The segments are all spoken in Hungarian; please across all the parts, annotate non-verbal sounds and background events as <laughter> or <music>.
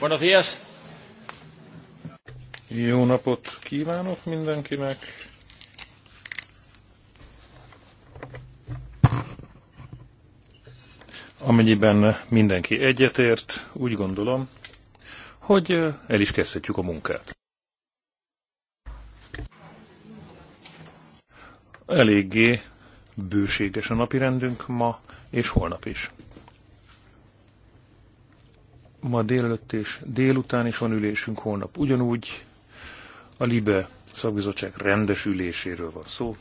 Buenos días. Jó napot kívánok mindenkinek. Amennyiben mindenki egyetért, úgy gondolom, hogy el is kezdhetjük a munkát. Eléggé bőséges a napirendünk ma és holnap is ma délelőtt és délután is van ülésünk, holnap ugyanúgy. A LIBE szakbizottság rendes üléséről van szó.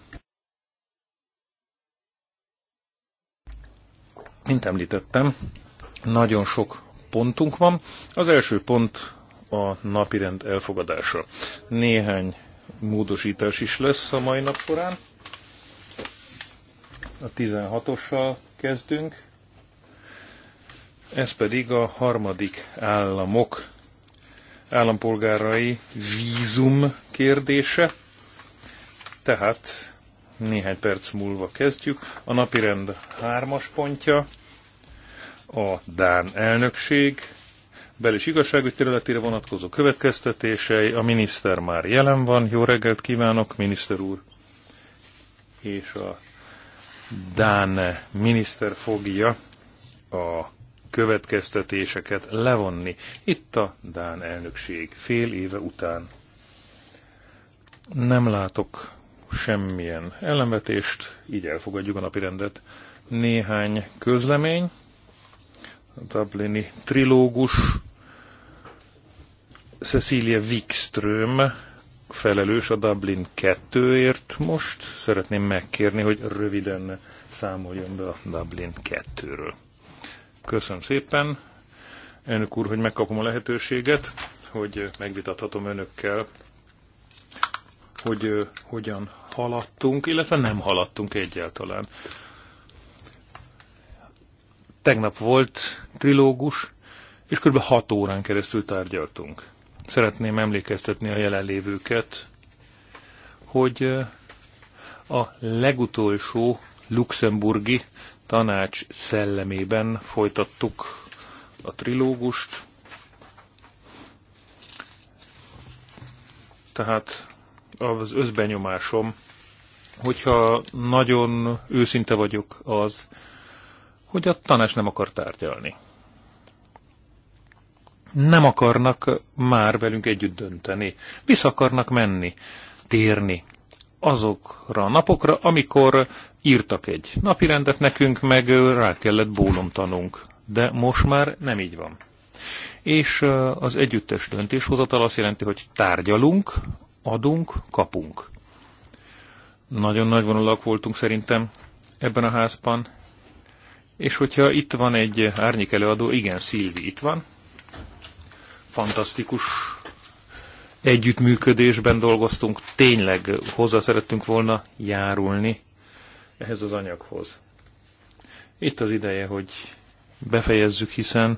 Mint említettem, nagyon sok pontunk van. Az első pont a napirend elfogadása. Néhány módosítás is lesz a mai nap során. A 16-ossal kezdünk ez pedig a harmadik államok állampolgárai vízum kérdése. Tehát néhány perc múlva kezdjük. A napirend hármas pontja a Dán elnökség bel- és igazságügy területére vonatkozó következtetései. A miniszter már jelen van. Jó reggelt kívánok, miniszter úr! És a Dán miniszter fogja a következtetéseket levonni itt a Dán elnökség fél éve után. Nem látok semmilyen ellenvetést, így elfogadjuk a napirendet. Néhány közlemény, a Dublini trilógus, Cecilia Wikström felelős a Dublin 2-ért most. Szeretném megkérni, hogy röviden számoljon be a Dublin 2-ről. Köszönöm szépen, elnök úr, hogy megkapom a lehetőséget, hogy megvitathatom önökkel, hogy hogyan haladtunk, illetve nem haladtunk egyáltalán. Tegnap volt trilógus, és kb. 6 órán keresztül tárgyaltunk. Szeretném emlékeztetni a jelenlévőket, hogy a legutolsó luxemburgi tanács szellemében folytattuk a trilógust. Tehát az összbenyomásom, hogyha nagyon őszinte vagyok az, hogy a tanács nem akar tárgyalni. Nem akarnak már velünk együtt dönteni. Vissza akarnak menni, térni azokra a napokra, amikor írtak egy napirendet nekünk, meg rá kellett bólomtanunk. De most már nem így van. És az együttes döntéshozatal azt jelenti, hogy tárgyalunk, adunk, kapunk. Nagyon nagy vonalak voltunk szerintem ebben a házban. És hogyha itt van egy árnyék előadó, igen, Szilvi itt van. Fantasztikus együttműködésben dolgoztunk, tényleg hozzá szerettünk volna járulni ehhez az anyaghoz. Itt az ideje, hogy befejezzük, hiszen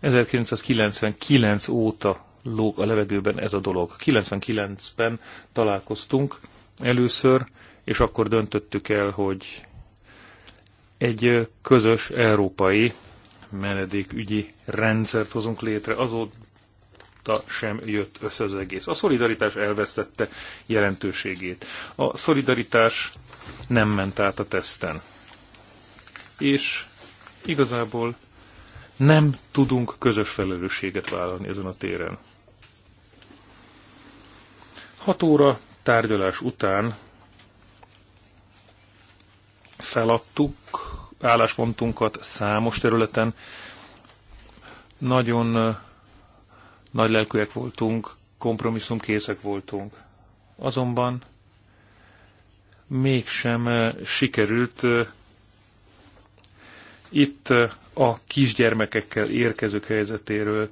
1999 óta lóg a levegőben ez a dolog. 99-ben találkoztunk először, és akkor döntöttük el, hogy egy közös európai menedékügyi rendszert hozunk létre. Azóta sem jött össze az egész. A szolidaritás elvesztette jelentőségét. A szolidaritás nem ment át a teszten. És igazából nem tudunk közös felelősséget vállalni ezen a téren. Hat óra tárgyalás után feladtuk álláspontunkat számos területen. Nagyon nagy lelkűek voltunk, kompromisszumkészek voltunk. Azonban mégsem eh, sikerült eh, itt eh, a kisgyermekekkel érkezők helyzetéről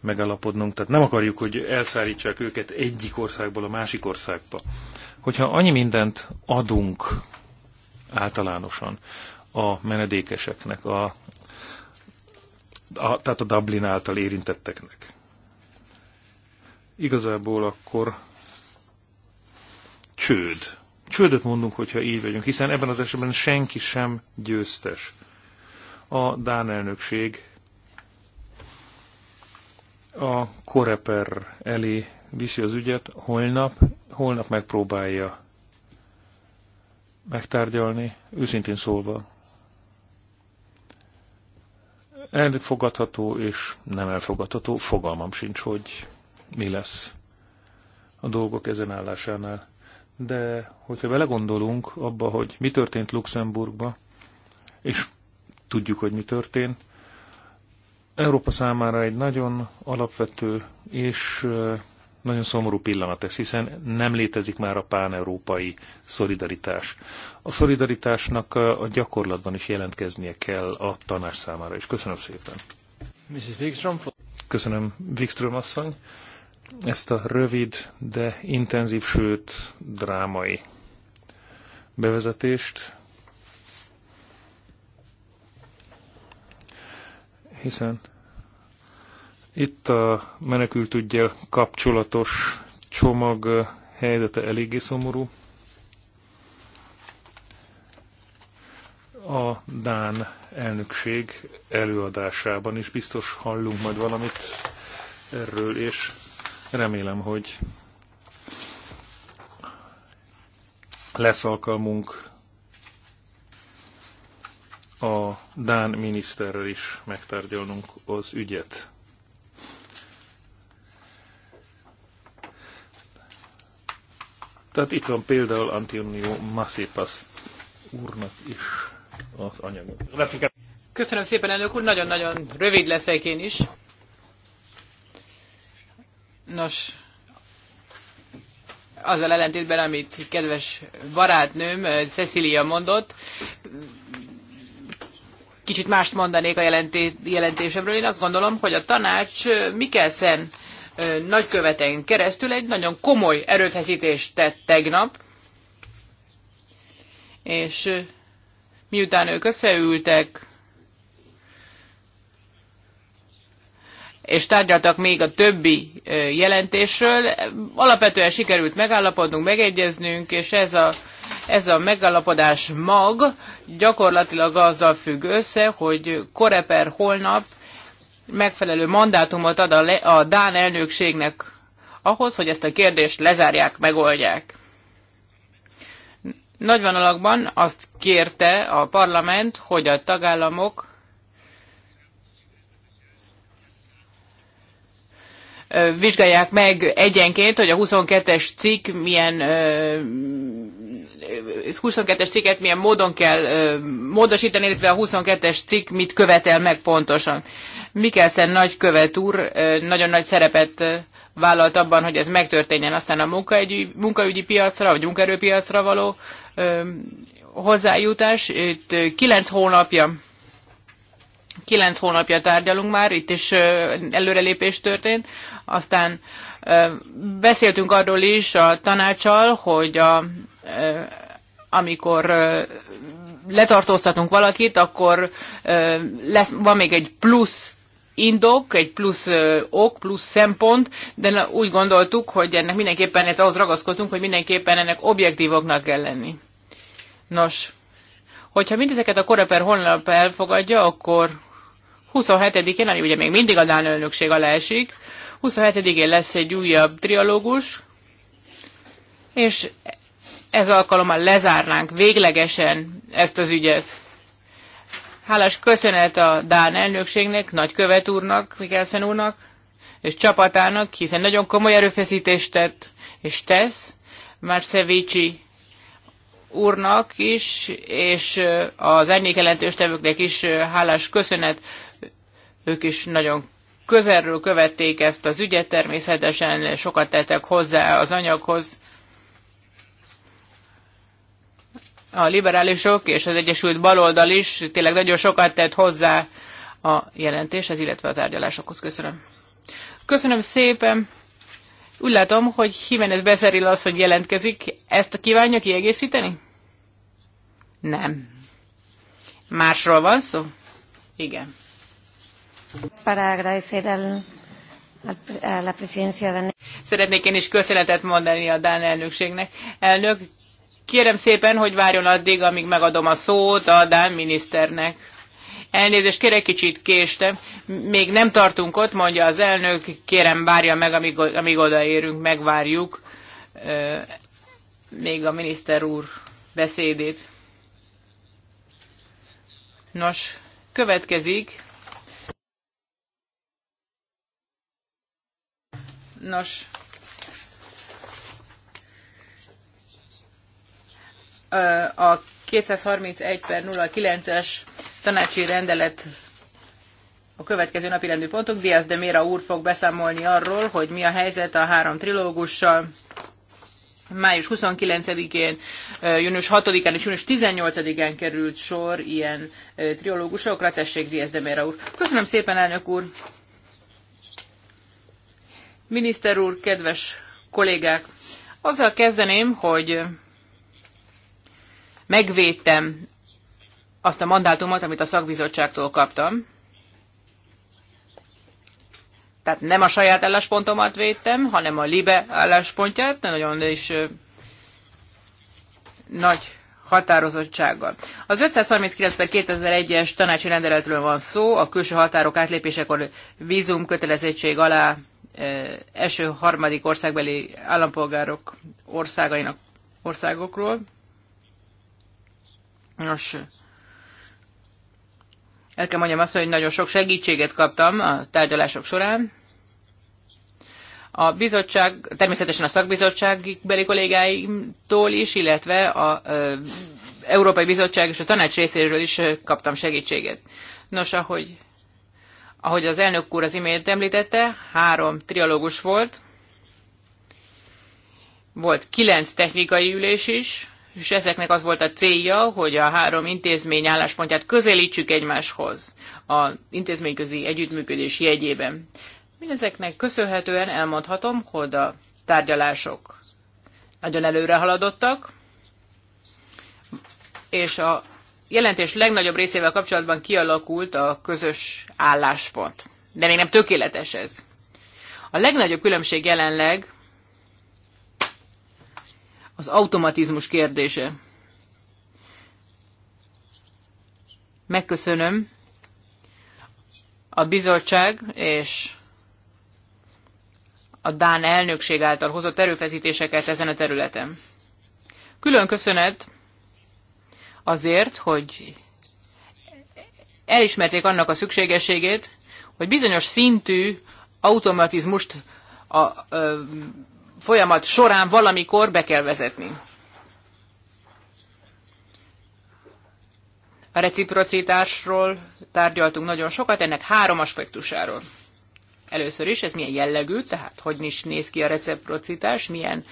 megalapodnunk. Tehát nem akarjuk, hogy elszállítsák őket egyik országból a másik országba. Hogyha annyi mindent adunk általánosan a menedékeseknek, a, a, tehát a Dublin által érintetteknek, igazából akkor csőd Csődöt mondunk, hogyha így vagyunk, hiszen ebben az esetben senki sem győztes. A Dán elnökség a Koreper elé viszi az ügyet holnap, holnap megpróbálja megtárgyalni, őszintén szólva. Elfogadható és nem elfogadható, fogalmam sincs, hogy mi lesz a dolgok ezen állásánál de hogyha belegondolunk abba, hogy mi történt Luxemburgba, és tudjuk, hogy mi történt, Európa számára egy nagyon alapvető és nagyon szomorú pillanat ez, hiszen nem létezik már a páneurópai szolidaritás. A szolidaritásnak a gyakorlatban is jelentkeznie kell a tanás számára is. Köszönöm szépen. Mrs. Wikström. Köszönöm, Wikström asszony ezt a rövid, de intenzív, sőt drámai bevezetést, hiszen itt a menekültügyel kapcsolatos csomag helyzete eléggé szomorú. A Dán elnökség előadásában is biztos hallunk majd valamit erről, és Remélem, hogy lesz alkalmunk a Dán miniszterrel is megtárgyalnunk az ügyet. Tehát itt van például Antonio Masipas úrnak is az anyaga. Köszönöm szépen, elnök úr, nagyon-nagyon rövid leszek én is. Nos, azzal ellentétben, amit kedves barátnőm eh, Cecilia mondott, kicsit mást mondanék a jelenté- jelentésemről. Én azt gondolom, hogy a tanács eh, Mikkelsen eh, nagyköveten keresztül egy nagyon komoly erőfeszítést tett tegnap, és miután ők összeültek, és tárgyaltak még a többi jelentésről. Alapvetően sikerült megállapodnunk, megegyeznünk, és ez a, ez a megállapodás mag gyakorlatilag azzal függ össze, hogy Koreper holnap megfelelő mandátumot ad a, le, a Dán elnökségnek ahhoz, hogy ezt a kérdést lezárják, megoldják. Nagyvonalakban azt kérte a parlament, hogy a tagállamok vizsgálják meg egyenként, hogy a 22-es cikk milyen 22-es cikket milyen módon kell módosítani, illetve a 22-es cikk mit követel meg pontosan. Mikkelsen követ úr nagyon nagy szerepet vállalt abban, hogy ez megtörténjen, aztán a munkaügyi, munkaügyi piacra, vagy munkaerőpiacra való ö, hozzájutás. Itt kilenc hónapja kilenc hónapja tárgyalunk már, itt is előrelépés történt. Aztán beszéltünk arról is a tanácsal, hogy a, amikor letartóztatunk valakit, akkor lesz, van még egy plusz indok, egy plusz ok, plusz szempont, de úgy gondoltuk, hogy ennek mindenképpen, ez ahhoz ragaszkodtunk, hogy mindenképpen ennek objektívoknak kell lenni. Nos, hogyha mindezeket a Koreper honlap elfogadja, akkor 27-én, ami ugye még mindig a Dán elnökség alá esik, 27-én lesz egy újabb trialógus, és ez alkalommal lezárnánk véglegesen ezt az ügyet. Hálás köszönet a Dán elnökségnek, nagykövet úrnak, Mikkelsen úrnak, és csapatának, hiszen nagyon komoly erőfeszítést tett, és tesz, Marcevici úrnak is, és az ennyi jelentős tevőknek is hálás köszönet, ők is nagyon közelről követték ezt az ügyet, természetesen sokat tettek hozzá az anyaghoz. A liberálisok és az Egyesült Baloldal is tényleg nagyon sokat tett hozzá a jelentéshez, illetve a tárgyalásokhoz. Köszönöm. Köszönöm szépen. Úgy látom, hogy Jiménez Beszeril hogy jelentkezik. Ezt kívánja kiegészíteni? Nem. Másról van szó? Igen. Para agradecer al, al, la presidencia Szeretnék én is köszönetet mondani a Dán elnökségnek. Elnök, kérem szépen, hogy várjon addig, amíg megadom a szót a Dán miniszternek. Elnézést, kérek kicsit késtem. Még nem tartunk ott, mondja az elnök. Kérem, várja meg, amíg, amíg odaérünk, megvárjuk még a miniszter úr beszédét. Nos, következik Nos, a 231 per 09-es tanácsi rendelet a következő napi rendű pontok. Diaz de Mera úr fog beszámolni arról, hogy mi a helyzet a három trilógussal. Május 29-én, június 6-án és június 18-án került sor ilyen trilógusokra. Tessék, Diaz de Mera úr. Köszönöm szépen, elnök úr! Miniszter úr, kedves kollégák! Azzal kezdeném, hogy megvédtem azt a mandátumot, amit a szakbizottságtól kaptam. Tehát nem a saját álláspontomat védtem, hanem a LIBE álláspontját, nagyon is nagy határozottsággal. Az 539 per 2001-es tanácsi rendeletről van szó, a külső határok átlépésekor vízum kötelezettség alá első harmadik országbeli állampolgárok országainak országokról. Nos, el kell mondjam azt, hogy nagyon sok segítséget kaptam a tárgyalások során. A bizottság, természetesen a szakbizottság beli kollégáimtól is, illetve a Európai Bizottság és a tanács részéről is kaptam segítséget. Nos, ahogy ahogy az elnök úr az imént említette, három trialógus volt, volt kilenc technikai ülés is, és ezeknek az volt a célja, hogy a három intézmény álláspontját közelítsük egymáshoz az intézményközi együttműködés jegyében. Mindezeknek köszönhetően elmondhatom, hogy a tárgyalások nagyon előre haladottak, és a jelentés legnagyobb részével kapcsolatban kialakult a közös álláspont. De még nem tökéletes ez. A legnagyobb különbség jelenleg az automatizmus kérdése. Megköszönöm a bizottság és a Dán elnökség által hozott erőfeszítéseket ezen a területen. Külön köszönet azért, hogy elismerték annak a szükségességét, hogy bizonyos szintű automatizmust a, a, folyamat során valamikor be kell vezetni. A reciprocitásról tárgyaltunk nagyon sokat, ennek három aspektusáról. Először is ez milyen jellegű, tehát hogy is néz ki a reciprocitás, milyen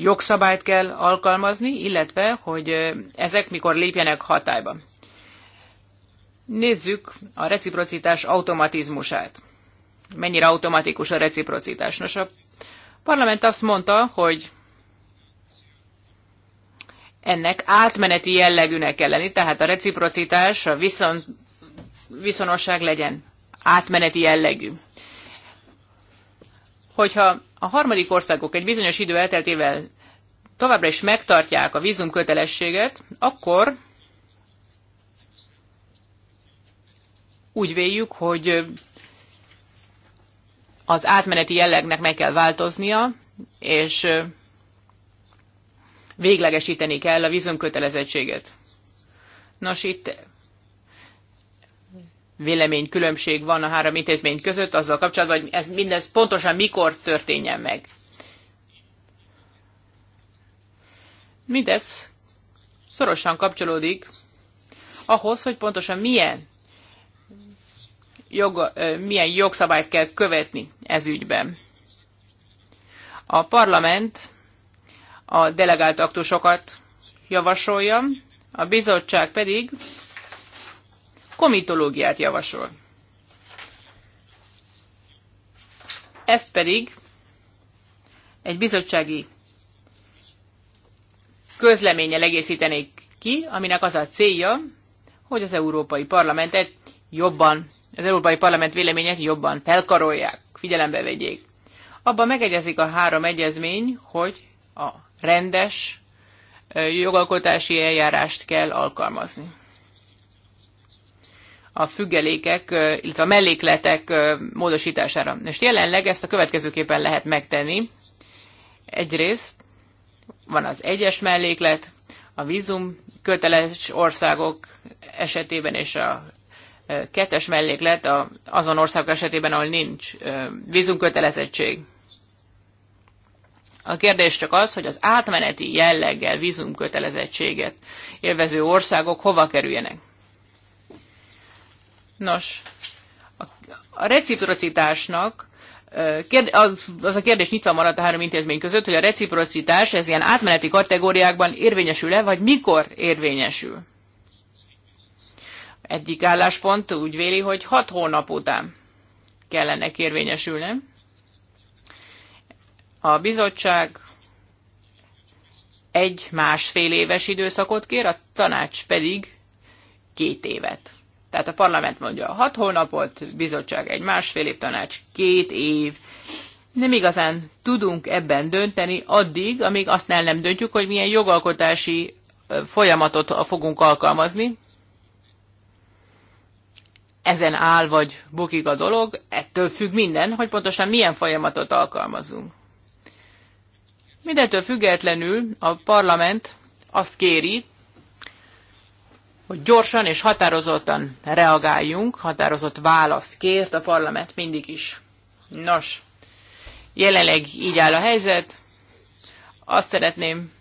jogszabályt kell alkalmazni, illetve hogy ezek mikor lépjenek hatályba. Nézzük a reciprocitás automatizmusát. Mennyire automatikus a reciprocitás? Nos, a parlament azt mondta, hogy ennek átmeneti jellegűnek kell lenni, tehát a reciprocitás, a viszon, viszonosság legyen átmeneti jellegű hogyha a harmadik országok egy bizonyos idő elteltével továbbra is megtartják a vízumkötelességet, akkor úgy véljük, hogy az átmeneti jellegnek meg kell változnia, és véglegesíteni kell a vízumkötelezettséget. Nos, itt véleménykülönbség van a három intézmény között azzal kapcsolatban, hogy ez mindez pontosan mikor történjen meg. Mindez szorosan kapcsolódik ahhoz, hogy pontosan milyen, jog, milyen jogszabályt kell követni ez ügyben. A parlament a delegált aktusokat javasolja, a bizottság pedig komitológiát javasol. Ez pedig egy bizottsági közleménnyel egészítenék ki, aminek az a célja, hogy az Európai Parlamentet jobban, az Európai Parlament véleményet jobban felkarolják, figyelembe vegyék. Abban megegyezik a három egyezmény, hogy a rendes jogalkotási eljárást kell alkalmazni a függelékek, illetve a mellékletek módosítására. És jelenleg ezt a következőképpen lehet megtenni. Egyrészt van az egyes melléklet, a vízum köteles országok esetében és a kettes melléklet azon országok esetében, ahol nincs vízumkötelezettség. A kérdés csak az, hogy az átmeneti jelleggel vízumkötelezettséget élvező országok hova kerüljenek. Nos, a reciprocitásnak az, az a kérdés nyitva maradt a három intézmény között, hogy a reciprocitás ez ilyen átmeneti kategóriákban érvényesül-e, vagy mikor érvényesül. Egyik álláspont úgy véli, hogy hat hónap után kellene érvényesülne. A bizottság egy másfél éves időszakot kér, a tanács pedig két évet. Tehát a parlament mondja hat hónapot, bizottság egy másfél év, tanács két év. Nem igazán tudunk ebben dönteni addig, amíg azt nem döntjük, hogy milyen jogalkotási folyamatot fogunk alkalmazni. Ezen áll vagy bukik a dolog, ettől függ minden, hogy pontosan milyen folyamatot alkalmazunk. Mindentől függetlenül a parlament azt kéri, hogy gyorsan és határozottan reagáljunk, határozott választ kért a parlament mindig is. Nos, jelenleg így áll a helyzet. Azt szeretném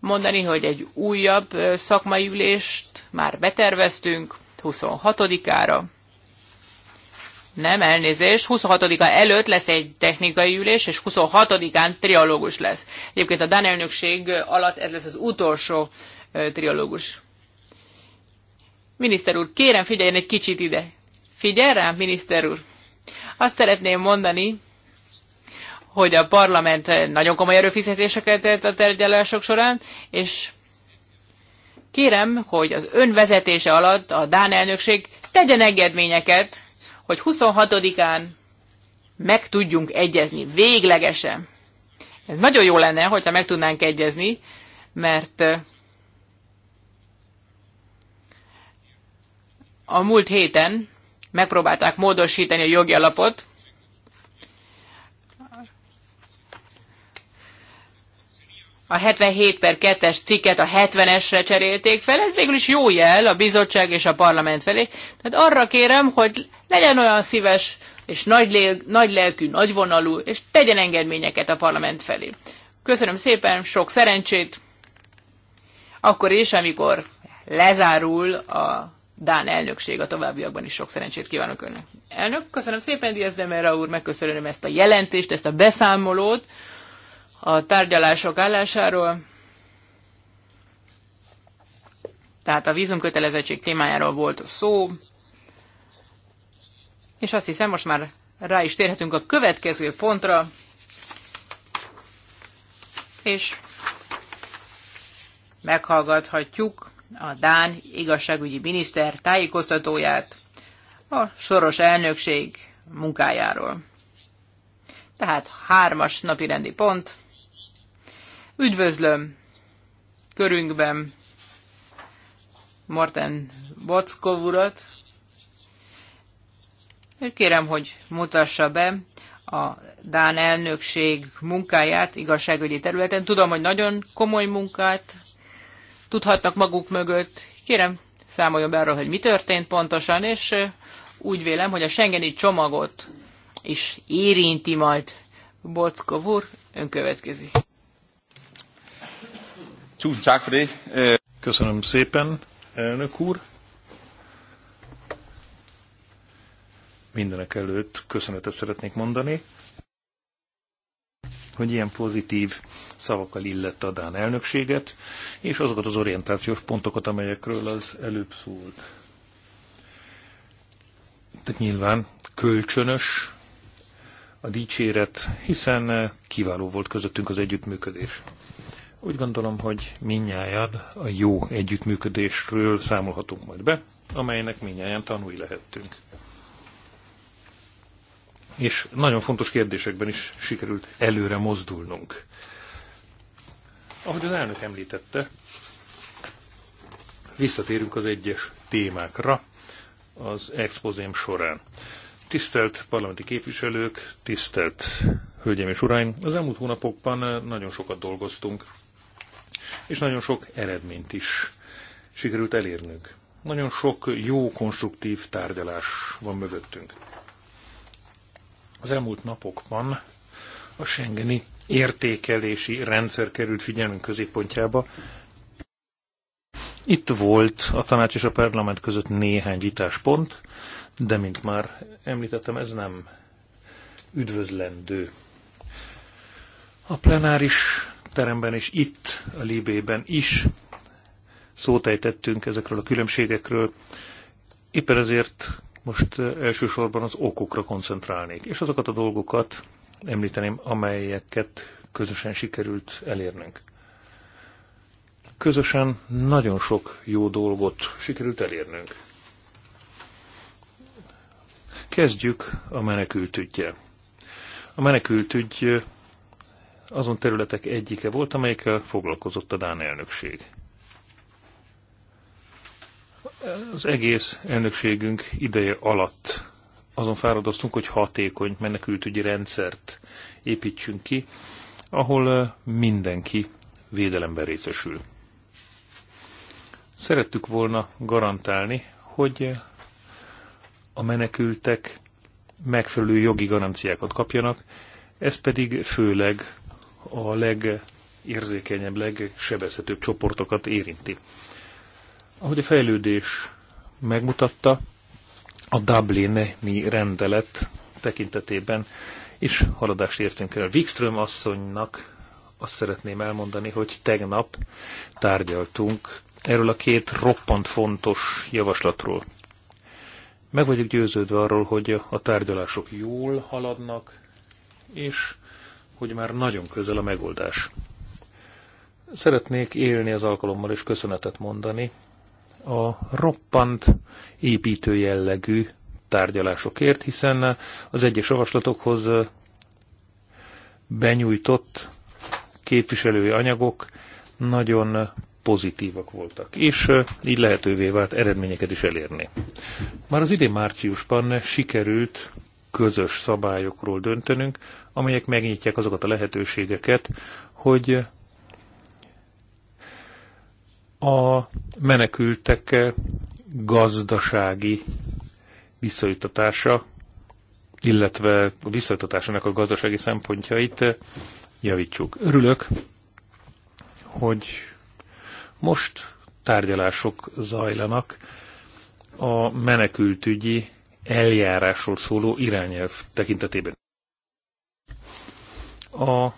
mondani, hogy egy újabb szakmai ülést már beterveztünk 26-ára. Nem, elnézést, 26-a előtt lesz egy technikai ülés, és 26-án triológus lesz. Egyébként a Dán elnökség alatt ez lesz az utolsó triológus. Miniszter úr, kérem figyeljen egy kicsit ide. Figyel rám, miniszter úr! Azt szeretném mondani, hogy a parlament nagyon komoly erőfizetéseket tett a tergyelások során, és kérem, hogy az ön vezetése alatt a Dán elnökség tegyen engedményeket, hogy 26-án meg tudjunk egyezni, véglegesen. Ez nagyon jó lenne, hogyha meg tudnánk egyezni, mert a múlt héten megpróbálták módosítani a jogi alapot, a 77 per 2-es cikket a 70-esre cserélték fel, ez végül is jó jel a bizottság és a parlament felé. Tehát arra kérem, hogy legyen olyan szíves, és nagy, lél, nagy lelkű, nagyvonalú, és tegyen engedményeket a parlament felé. Köszönöm szépen, sok szerencsét! Akkor is, amikor lezárul a Dán elnökség a továbbiakban is sok szerencsét kívánok önnek. Elnök, köszönöm szépen, Diaz Demera úr, megköszönöm ezt a jelentést, ezt a beszámolót a tárgyalások állásáról. Tehát a vízumkötelezettség témájáról volt szó, és azt hiszem, most már rá is térhetünk a következő pontra, és meghallgathatjuk a Dán igazságügyi miniszter tájékoztatóját a soros elnökség munkájáról. Tehát hármas napi rendi pont. Üdvözlöm körünkben Morten Bockov urat. Kérem, hogy mutassa be a Dán elnökség munkáját igazságügyi területen. Tudom, hogy nagyon komoly munkát tudhatnak maguk mögött. Kérem, számoljon be arról, hogy mi történt pontosan, és úgy vélem, hogy a Schengeni csomagot is érinti majd Bockov úr. Ön következik. Øh, Köszönöm szépen, elnök úr. Mindenek előtt köszönetet szeretnék mondani hogy ilyen pozitív szavakkal illette a Dán elnökséget, és azokat az orientációs pontokat, amelyekről az előbb szólt. Tehát nyilván kölcsönös a dicséret, hiszen kiváló volt közöttünk az együttműködés. Úgy gondolom, hogy minnyájad a jó együttműködésről számolhatunk majd be, amelynek minnyáján tanulni lehettünk és nagyon fontos kérdésekben is sikerült előre mozdulnunk. Ahogy az elnök említette, visszatérünk az egyes témákra az expozém során. Tisztelt parlamenti képviselők, tisztelt hölgyeim és uraim, az elmúlt hónapokban nagyon sokat dolgoztunk, és nagyon sok eredményt is sikerült elérnünk. Nagyon sok jó, konstruktív tárgyalás van mögöttünk. Az elmúlt napokban a Schengeni értékelési rendszer került figyelmünk középpontjába. Itt volt a tanács és a parlament között néhány vitáspont, de mint már említettem, ez nem üdvözlendő. A plenáris teremben és itt, a Libében is szótejtettünk ezekről a különbségekről. Éppen ezért most elsősorban az okokra koncentrálnék, és azokat a dolgokat említeném, amelyeket közösen sikerült elérnünk. Közösen nagyon sok jó dolgot sikerült elérnünk. Kezdjük a menekültügyje. A menekültügy azon területek egyike volt, amelyekkel foglalkozott a Dán elnökség. Az egész elnökségünk ideje alatt azon fáradoztunk, hogy hatékony menekültügyi rendszert építsünk ki, ahol mindenki védelemben részesül. Szerettük volna garantálni, hogy a menekültek megfelelő jogi garanciákat kapjanak, ez pedig főleg a legérzékenyebb, legsebezhetőbb csoportokat érinti. Ahogy a fejlődés megmutatta, a Dublini rendelet tekintetében is haladást értünk el. Wikström asszonynak azt szeretném elmondani, hogy tegnap tárgyaltunk erről a két roppant fontos javaslatról. Meg vagyok győződve arról, hogy a tárgyalások jól haladnak, és hogy már nagyon közel a megoldás. Szeretnék élni az alkalommal és köszönetet mondani a roppant építő jellegű tárgyalásokért, hiszen az egyes javaslatokhoz benyújtott képviselői anyagok nagyon pozitívak voltak, és így lehetővé vált eredményeket is elérni. Már az idén márciusban sikerült közös szabályokról döntenünk, amelyek megnyitják azokat a lehetőségeket, hogy a menekültek gazdasági visszajutatása, illetve a visszajutatásának a gazdasági szempontjait javítsuk. Örülök, hogy most tárgyalások zajlanak a menekültügyi eljárásról szóló irányelv tekintetében. A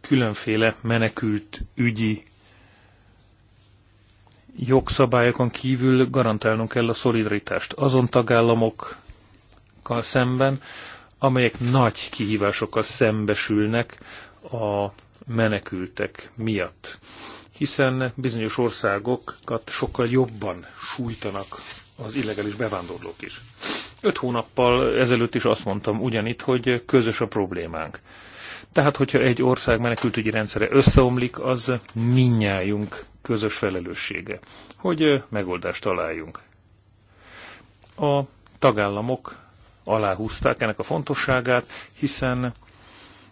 különféle menekült ügyi jogszabályokon kívül garantálnunk kell a szolidaritást azon tagállamokkal szemben, amelyek nagy kihívásokkal szembesülnek a menekültek miatt. Hiszen bizonyos országokat sokkal jobban sújtanak az illegális bevándorlók is. Öt hónappal ezelőtt is azt mondtam ugyanitt, hogy közös a problémánk. Tehát, hogyha egy ország menekültügyi rendszere összeomlik, az minnyájunk közös felelőssége, hogy megoldást találjunk. A tagállamok aláhúzták ennek a fontosságát, hiszen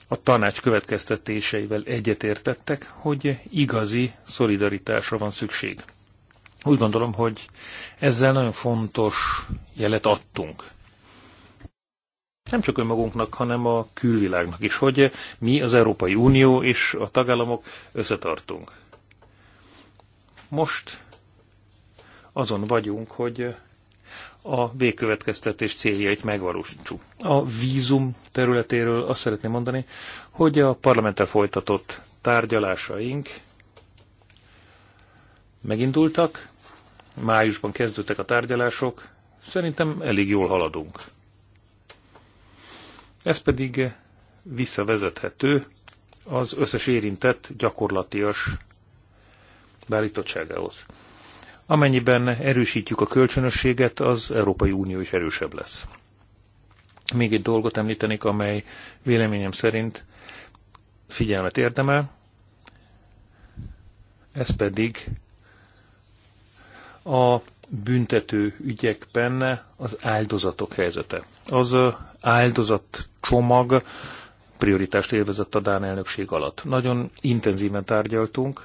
a tanács következtetéseivel egyetértettek, hogy igazi szolidaritásra van szükség. Úgy gondolom, hogy ezzel nagyon fontos jelet adtunk. Nem csak önmagunknak, hanem a külvilágnak is, hogy mi az Európai Unió és a tagállamok összetartunk. Most azon vagyunk, hogy a végkövetkeztetés céljait megvalósítsuk. A vízum területéről azt szeretném mondani, hogy a parlamenttel folytatott tárgyalásaink megindultak, májusban kezdődtek a tárgyalások, szerintem elég jól haladunk. Ez pedig visszavezethető az összes érintett gyakorlatias beállítottságához. Amennyiben erősítjük a kölcsönösséget, az Európai Unió is erősebb lesz. Még egy dolgot említenék, amely véleményem szerint figyelmet érdemel, ez pedig a büntető ügyekben az áldozatok helyzete. Az áldozat csomag prioritást élvezett a Dán elnökség alatt. Nagyon intenzíven tárgyaltunk,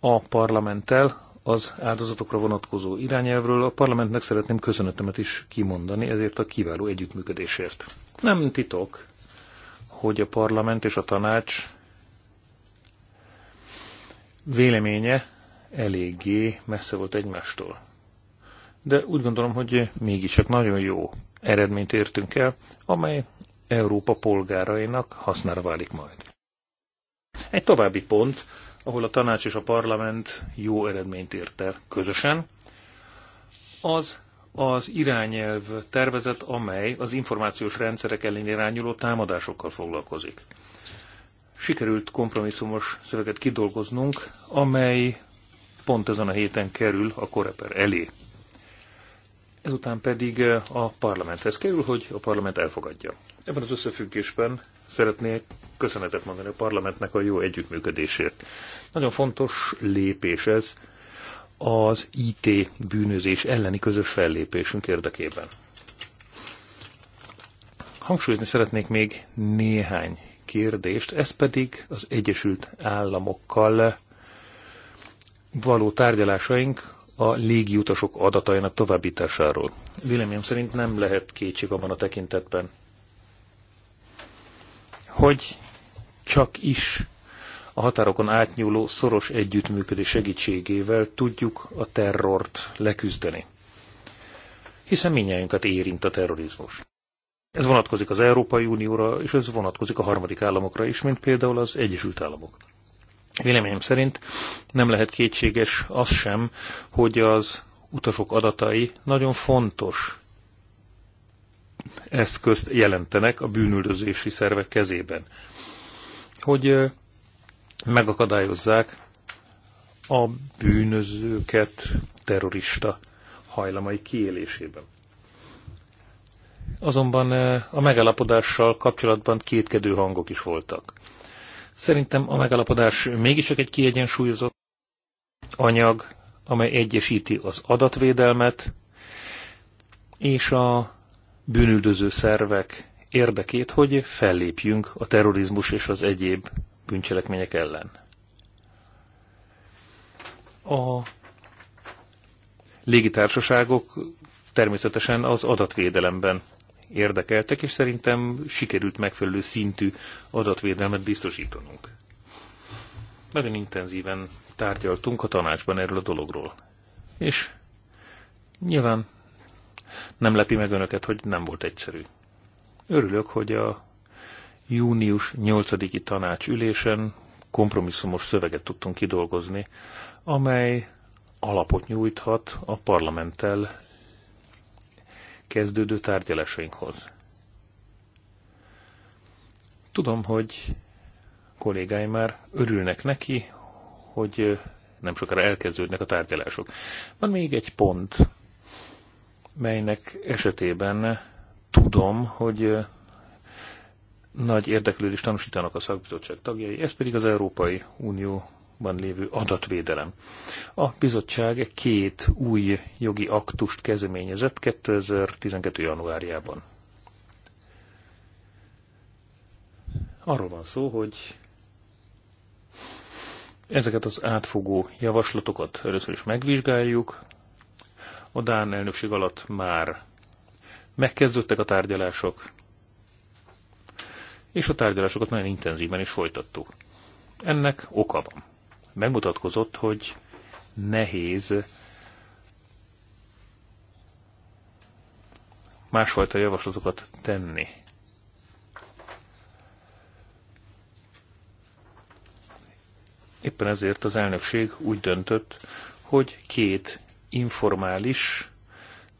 a parlamenttel az áldozatokra vonatkozó irányelvről. A parlamentnek szeretném köszönetemet is kimondani ezért a kiváló együttműködésért. Nem titok, hogy a parlament és a tanács véleménye eléggé messze volt egymástól. De úgy gondolom, hogy mégis csak nagyon jó eredményt értünk el, amely Európa polgárainak hasznára válik majd. Egy további pont, ahol a tanács és a parlament jó eredményt ért el közösen, az az irányelv tervezet, amely az információs rendszerek ellen irányuló támadásokkal foglalkozik. Sikerült kompromisszumos szöveget kidolgoznunk, amely pont ezen a héten kerül a koreper elé. Ezután pedig a parlamenthez kerül, hogy a parlament elfogadja. Ebben az összefüggésben szeretnék köszönetet mondani a parlamentnek a jó együttműködésért. Nagyon fontos lépés ez az IT bűnözés elleni közös fellépésünk érdekében. Hangsúlyozni szeretnék még néhány kérdést, ez pedig az Egyesült Államokkal való tárgyalásaink a légiutasok adatainak továbbításáról. Véleményem szerint nem lehet kétség abban a tekintetben, hogy csak is a határokon átnyúló szoros együttműködés segítségével tudjuk a terrort leküzdeni. Hiszen minnyájunkat érint a terrorizmus. Ez vonatkozik az Európai Unióra, és ez vonatkozik a harmadik államokra is, mint például az Egyesült Államok. Véleményem szerint nem lehet kétséges az sem, hogy az utasok adatai nagyon fontos eszközt jelentenek a bűnüldözési szervek kezében, hogy megakadályozzák a bűnözőket terrorista hajlamai kiélésében. Azonban a megállapodással kapcsolatban kétkedő hangok is voltak. Szerintem a megállapodás mégiscsak egy kiegyensúlyozott anyag, amely egyesíti az adatvédelmet és a bűnüldöző szervek érdekét, hogy fellépjünk a terrorizmus és az egyéb bűncselekmények ellen. A légitársaságok természetesen az adatvédelemben érdekeltek, és szerintem sikerült megfelelő szintű adatvédelmet biztosítanunk. Nagyon intenzíven tárgyaltunk a tanácsban erről a dologról. És nyilván nem lepi meg önöket, hogy nem volt egyszerű. Örülök, hogy a június 8-i tanács ülésen kompromisszumos szöveget tudtunk kidolgozni, amely alapot nyújthat a parlamenttel kezdődő tárgyalásainkhoz. Tudom, hogy kollégáim már örülnek neki, hogy nem sokára elkezdődnek a tárgyalások. Van még egy pont, melynek esetében tudom, hogy eh, nagy érdeklődést tanúsítanak a szakbizottság tagjai, ez pedig az Európai Unióban lévő adatvédelem. A bizottság két új jogi aktust kezdeményezett 2012. januárjában. Arról van szó, hogy ezeket az átfogó javaslatokat először is megvizsgáljuk, a Dán elnökség alatt már megkezdődtek a tárgyalások, és a tárgyalásokat nagyon intenzíven is folytattuk. Ennek oka van. Megmutatkozott, hogy nehéz másfajta javaslatokat tenni. Éppen ezért az elnökség úgy döntött, hogy két informális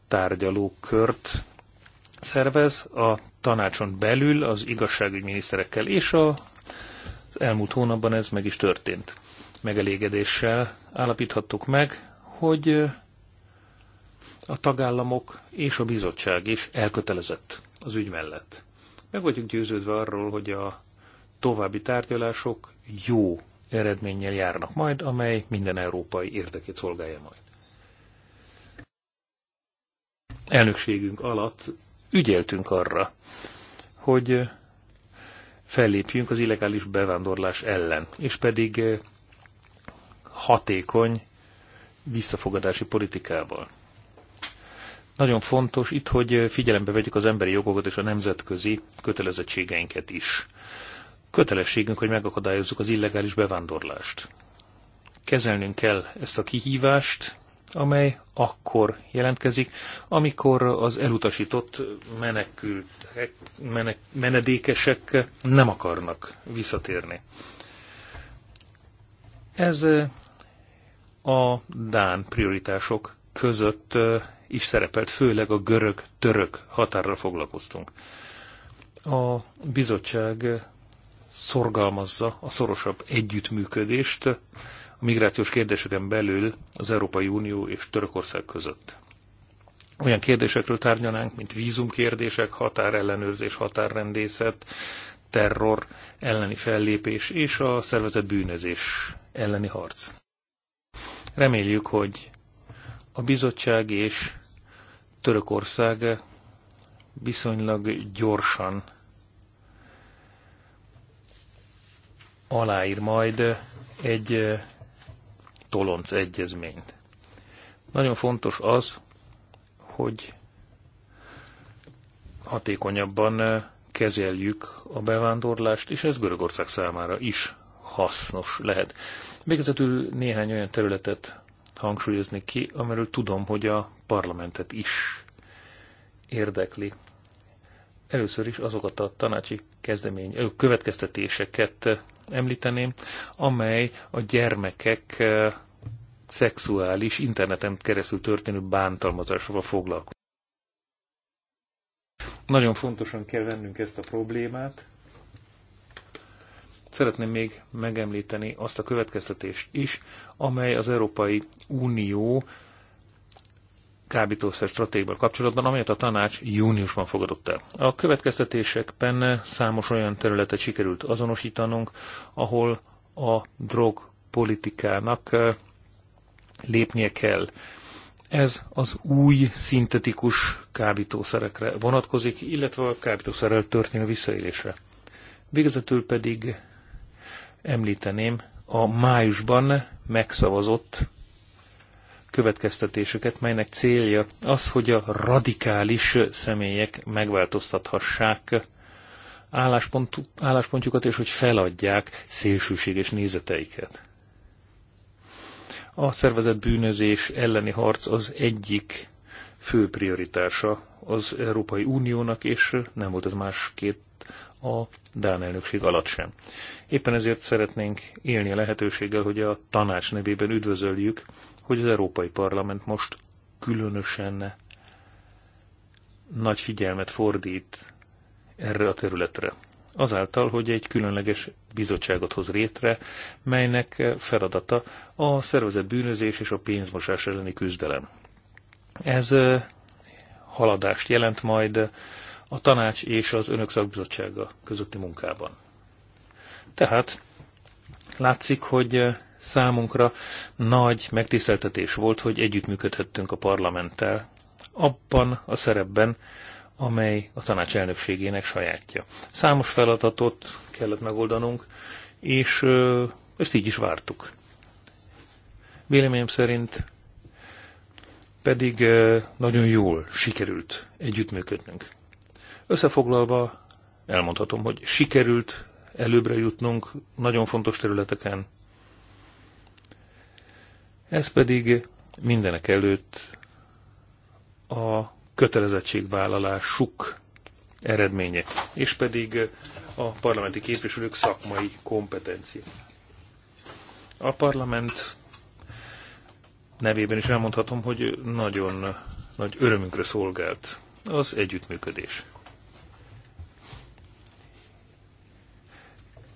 tárgyalókört szervez a tanácson belül az igazságügyminiszterekkel, és a, az elmúlt hónapban ez meg is történt. Megelégedéssel állapíthattuk meg, hogy a tagállamok és a bizottság is elkötelezett az ügy mellett. Meg vagyunk győződve arról, hogy a további tárgyalások jó eredménnyel járnak majd, amely minden európai érdekét szolgálja majd elnökségünk alatt ügyeltünk arra, hogy fellépjünk az illegális bevándorlás ellen, és pedig hatékony visszafogadási politikával. Nagyon fontos itt, hogy figyelembe vegyük az emberi jogokat és a nemzetközi kötelezettségeinket is. Kötelességünk, hogy megakadályozzuk az illegális bevándorlást. Kezelnünk kell ezt a kihívást, amely akkor jelentkezik, amikor az elutasított menekültek, menek, menedékesek nem akarnak visszatérni. Ez eh, a Dán prioritások között eh, is szerepelt, főleg a görög-török határra foglalkoztunk. A bizottság eh, szorgalmazza a szorosabb együttműködést migrációs kérdéseken belül az Európai Unió és Törökország között. Olyan kérdésekről tárgyalnánk, mint vízumkérdések, határellenőrzés, határrendészet, terror elleni fellépés és a szervezett bűnözés elleni harc. Reméljük, hogy a bizottság és Törökország viszonylag gyorsan aláír majd egy tolonc egyezményt. Nagyon fontos az, hogy hatékonyabban eh, kezeljük a bevándorlást, és ez Görögország számára is hasznos lehet. Végezetül néhány olyan területet hangsúlyozni ki, amiről tudom, hogy a parlamentet is érdekli. Először is azokat a tanácsi kezdemény, következtetéseket említeném, amely a gyermekek szexuális interneten keresztül történő bántalmazásával foglalkozik. Nagyon fontosan kell vennünk ezt a problémát. Szeretném még megemlíteni azt a következtetést is, amely az Európai Unió kábítószer stratégiával kapcsolatban, amelyet a tanács júniusban fogadott el. A következtetésekben számos olyan területet sikerült azonosítanunk, ahol a drogpolitikának lépnie kell. Ez az új szintetikus kábítószerekre vonatkozik, illetve a kábítószerrel történő visszaélésre. Végezetül pedig említeném a májusban megszavazott következtetéseket, melynek célja az, hogy a radikális személyek megváltoztathassák álláspont, álláspontjukat, és hogy feladják szélsőséges nézeteiket. A szervezett bűnözés elleni harc az egyik fő prioritása az Európai Uniónak, és nem volt ez másképp a Dán elnökség alatt sem. Éppen ezért szeretnénk élni a lehetőséggel, hogy a tanács nevében üdvözöljük hogy az Európai Parlament most különösen nagy figyelmet fordít erre a területre. Azáltal, hogy egy különleges bizottságot hoz létre, melynek feladata a szervezett bűnözés és a pénzmosás elleni küzdelem. Ez haladást jelent majd a tanács és az önök szakbizottsága közötti munkában. Tehát látszik, hogy Számunkra nagy megtiszteltetés volt, hogy együttműködhettünk a parlamenttel abban a szerepben, amely a tanács elnökségének sajátja. Számos feladatot kellett megoldanunk, és ezt így is vártuk. Véleményem szerint pedig nagyon jól sikerült együttműködnünk. Összefoglalva elmondhatom, hogy sikerült előbbre jutnunk nagyon fontos területeken, ez pedig mindenek előtt a kötelezettségvállalásuk eredménye, és pedig a parlamenti képviselők szakmai kompetencia. A parlament nevében is elmondhatom, hogy nagyon nagy örömünkre szolgált az együttműködés.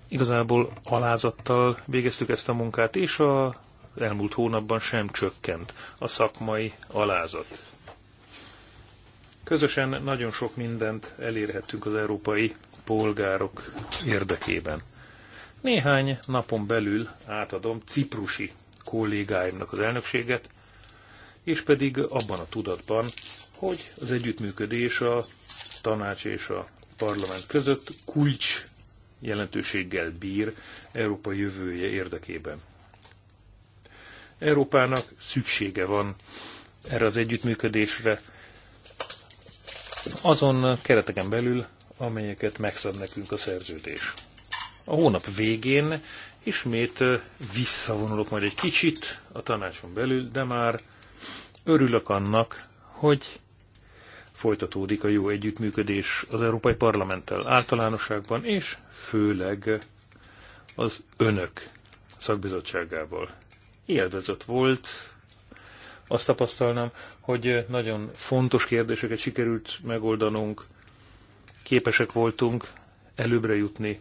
Igazából alázattal végeztük ezt a munkát, és a elmúlt hónapban sem csökkent a szakmai alázat. Közösen nagyon sok mindent elérhettünk az európai polgárok érdekében. Néhány napon belül átadom ciprusi kollégáimnak az elnökséget, és pedig abban a tudatban, hogy az együttműködés a tanács és a parlament között kulcs jelentőséggel bír Európa jövője érdekében. Európának szüksége van erre az együttműködésre azon kereteken belül, amelyeket megszab nekünk a szerződés. A hónap végén ismét visszavonulok majd egy kicsit a tanácson belül, de már örülök annak, hogy folytatódik a jó együttműködés az Európai Parlamenttel általánosságban, és főleg az önök szakbizottságával élvezett volt azt tapasztalnám, hogy nagyon fontos kérdéseket sikerült megoldanunk, képesek voltunk előbbre jutni.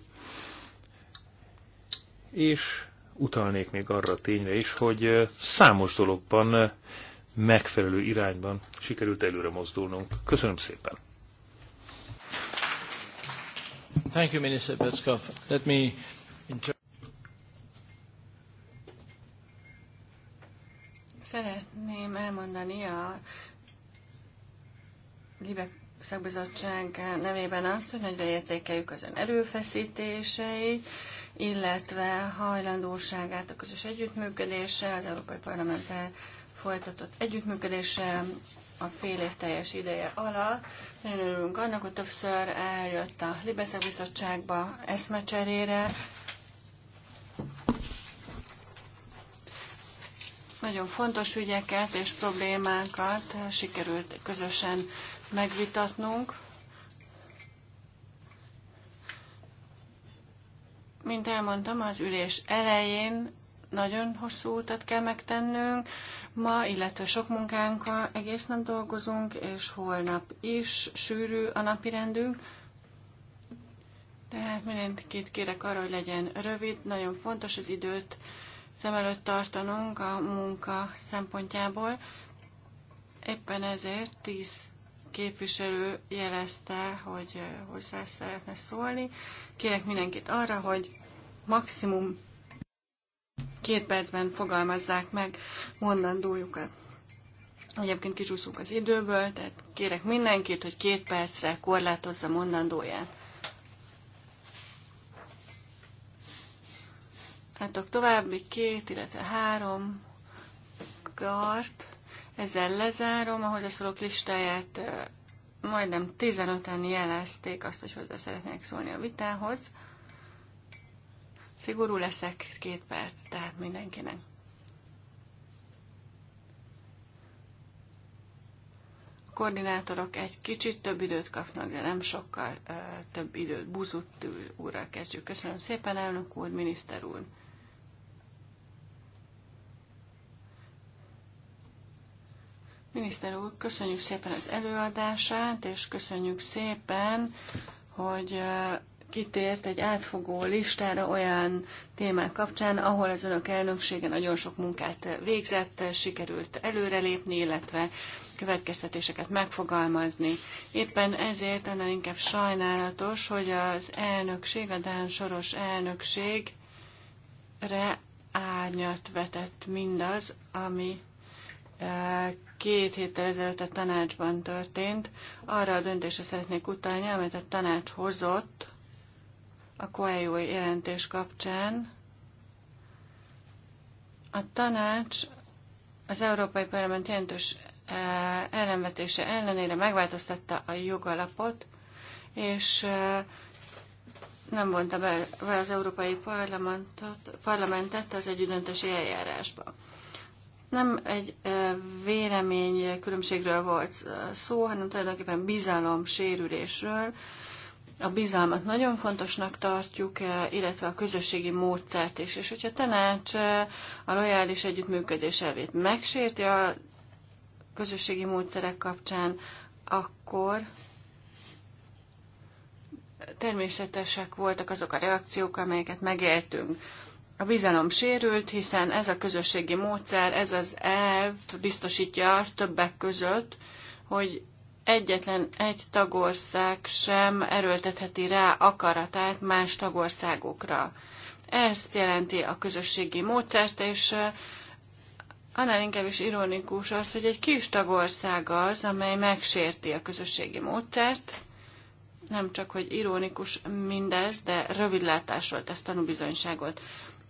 És utalnék még arra a tényre is, hogy számos dologban megfelelő irányban sikerült előre mozdulnunk. Köszönöm szépen! Thank you, Minister Petskov. Let me Szeretném elmondani a Libe szakbizottság nevében azt, hogy nagyra értékeljük az ön erőfeszítéseit, illetve hajlandóságát a közös együttműködésre, az Európai Parlamenttel folytatott együttműködésre a fél év teljes ideje alatt. Nagyon örülünk annak, hogy többször eljött a Libeszak Bizottságba eszmecserére, nagyon fontos ügyeket és problémákat sikerült közösen megvitatnunk. Mint elmondtam, az ülés elején nagyon hosszú utat kell megtennünk. Ma, illetve sok munkánkkal egész nap dolgozunk, és holnap is sűrű a napirendünk. Tehát mindenkit kérek arra, hogy legyen rövid, nagyon fontos az időt szem előtt tartanunk a munka szempontjából. Éppen ezért tíz képviselő jelezte, hogy hozzá szeretne szólni. Kérek mindenkit arra, hogy maximum két percben fogalmazzák meg mondandójukat. Egyébként kicsúszunk az időből, tehát kérek mindenkit, hogy két percre korlátozza mondandóját. Látok további két, illetve három kart. Ezzel lezárom, ahogy a szólók listáját majdnem 15-en jelezték azt, hogy hozzá szeretnék szólni a vitához. Szigorú leszek két perc, tehát mindenkinek. A koordinátorok egy kicsit több időt kapnak, de nem sokkal uh, több időt. Búzutül úrral kezdjük. Köszönöm szépen, elnök úr, miniszter úr. Miniszter úr, köszönjük szépen az előadását, és köszönjük szépen, hogy kitért egy átfogó listára olyan témák kapcsán, ahol az önök elnöksége nagyon sok munkát végzett, sikerült előrelépni, illetve következtetéseket megfogalmazni. Éppen ezért annál inkább sajnálatos, hogy az elnökség, a Dán Soros elnökségre árnyat vetett mindaz, ami két héttel ezelőtt a tanácsban történt. Arra a döntésre szeretnék utalni, amit a tanács hozott a Coelho jelentés kapcsán. A tanács az Európai Parlament jelentős e, ellenvetése ellenére megváltoztatta a jogalapot, és e, nem vonta be, be az Európai Parlamentet, parlamentet az együttdöntési eljárásba nem egy vélemény különbségről volt szó, hanem tulajdonképpen bizalom sérülésről. A bizalmat nagyon fontosnak tartjuk, illetve a közösségi módszert is. És hogyha a tanács a lojális együttműködés elvét megsérti a közösségi módszerek kapcsán, akkor természetesek voltak azok a reakciók, amelyeket megéltünk. A bizalom sérült, hiszen ez a közösségi módszer, ez az elv biztosítja azt többek között, hogy egyetlen egy tagország sem erőltetheti rá akaratát más tagországokra. Ezt jelenti a közösségi módszert, és annál inkább is ironikus az, hogy egy kis tagország az, amely megsérti a közösségi módszert. Nem csak, hogy ironikus mindez, de rövidlátásolt ezt tanúbizonyságot.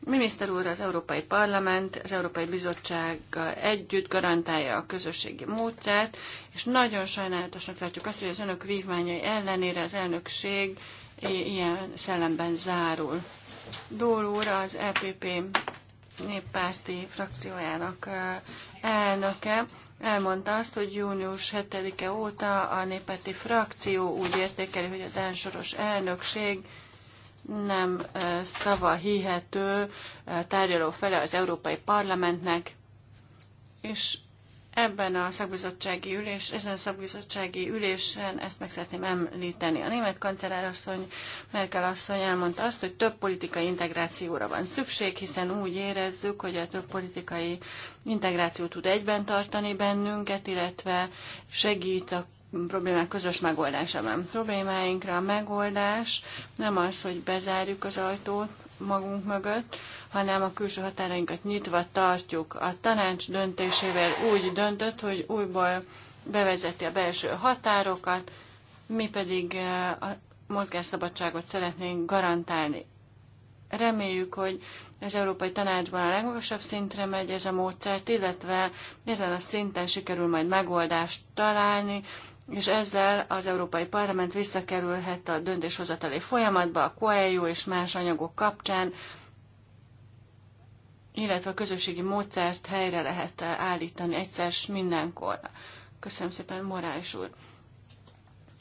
Miniszter úr, az Európai Parlament az Európai Bizottsággal együtt garantálja a közösségi módszert, és nagyon sajnálatosnak látjuk azt, hogy az önök vívmányai ellenére az elnökség ilyen szellemben zárul. Dól úr az EPP néppárti frakciójának elnöke elmondta azt, hogy június 7-e óta a néppárti frakció úgy értékeli, hogy a Dán Soros elnökség nem szava hihető tárgyaló fele az Európai Parlamentnek, és ebben a szakbizottsági ülés, ezen a szakbizottsági ülésen ezt meg szeretném említeni. A német kancellárasszony Merkel asszony elmondta azt, hogy több politikai integrációra van szükség, hiszen úgy érezzük, hogy a több politikai integráció tud egyben tartani bennünket, illetve segít a problémák közös megoldásában. Problémáinkra a megoldás nem az, hogy bezárjuk az ajtót magunk mögött, hanem a külső határainkat nyitva tartjuk. A tanács döntésével úgy döntött, hogy újból bevezeti a belső határokat, mi pedig eh, a mozgásszabadságot szeretnénk garantálni. Reméljük, hogy az Európai Tanácsban a legmagasabb szintre megy ez a módszert, illetve ezen a szinten sikerül majd megoldást találni, és ezzel az Európai Parlament visszakerülhet a döntéshozatali folyamatba a Coelho és más anyagok kapcsán, illetve a közösségi módszert helyre lehet állítani egyszer s mindenkor. Köszönöm szépen, Morális úr.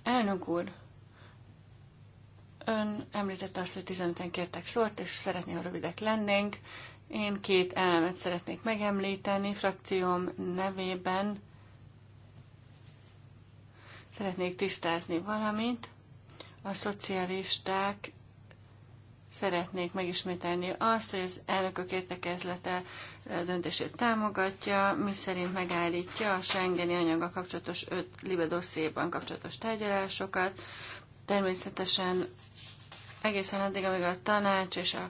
Elnök úr, ön említette azt, hogy 15-en kértek szót, és szeretné, ha rövidek lennénk. Én két elemet szeretnék megemlíteni frakcióm nevében Szeretnék tisztázni valamit. A szocialisták szeretnék megismételni azt, hogy az elnökök értekezlete döntését támogatja, mi szerint megállítja a Schengeni anyaga kapcsolatos öt libe kapcsolatos tárgyalásokat. Természetesen egészen addig, amíg a tanács és a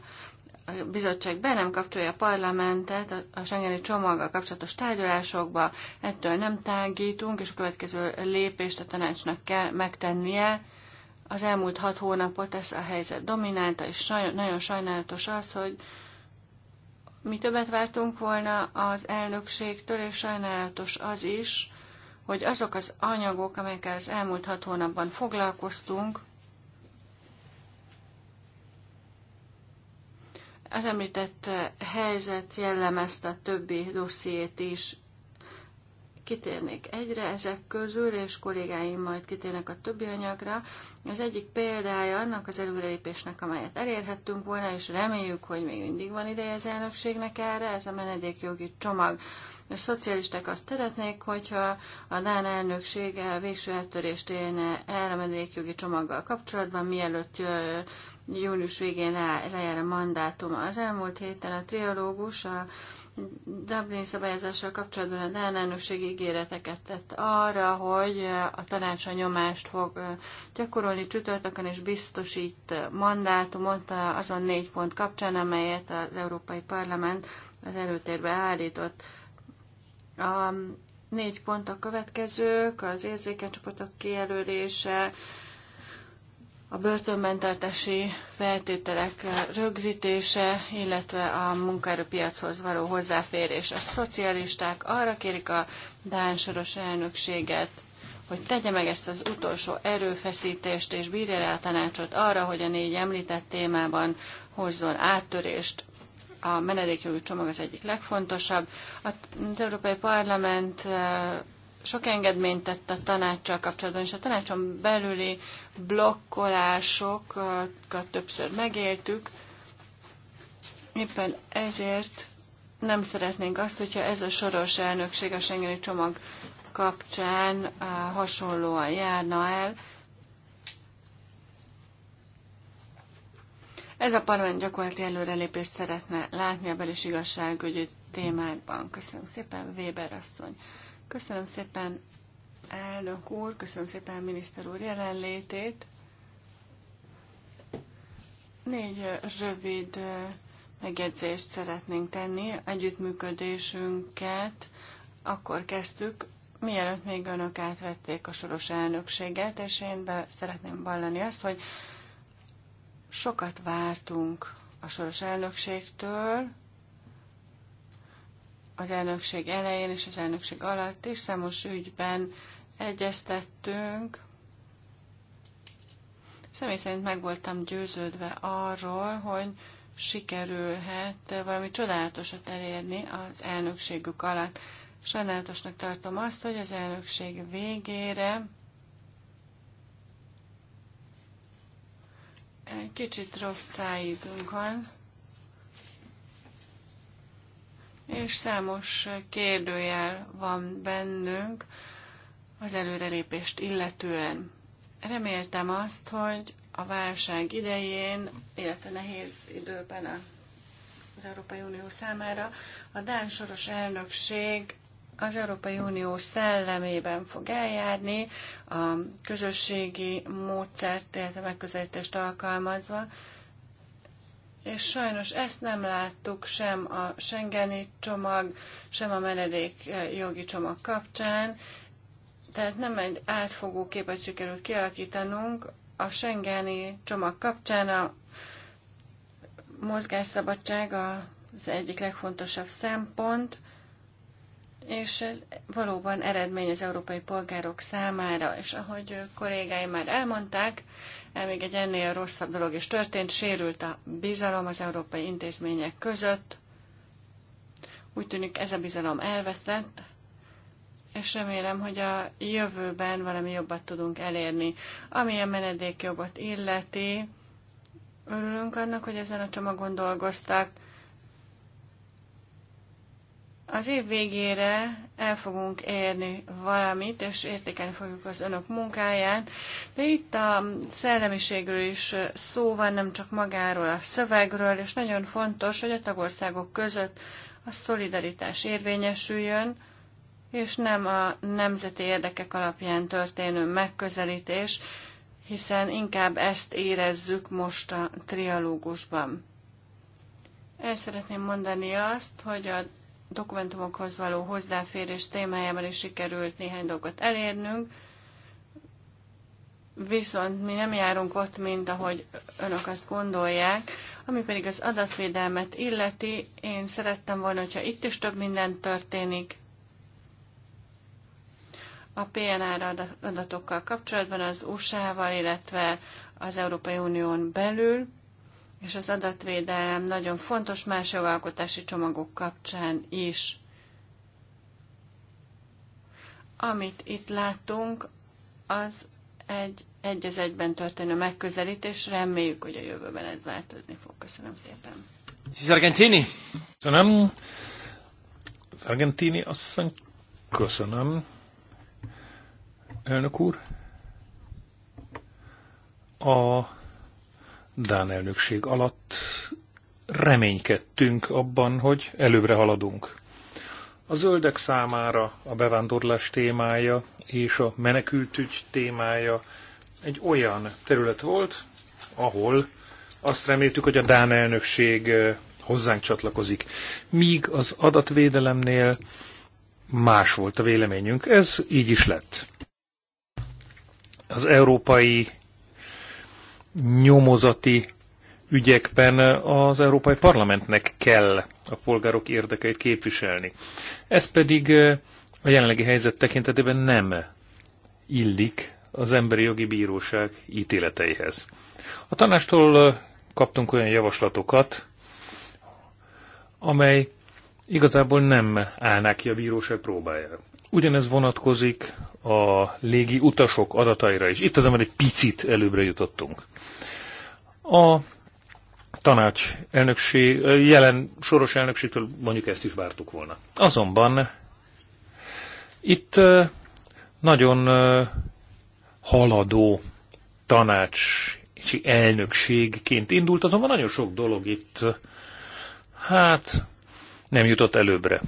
a bizottság be nem kapcsolja a parlamentet a Schengeni csomaggal kapcsolatos tárgyalásokba, ettől nem tágítunk, és a következő lépést a tanácsnak kell megtennie. Az elmúlt hat hónapot ez a helyzet dominálta, és saj, nagyon sajnálatos az, hogy mi többet vártunk volna az elnökségtől, és sajnálatos az is, hogy azok az anyagok, amelyekkel az elmúlt hat hónapban foglalkoztunk, Az említett helyzet jellemezte a többi dossziét is. Kitérnék egyre ezek közül, és kollégáim majd kitérnek a többi anyagra. Az egyik példája annak az előrelépésnek, amelyet elérhettünk volna, és reméljük, hogy még mindig van ideje az elnökségnek erre, ez a menedékjogi csomag. A szocialisták azt szeretnék, hogyha a Dán elnöksége végső eltörést élne el a menedékjogi csomaggal kapcsolatban, mielőtt június végén le, lejár a mandátuma Az elmúlt héten a triológus a Dublin szabályozással kapcsolatban a Dán elnökség ígéreteket tett arra, hogy a tanács a nyomást fog gyakorolni csütörtökön, és biztosít mandátumot azon négy pont kapcsán, amelyet az Európai Parlament az előtérbe állított. A négy pont a következők, az érzékeny csoportok kijelölése, a börtönmentartási feltételek rögzítése, illetve a munkaerőpiachoz való hozzáférés. A szocialisták arra kérik a Dán soros elnökséget, hogy tegye meg ezt az utolsó erőfeszítést, és bírja le a tanácsot arra, hogy a négy említett témában hozzon áttörést. A menedékjogi csomag az egyik legfontosabb. Az Európai Parlament sok engedményt tett a tanácssal kapcsolatban, és a tanácson belüli blokkolásokat többször megéltük. Éppen ezért nem szeretnénk azt, hogyha ez a soros elnökség a Schengeni csomag kapcsán hasonlóan járna el. Ez a parlament gyakorlati előrelépést szeretne látni a belis igazságügyi témákban. Köszönöm szépen, Weber asszony. Köszönöm szépen, elnök úr, köszönöm szépen, miniszter úr jelenlétét. Négy rövid megjegyzést szeretnénk tenni. Együttműködésünket akkor kezdtük, mielőtt még önök átvették a soros elnökséget, és én be szeretném vallani azt, hogy sokat vártunk a soros elnökségtől, az elnökség elején és az elnökség alatt is számos ügyben egyeztettünk. Személy szerint meg voltam győződve arról, hogy sikerülhet valami csodálatosat elérni az elnökségük alatt. Sajnálatosnak tartom azt, hogy az elnökség végére egy kicsit rossz szájízunk van és számos kérdőjel van bennünk az előrelépést illetően. Reméltem azt, hogy a válság idején, illetve nehéz időben az Európai Unió számára a Dán Soros elnökség az Európai Unió szellemében fog eljárni, a közösségi módszert, illetve megközelítést alkalmazva, és sajnos ezt nem láttuk sem a Schengeni csomag, sem a menedék eh, jogi csomag kapcsán, tehát nem egy átfogó képet sikerült kialakítanunk. A Schengeni csomag kapcsán a mozgásszabadság az egyik legfontosabb szempont, és ez valóban eredmény az európai polgárok számára, és ahogy kollégáim már elmondták, még egy ennél rosszabb dolog is történt, sérült a bizalom az európai intézmények között. Úgy tűnik ez a bizalom elveszett, és remélem, hogy a jövőben valami jobbat tudunk elérni. Ami a menedékjogot illeti, örülünk annak, hogy ezen a csomagon dolgoztak, az év végére el fogunk érni valamit, és értékelni fogjuk az önök munkáját, de itt a szellemiségről is szó van, nem csak magáról, a szövegről, és nagyon fontos, hogy a tagországok között a szolidaritás érvényesüljön, és nem a nemzeti érdekek alapján történő megközelítés, hiszen inkább ezt érezzük most a trialógusban. El szeretném mondani azt, hogy a dokumentumokhoz való hozzáférés témájában is sikerült néhány dolgot elérnünk, viszont mi nem járunk ott, mint ahogy önök azt gondolják. Ami pedig az adatvédelmet illeti, én szerettem volna, hogyha itt is több minden történik. A PNR adatokkal kapcsolatban az USA-val, illetve az Európai Unión belül és az adatvédelem nagyon fontos más jogalkotási csomagok kapcsán is. Amit itt látunk, az egy egy az egyben történő megközelítés, reméljük, hogy a jövőben ez változni fog. Köszönöm szépen. Argentini. Köszönöm. Az argentini asszony. Köszönöm. Elnök úr. A Dán elnökség alatt reménykedtünk abban, hogy előbbre haladunk. A zöldek számára a bevándorlás témája és a menekültügy témája egy olyan terület volt, ahol azt reméltük, hogy a Dán elnökség hozzánk csatlakozik. Míg az adatvédelemnél más volt a véleményünk, ez így is lett. Az európai nyomozati ügyekben az Európai Parlamentnek kell a polgárok érdekeit képviselni. Ez pedig a jelenlegi helyzet tekintetében nem illik az Emberi Jogi Bíróság ítéleteihez. A tanástól kaptunk olyan javaslatokat, amely igazából nem állná ki a bíróság próbáját. Ugyanez vonatkozik a légi utasok adataira is. Itt azonban egy picit előbbre jutottunk. A tanács elnökség, jelen soros elnökségtől mondjuk ezt is vártuk volna. Azonban itt nagyon haladó tanácsi elnökségként indult, azonban nagyon sok dolog itt, hát nem jutott előbbre.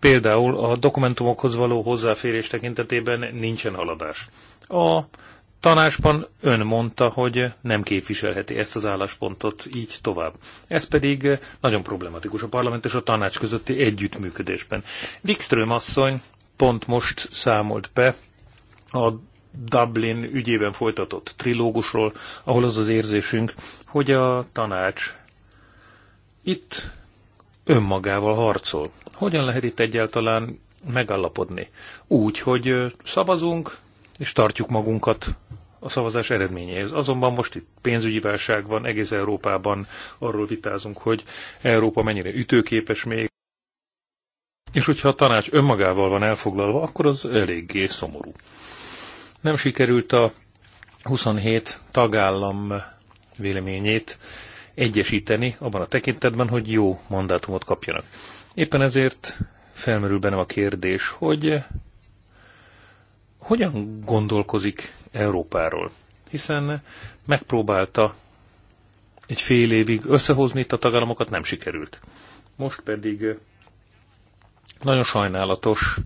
Például a dokumentumokhoz való hozzáférés tekintetében nincsen haladás. A tanácsban ön mondta, hogy nem képviselheti ezt az álláspontot így tovább. Ez pedig nagyon problematikus a parlament és a tanács közötti együttműködésben. Wikström asszony pont most számolt be a Dublin ügyében folytatott trilógusról, ahol az az érzésünk, hogy a tanács itt önmagával harcol. Hogyan lehet itt egyáltalán megállapodni? Úgy, hogy szavazunk, és tartjuk magunkat a szavazás eredményéhez. Azonban most itt pénzügyi válság van, egész Európában arról vitázunk, hogy Európa mennyire ütőképes még. És hogyha a tanács önmagával van elfoglalva, akkor az eléggé szomorú. Nem sikerült a 27 tagállam véleményét egyesíteni abban a tekintetben, hogy jó mandátumot kapjanak. Éppen ezért felmerül bennem a kérdés, hogy hogyan gondolkozik Európáról? Hiszen megpróbálta egy fél évig összehozni itt a tagállamokat, nem sikerült. Most pedig nagyon sajnálatos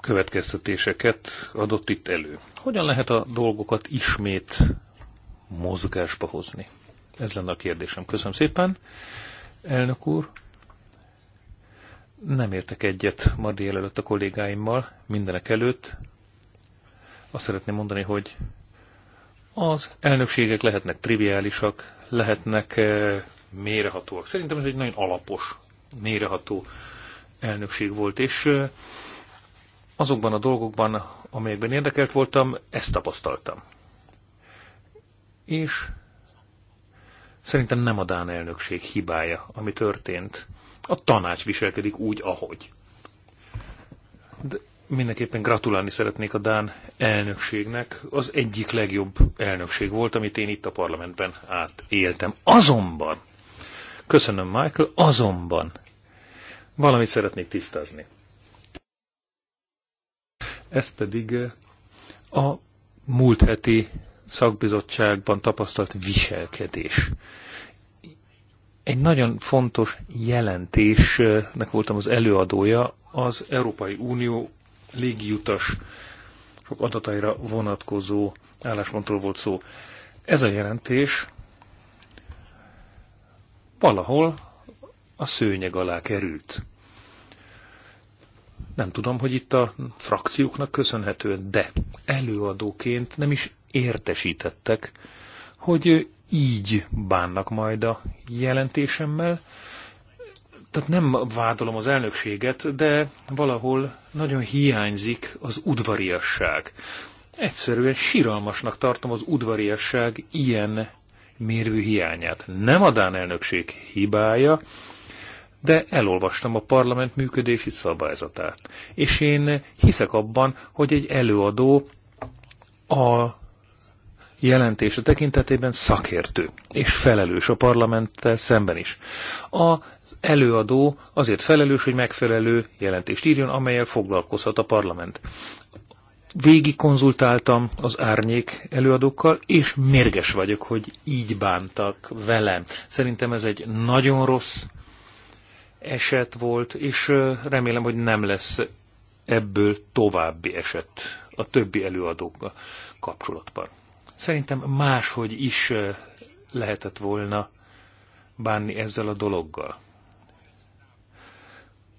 következtetéseket adott itt elő. Hogyan lehet a dolgokat ismét mozgásba hozni? Ez lenne a kérdésem. Köszönöm szépen. Elnök úr, nem értek egyet ma délelőtt a kollégáimmal, mindenek előtt. Azt szeretném mondani, hogy az elnökségek lehetnek triviálisak, lehetnek eh, mérehatóak. Szerintem ez egy nagyon alapos, méreható elnökség volt, és eh, azokban a dolgokban, amelyekben érdekelt voltam, ezt tapasztaltam és szerintem nem a Dán elnökség hibája, ami történt. A tanács viselkedik úgy, ahogy. De mindenképpen gratulálni szeretnék a Dán elnökségnek. Az egyik legjobb elnökség volt, amit én itt a parlamentben átéltem. Azonban, köszönöm Michael, azonban valamit szeretnék tisztázni. Ez pedig a múlt heti szakbizottságban tapasztalt viselkedés. Egy nagyon fontos jelentésnek voltam az előadója az Európai Unió légiutas sok adataira vonatkozó álláspontról volt szó. Ez a jelentés valahol a szőnyeg alá került. Nem tudom, hogy itt a frakcióknak köszönhetően, de előadóként nem is értesítettek, hogy így bánnak majd a jelentésemmel. Tehát nem vádolom az elnökséget, de valahol nagyon hiányzik az udvariasság. Egyszerűen síralmasnak tartom az udvariasság ilyen mérvű hiányát. Nem a Dán elnökség hibája, de elolvastam a parlament működési szabályzatát. És én hiszek abban, hogy egy előadó a jelentése tekintetében szakértő, és felelős a parlamenttel szemben is. A előadó azért felelős, hogy megfelelő jelentést írjon, amelyel foglalkozhat a parlament. Végig konzultáltam az árnyék előadókkal, és mérges vagyok, hogy így bántak velem. Szerintem ez egy nagyon rossz eset volt, és remélem, hogy nem lesz ebből további eset a többi előadókkal kapcsolatban. Szerintem máshogy is lehetett volna bánni ezzel a dologgal.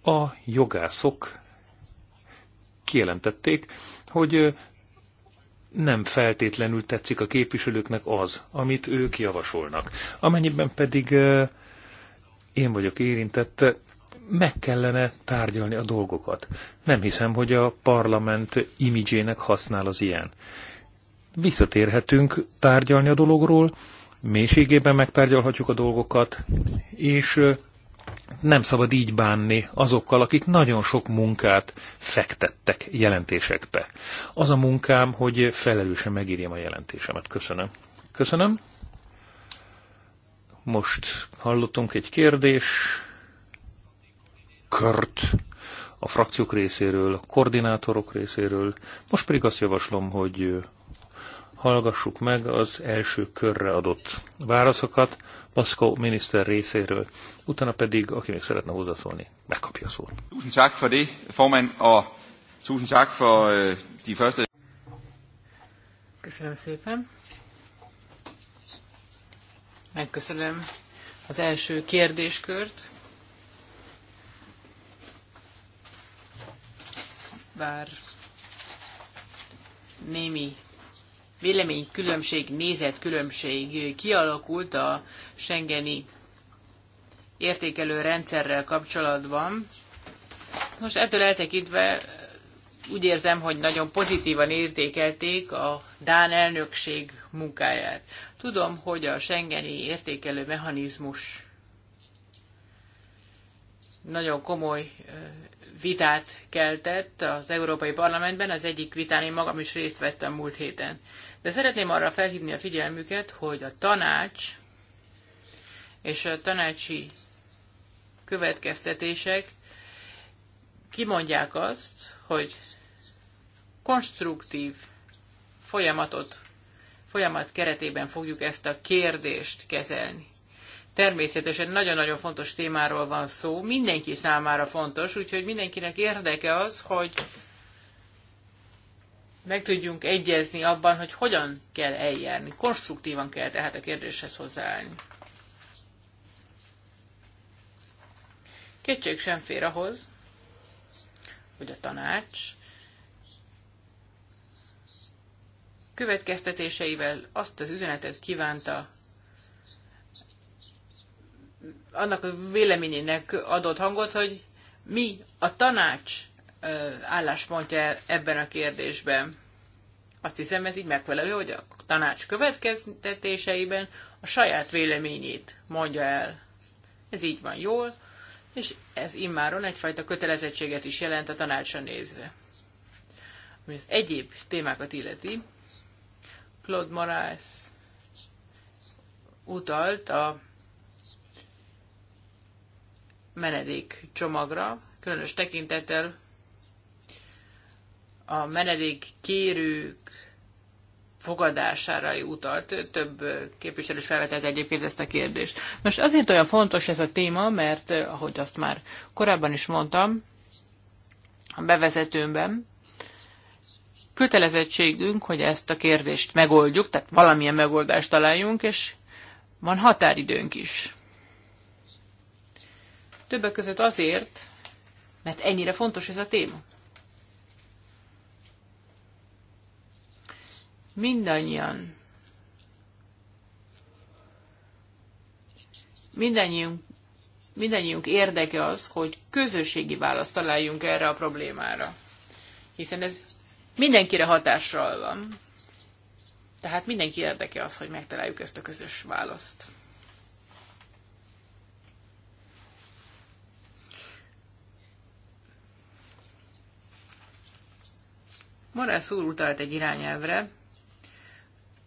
A jogászok kijelentették, hogy nem feltétlenül tetszik a képviselőknek az, amit ők javasolnak. Amennyiben pedig én vagyok érintett, meg kellene tárgyalni a dolgokat. Nem hiszem, hogy a parlament imidzsének használ az ilyen visszatérhetünk tárgyalni a dologról, mélységében megtárgyalhatjuk a dolgokat, és nem szabad így bánni azokkal, akik nagyon sok munkát fektettek jelentésekbe. Az a munkám, hogy felelősen megírjam a jelentésemet. Köszönöm. Köszönöm. Most hallottunk egy kérdés. Kört a frakciók részéről, a koordinátorok részéről. Most pedig azt javaslom, hogy hallgassuk meg az első körre adott válaszokat Paszkó miniszter részéről, utána pedig, aki még szeretne hozzászólni, megkapja a szót. Øh, Köszönöm szépen. Megköszönöm az első kérdéskört. Bár némi véleménykülönbség, nézetkülönbség kialakult a Schengeni értékelő rendszerrel kapcsolatban. Most ettől eltekintve úgy érzem, hogy nagyon pozitívan értékelték a Dán elnökség munkáját. Tudom, hogy a Schengeni értékelő mechanizmus nagyon komoly vitát keltett az Európai Parlamentben. Az egyik vitán én magam is részt vettem múlt héten. De szeretném arra felhívni a figyelmüket, hogy a tanács és a tanácsi következtetések kimondják azt, hogy konstruktív folyamatot, folyamat keretében fogjuk ezt a kérdést kezelni. Természetesen nagyon-nagyon fontos témáról van szó, mindenki számára fontos, úgyhogy mindenkinek érdeke az, hogy meg tudjunk egyezni abban, hogy hogyan kell eljárni. Konstruktívan kell tehát a kérdéshez hozzáállni. Kétség sem fér ahhoz, hogy a tanács következtetéseivel azt az üzenetet kívánta annak a véleményének adott hangot, hogy mi a tanács álláspontja ebben a kérdésben. Azt hiszem, ez így megfelelő, hogy a tanács következtetéseiben a saját véleményét mondja el. Ez így van jól, és ez immáron egyfajta kötelezettséget is jelent a tanácsa nézve. Ami az egyéb témákat illeti, Claude Moraes utalt a menedék csomagra, különös tekintettel a menedék kérők fogadására utalt. Több képviselő is felvetett egyébként ezt a kérdést. Most azért olyan fontos ez a téma, mert ahogy azt már korábban is mondtam, a bevezetőmben, kötelezettségünk, hogy ezt a kérdést megoldjuk, tehát valamilyen megoldást találjunk, és van határidőnk is. Többek között azért, mert ennyire fontos ez a téma. mindannyian mindannyiunk, mindannyiunk érdeke az, hogy közösségi választ találjunk erre a problémára. Hiszen ez mindenkire hatással van. Tehát mindenki érdeke az, hogy megtaláljuk ezt a közös választ. Morász úr utalt egy irányelvre,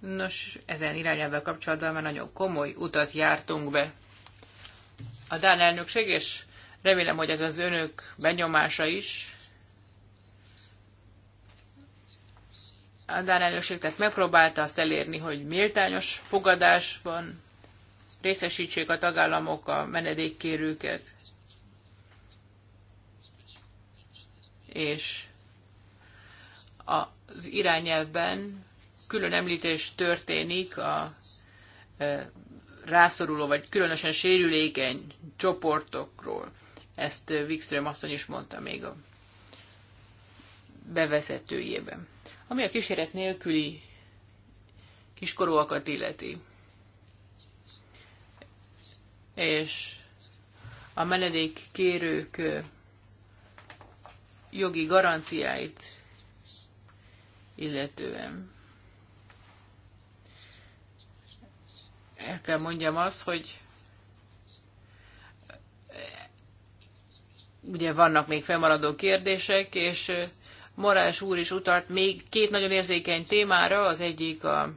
Nos, ezen irányelvvel kapcsolatban már nagyon komoly utat jártunk be. A Dán elnökség, és remélem, hogy ez az önök benyomása is, a Dán elnökség tehát megpróbálta azt elérni, hogy méltányos fogadásban részesítsék a tagállamok a menedékkérőket. És az irányelvben külön említés történik a rászoruló, vagy különösen sérülékeny csoportokról. Ezt Wikström asszony is mondta még a bevezetőjében. Ami a kíséret nélküli kiskorúakat illeti. És a menedék kérők jogi garanciáit illetően. el kell mondjam azt, hogy eh, ugye vannak még felmaradó kérdések, és eh, Morás úr is utalt még két nagyon érzékeny témára, az egyik a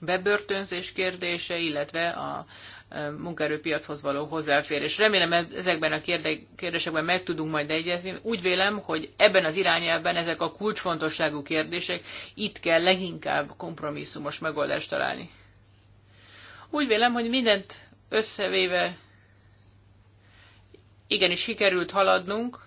bebörtönzés kérdése, illetve a munkaerőpiachoz való hozzáférés. Remélem e- ezekben a kérdésekben meg tudunk majd egyezni. Úgy vélem, hogy ebben az irányelben ezek a kulcsfontosságú kérdések, itt kell leginkább kompromisszumos megoldást találni. Úgy vélem, hogy mindent összevéve igenis sikerült haladnunk,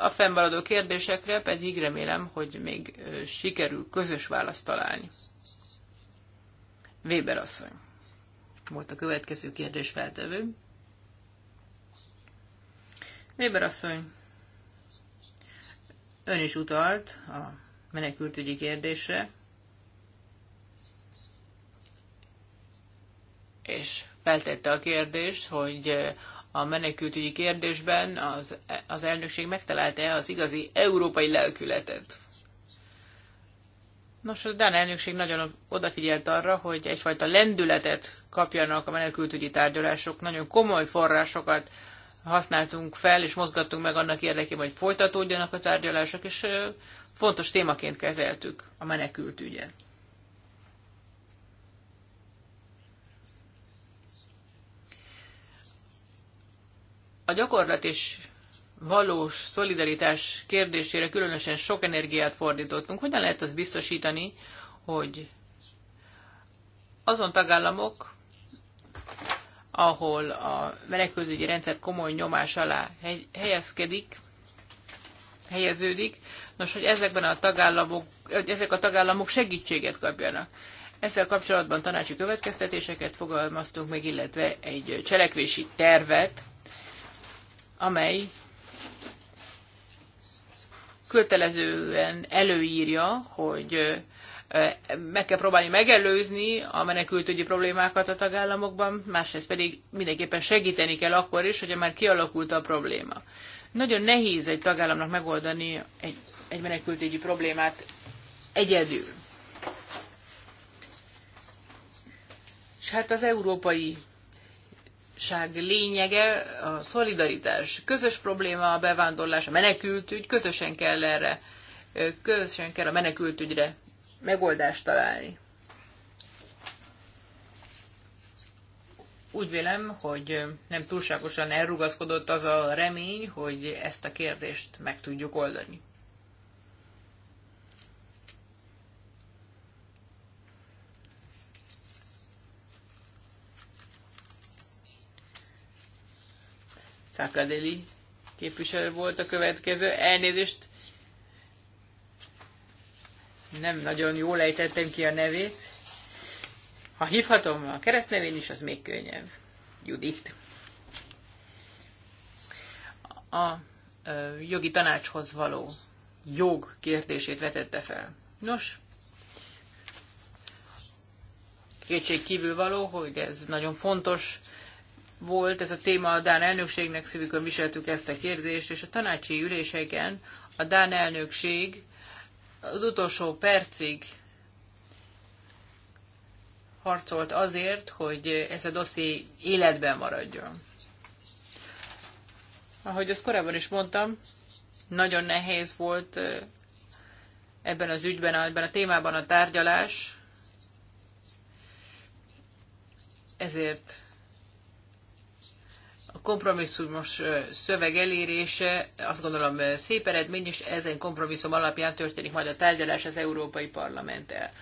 a fennmaradó kérdésekre pedig remélem, hogy még sikerül közös választ találni. Weber asszony. Volt a következő kérdés feltevő. Weber asszony, ön is utalt a menekültügyi kérdésre, és feltette a kérdést, hogy a menekültügyi kérdésben az, az elnökség megtalálta-e az igazi európai lelkületet. Nos, a Dán elnökség nagyon odafigyelt arra, hogy egyfajta lendületet kapjanak a menekültügyi tárgyalások. Nagyon komoly forrásokat használtunk fel, és mozgattunk meg annak érdekében, hogy folytatódjanak a tárgyalások, és fontos témaként kezeltük a menekültügyet. A gyakorlat is valós szolidaritás kérdésére különösen sok energiát fordítottunk. Hogyan lehet az biztosítani, hogy azon tagállamok, ahol a menekültügyi rendszer komoly nyomás alá helyezkedik, helyeződik, nos, hogy ezekben a tagállamok, ezek a tagállamok segítséget kapjanak. Ezzel kapcsolatban tanácsi következtetéseket fogalmaztunk meg, illetve egy cselekvési tervet, amely kötelezően előírja, hogy meg kell próbálni megelőzni a menekültügyi problémákat a tagállamokban, másrészt pedig mindenképpen segíteni kell akkor is, hogyha már kialakult a probléma. Nagyon nehéz egy tagállamnak megoldani egy, egy menekültügyi problémát egyedül. És hát az európai ság lényege a szolidaritás. Közös probléma a bevándorlás, a menekültügy, közösen kell erre, közösen kell a menekültügyre megoldást találni. Úgy vélem, hogy nem túlságosan elrugaszkodott az a remény, hogy ezt a kérdést meg tudjuk oldani. Szakadeli képviselő volt a következő. Elnézést, nem nagyon jól ejtettem ki a nevét. Ha hívhatom a keresztnevén is, az még könnyebb. Judit. A jogi tanácshoz való jog kérdését vetette fel. Nos, kétség kívül való, hogy ez nagyon fontos volt ez a téma a Dán elnökségnek, szívükön viseltük ezt a kérdést, és a tanácsi üléseken a Dán elnökség az utolsó percig harcolt azért, hogy ez a dosszi életben maradjon. Ahogy azt korábban is mondtam, nagyon nehéz volt ebben az ügyben, ebben a témában a tárgyalás, ezért kompromisszumos szöveg elérése azt gondolom szép eredmény, és ezen kompromisszum alapján történik majd a tárgyalás az Európai Parlamenttel.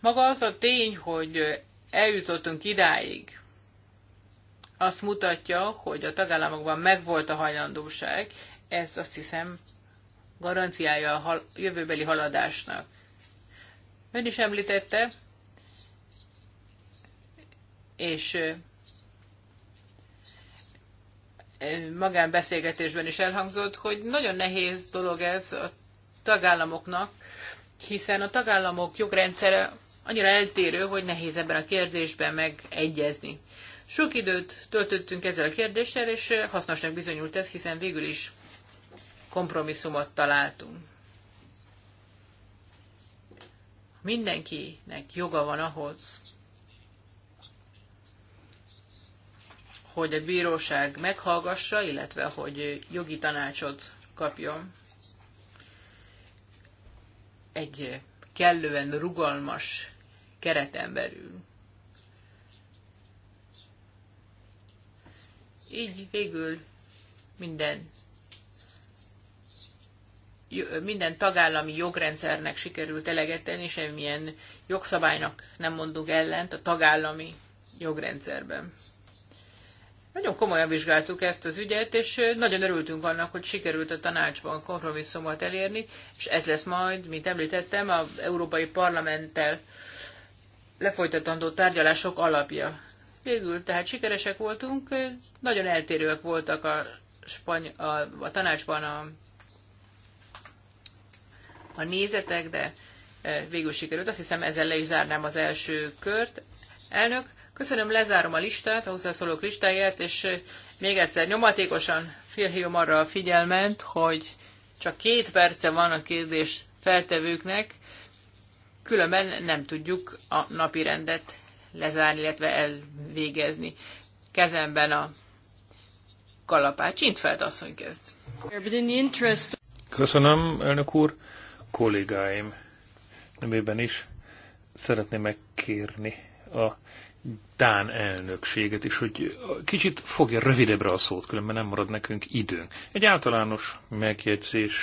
Maga az a tény, hogy eljutottunk idáig, azt mutatja, hogy a tagállamokban megvolt a hajlandóság, ez azt hiszem garanciája a jövőbeli haladásnak. Ön is említette, és magánbeszélgetésben is elhangzott, hogy nagyon nehéz dolog ez a tagállamoknak, hiszen a tagállamok jogrendszere annyira eltérő, hogy nehéz ebben a kérdésben megegyezni. Sok időt töltöttünk ezzel a kérdéssel, és hasznosnak bizonyult ez, hiszen végül is kompromisszumot találtunk. Mindenkinek joga van ahhoz, hogy a bíróság meghallgassa, illetve hogy jogi tanácsot kapjon. Egy kellően rugalmas kereten belül. Így végül minden minden tagállami jogrendszernek sikerült eleget tenni, semmilyen jogszabálynak nem mondunk ellent a tagállami jogrendszerben. Nagyon komolyan vizsgáltuk ezt az ügyet, és nagyon örültünk annak, hogy sikerült a tanácsban kompromisszumot elérni, és ez lesz majd, mint említettem, az Európai Parlamenttel lefolytatandó tárgyalások alapja. Végül tehát sikeresek voltunk, nagyon eltérőek voltak a, spany- a, a tanácsban a, a nézetek, de végül sikerült. Azt hiszem ezzel le is zárnám az első kört. Elnök, Köszönöm, lezárom a listát, a hozzászólók listáját, és még egyszer nyomatékosan felhívom arra a figyelmet, hogy csak két perce van a kérdés feltevőknek, különben nem tudjuk a napi rendet lezárni, illetve elvégezni. Kezemben a kalapács. Intfeld asszony kezd. Köszönöm, elnök úr. Kollégáim nevében is szeretném megkérni a Dán elnökséget is, hogy kicsit fogja rövidebbre a szót, különben nem marad nekünk időnk. Egy általános megjegyzés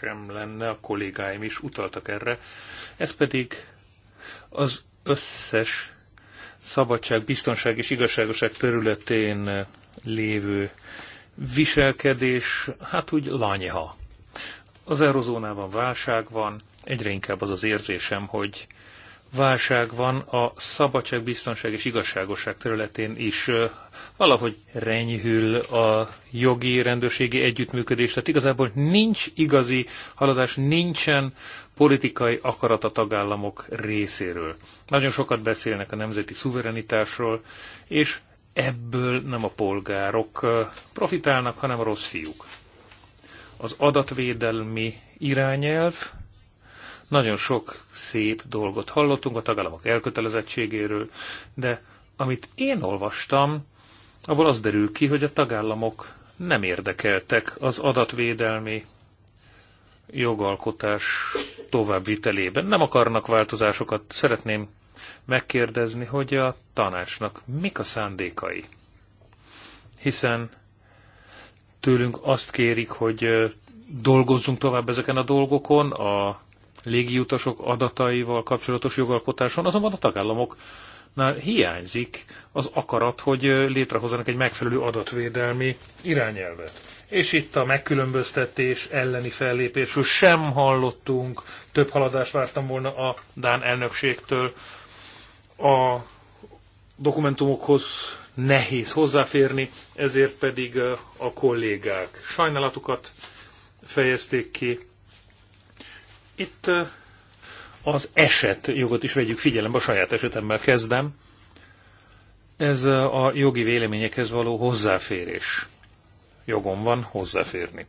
sem lenne, a kollégáim is utaltak erre. Ez pedig az összes szabadság, biztonság és igazságoság területén lévő viselkedés, hát úgy lanyha. Az eurozónában válság van, egyre inkább az az érzésem, hogy válság van a szabadság, biztonság és igazságosság területén is. Valahogy renyhül a jogi, rendőrségi együttműködés, tehát igazából nincs igazi haladás, nincsen politikai akarat a tagállamok részéről. Nagyon sokat beszélnek a nemzeti szuverenitásról, és ebből nem a polgárok profitálnak, hanem a rossz fiúk. Az adatvédelmi irányelv nagyon sok szép dolgot hallottunk a tagállamok elkötelezettségéről, de amit én olvastam, abból az derül ki, hogy a tagállamok nem érdekeltek az adatvédelmi jogalkotás továbbvitelében. Nem akarnak változásokat. Szeretném megkérdezni, hogy a tanácsnak mik a szándékai. Hiszen tőlünk azt kérik, hogy dolgozzunk tovább ezeken a dolgokon, a légiutasok adataival kapcsolatos jogalkotáson, azonban a tagállamoknál hiányzik az akarat, hogy létrehozzanak egy megfelelő adatvédelmi irányelvet. És itt a megkülönböztetés elleni fellépésről sem hallottunk, több haladást vártam volna a Dán elnökségtől. A dokumentumokhoz nehéz hozzáférni, ezért pedig a kollégák sajnálatukat fejezték ki, itt az eset jogot is vegyük figyelembe, a saját esetemmel kezdem. Ez a jogi véleményekhez való hozzáférés. Jogom van hozzáférni.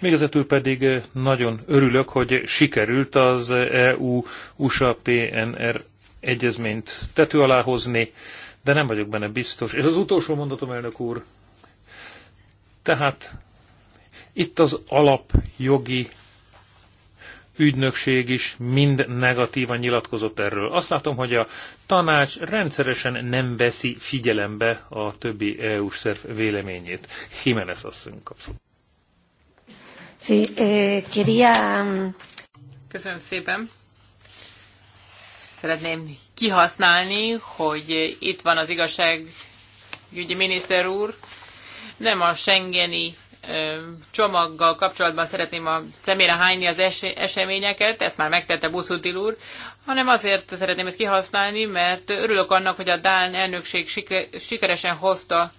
Végezetül pedig nagyon örülök, hogy sikerült az EU-USA-PNR egyezményt tető alá hozni, de nem vagyok benne biztos. És az utolsó mondatom, elnök úr, tehát itt az alapjogi ügynökség is mind negatívan nyilatkozott erről. Azt látom, hogy a tanács rendszeresen nem veszi figyelembe a többi EU-s szerv véleményét. Jiménez asszony kapszol. Sí, eh, quería... Um, Köszönöm szépen. Szeretném kihasználni, hogy itt van az igazságügyi miniszter úr, nem a Schengeni csomaggal kapcsolatban szeretném a szemére hányni az es eseményeket, ezt már megtette Buszutil úr, hanem azért szeretném ezt kihasználni, mert örülök annak, hogy a Dán elnökség sikeresen hozta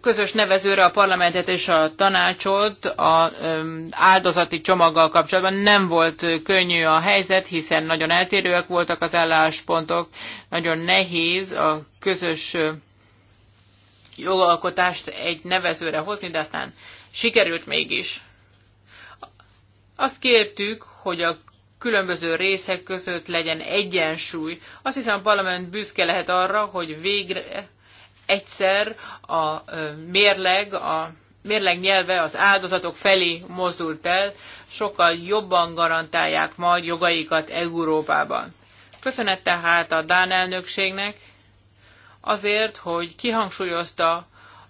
közös nevezőre a parlamentet és a tanácsot a áldozati csomaggal kapcsolatban. Nem volt könnyű a helyzet, hiszen nagyon eltérőek voltak az álláspontok, nagyon nehéz a közös jogalkotást egy nevezőre hozni, de aztán sikerült mégis. Azt kértük, hogy a különböző részek között legyen egyensúly. Azt hiszem a parlament büszke lehet arra, hogy végre egyszer a mérleg, a mérleg nyelve az áldozatok felé mozdult el, sokkal jobban garantálják majd jogaikat Európában. Köszönet tehát a Dán elnökségnek, azért, hogy kihangsúlyozta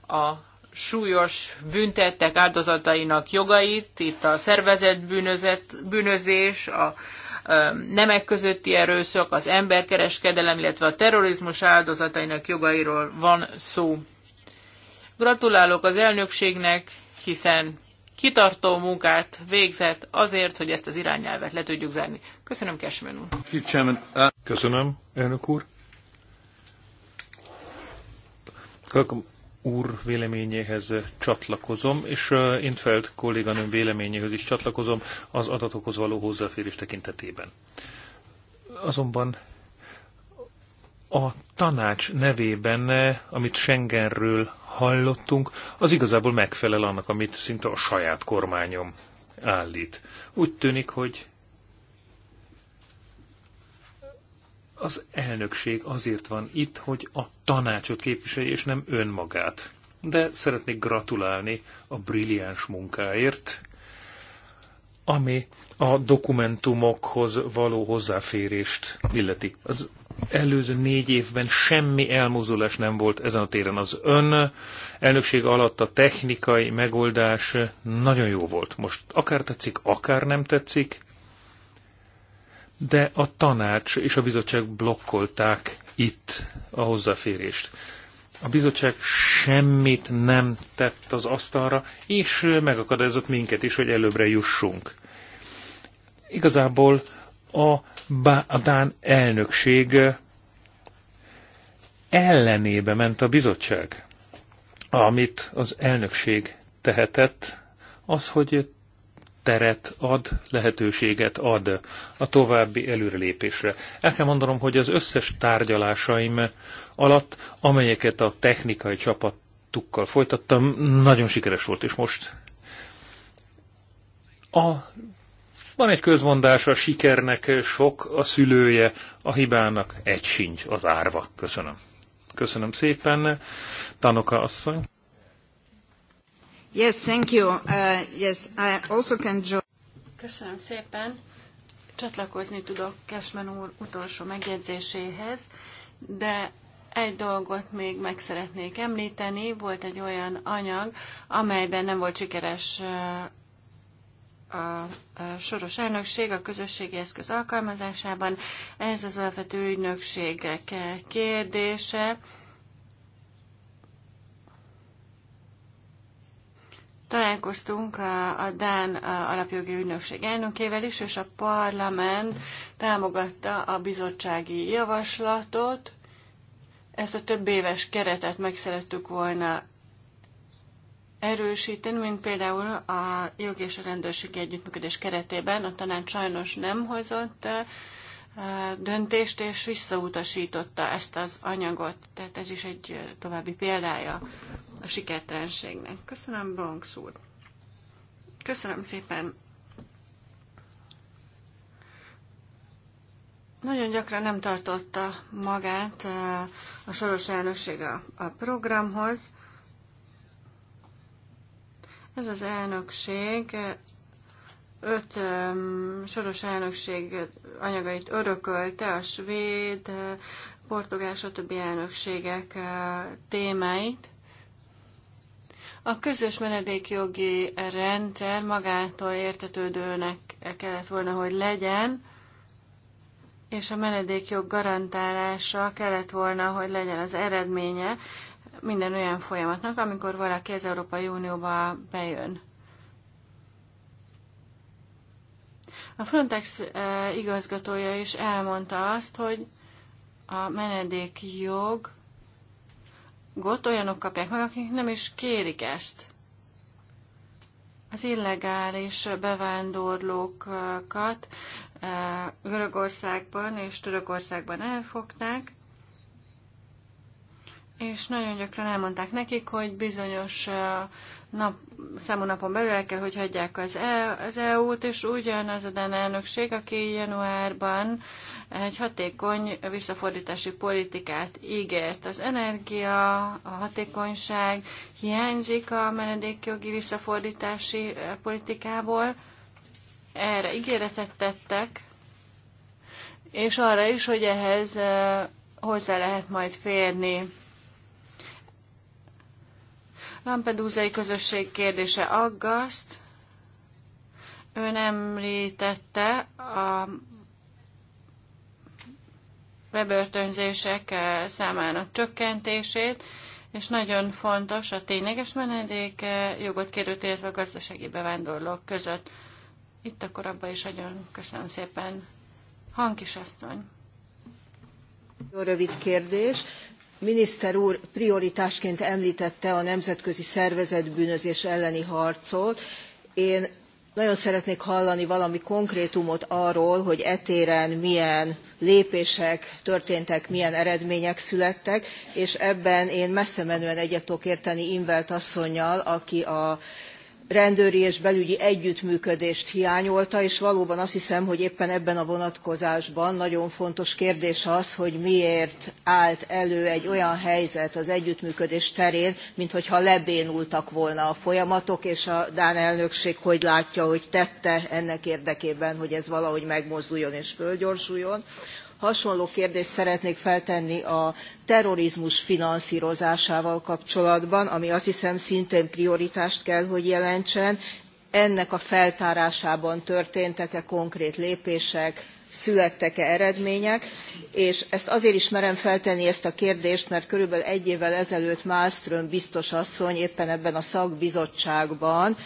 a súlyos büntettek áldozatainak jogait, itt a szervezett bűnözet, bűnözés, a nemek közötti erőszak, az emberkereskedelem, illetve a terrorizmus áldozatainak jogairól van szó. Gratulálok az elnökségnek, hiszen kitartó munkát végzett azért, hogy ezt az irányelvet le tudjuk zárni. Köszönöm, Kesmen úr. Uh, Köszönöm, elnök úr. Kirk úr véleményéhez csatlakozom, és Intfeld kolléganőm véleményéhez is csatlakozom az adatokhoz való hozzáférés tekintetében. Azonban a tanács nevében, amit Schengenről hallottunk, az igazából megfelel annak, amit szinte a saját kormányom állít. Úgy tűnik, hogy Az elnökség azért van itt, hogy a tanácsot képviselje, és nem önmagát. De szeretnék gratulálni a brilliáns munkáért, ami a dokumentumokhoz való hozzáférést illeti. Az előző négy évben semmi elmozdulás nem volt ezen a téren. Az ön elnökség alatt a technikai megoldás nagyon jó volt. Most akár tetszik, akár nem tetszik, de a tanács és a bizottság blokkolták itt a hozzáférést. A bizottság semmit nem tett az asztalra, és megakadályozott minket is, hogy előbbre jussunk. Igazából a, Bá- a Dán elnökség ellenébe ment a bizottság. Amit az elnökség tehetett, az, hogy teret ad, lehetőséget ad a további előrelépésre. El kell mondanom, hogy az összes tárgyalásaim alatt, amelyeket a technikai csapatukkal folytattam, nagyon sikeres volt, és most a, van egy közmondás, a sikernek sok a szülője, a hibának egy sincs az árva. Köszönöm. Köszönöm szépen, Tanoka asszony. Yes, thank you. Uh, yes, I also can join. Köszönöm szépen. Csatlakozni tudok Kesmen úr utolsó megjegyzéséhez, de egy dolgot még meg szeretnék említeni. Volt egy olyan anyag, amelyben nem volt sikeres uh, a soros elnökség a közösségi eszköz alkalmazásában. Ez az alapvető ügynökségek kérdése. Találkoztunk a, a Dán alapjogi ügynökség elnökével is, és a parlament támogatta a bizottsági javaslatot. Ezt a több éves keretet meg szerettük volna erősíteni, mint például a jog és a rendőrségi együttműködés keretében. A tanács sajnos nem hozott döntést, és visszautasította ezt az anyagot. Tehát ez is egy további példája a sikertelenségnek. Köszönöm, Bronx úr. Köszönöm szépen. Nagyon gyakran nem tartotta magát eh, a soros elnökség a, a programhoz. Ez az elnökség eh, öt soros elnökség anyagait örökölte a svéd, eh, portugál, stb. elnökségek témáit. A közös menedékjogi rendszer magától értetődőnek kellett volna, hogy legyen, és a menedékjog garantálása kellett volna, hogy legyen az eredménye minden olyan folyamatnak, amikor valaki az Európai Unióba bejön. A Frontex eh, igazgatója is elmondta azt, hogy a menedékjog got olyanok kapják meg, akik nem is kérik ezt. Az illegális bevándorlókat eh, Görögországban és Törökországban elfogták, és nagyon gyakran elmondták nekik, hogy bizonyos nap, számú napon belül el kell, hogy hagyják az, e, az EU-t, és ugyanaz a Dán elnökség, aki januárban egy hatékony visszafordítási politikát ígért. Az energia, a hatékonyság hiányzik a menedékjogi visszafordítási politikából. Erre ígéretet tettek, és arra is, hogy ehhez hozzá lehet majd férni Lampedúzai közösség kérdése aggaszt. Ön említette a bebörtönzések eh, számának csökkentését, és nagyon fontos a tényleges menedék eh, jogot kérőt, illetve a gazdasági bevándorlók között. Itt akkor abba is nagyon köszönöm szépen. asszony. Jó rövid kérdés miniszter úr prioritásként említette a nemzetközi szervezet bűnözés elleni harcot. Én nagyon szeretnék hallani valami konkrétumot arról, hogy etéren milyen lépések történtek, milyen eredmények születtek, és ebben én messze menően egyet tudok érteni Invelt asszonynal, aki a rendőri és belügyi együttműködést hiányolta, és valóban azt hiszem, hogy éppen ebben a vonatkozásban nagyon fontos kérdés az, hogy miért állt elő egy olyan helyzet az együttműködés terén, minthogyha lebénultak volna a folyamatok, és a Dán elnökség hogy látja, hogy tette ennek érdekében, hogy ez valahogy megmozduljon és fölgyorsuljon hasonló kérdést szeretnék feltenni a terrorizmus finanszírozásával kapcsolatban, ami azt hiszem szintén prioritást kell, hogy jelentsen. Ennek a feltárásában történtek-e konkrét lépések, születtek-e eredmények, és ezt azért is merem feltenni ezt a kérdést, mert körülbelül egy évvel ezelőtt Malmström biztos asszony éppen ebben a szakbizottságban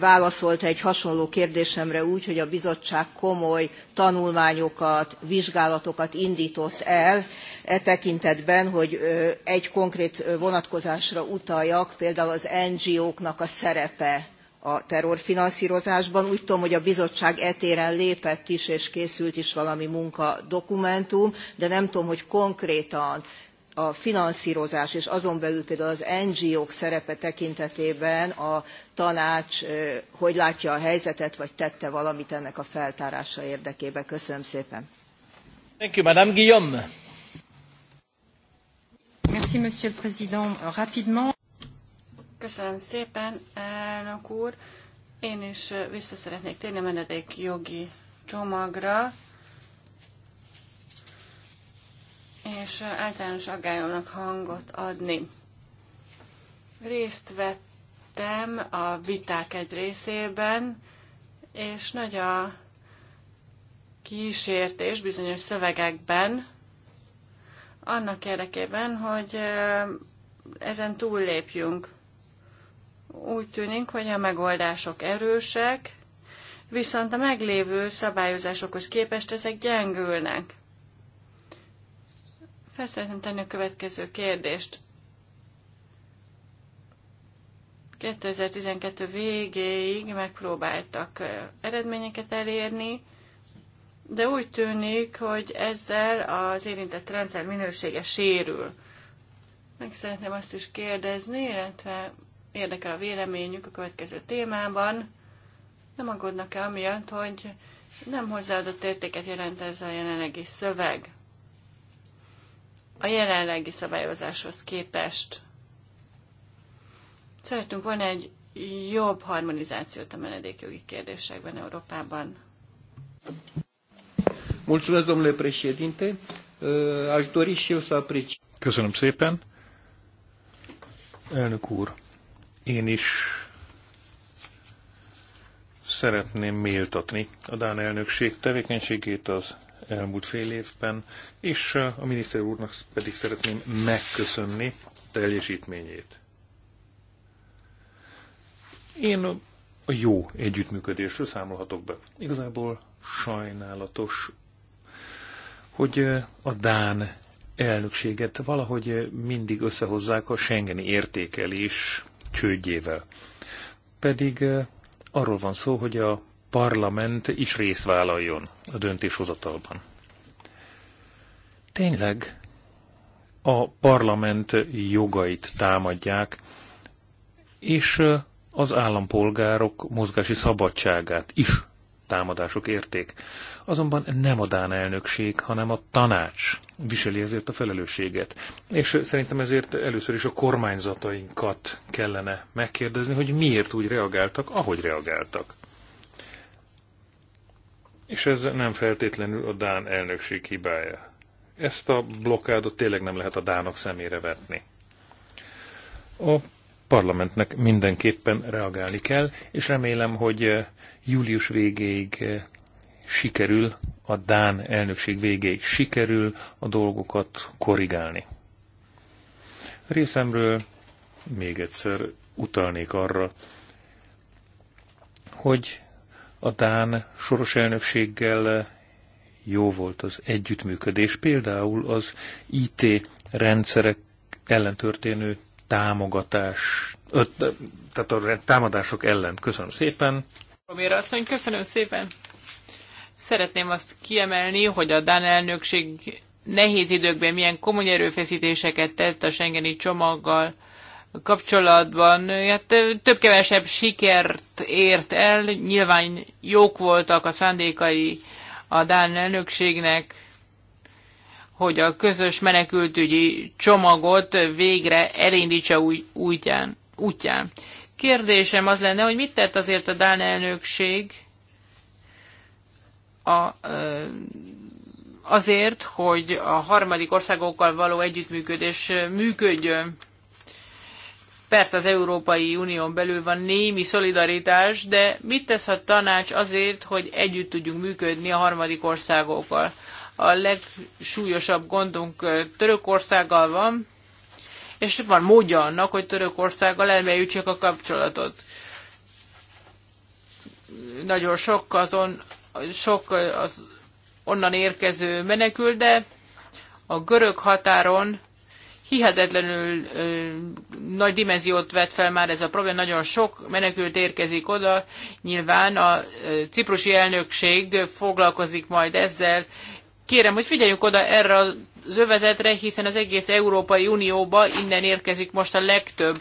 válaszolt egy hasonló kérdésemre úgy, hogy a bizottság komoly tanulmányokat, vizsgálatokat indított el, e tekintetben, hogy egy konkrét vonatkozásra utaljak, például az NGO-knak a szerepe a terrorfinanszírozásban. Úgy tudom, hogy a bizottság etéren lépett is, és készült is valami munkadokumentum, de nem tudom, hogy konkrétan a finanszírozás és azon belül például az NGO-k szerepe tekintetében a tanács hogy látja a helyzetet, vagy tette valamit ennek a feltárása érdekében. Köszönöm szépen. Thank you, Madame Guillaume. Merci, Monsieur le Président. Rapidement. Köszönöm szépen, elnök úr. Én is vissza szeretnék térni a menedék jogi csomagra, és általános aggályomnak hangot adni. Részt vettem a viták egy részében, és nagy a kísértés bizonyos szövegekben, annak érdekében, hogy ezen túllépjünk. Úgy tűnik, hogy a megoldások erősek, viszont a meglévő szabályozásokhoz képest ezek gyengülnek. Fel tenni a következő kérdést. 2012 végéig megpróbáltak eredményeket elérni, de úgy tűnik, hogy ezzel az érintett rendszer minősége sérül. Meg szeretném azt is kérdezni, illetve érdekel a véleményük a következő témában. Nem aggódnak-e amiatt, hogy nem hozzáadott értéket jelent ez a jelenlegi szöveg a jelenlegi szabályozáshoz képest? Szeretünk volna egy jobb harmonizációt a menedékjogi kérdésekben Európában. Mulțumesc, domnule președinte. Aș dori și eu să apreciez. Köszönöm szépen. Elnök úr, én is szeretném méltatni a Dán elnökség tevékenységét az elmúlt fél évben, és a miniszter úrnak pedig szeretném megköszönni teljesítményét. Én a jó együttműködésről számolhatok be. Igazából sajnálatos, hogy a Dán elnökséget valahogy mindig összehozzák a Schengeni értékelés csődjével. Pedig arról van szó, hogy a parlament is részt vállaljon a döntéshozatalban. Tényleg a parlament jogait támadják, és az állampolgárok mozgási szabadságát is támadások érték azonban nem a Dán elnökség, hanem a tanács viseli ezért a felelősséget. És szerintem ezért először is a kormányzatainkat kellene megkérdezni, hogy miért úgy reagáltak, ahogy reagáltak. És ez nem feltétlenül a Dán elnökség hibája. Ezt a blokkádot tényleg nem lehet a Dánok szemére vetni. A parlamentnek mindenképpen reagálni kell, és remélem, hogy eh, július végéig eh, sikerül a Dán elnökség végéig sikerül a dolgokat korrigálni. Részemről még egyszer utalnék arra, hogy a Dán soros elnökséggel jó volt az együttműködés, például az IT rendszerek ellen történő támogatás, ö, tehát a támadások ellen. Köszönöm szépen. Romér asszony, köszönöm szépen. Szeretném azt kiemelni, hogy a Dán elnökség nehéz időkben milyen komoly erőfeszítéseket tett a Schengeni csomaggal kapcsolatban. Hát több-kevesebb sikert ért el, nyilván jók voltak a szándékai a Dán elnökségnek, hogy a közös menekültügyi csomagot végre elindítsa új, útján, útján. Kérdésem az lenne, hogy mit tett azért a Dán elnökség, a, azért, hogy a harmadik országokkal való együttműködés működjön. Persze az Európai Unión belül van némi szolidaritás, de mit tesz a tanács azért, hogy együtt tudjunk működni a harmadik országokkal? A legsúlyosabb gondunk Törökországgal van, és van módja annak, hogy Törökországgal elmélyítsük a kapcsolatot. Nagyon sok azon sok az onnan érkező menekül, de a görög határon hihetetlenül ö, nagy dimenziót vett fel már ez a probléma, nagyon sok menekült érkezik oda, nyilván a ö, ciprusi elnökség foglalkozik majd ezzel. Kérem, hogy figyeljünk oda erre az övezetre, hiszen az egész Európai Unióba innen érkezik most a legtöbb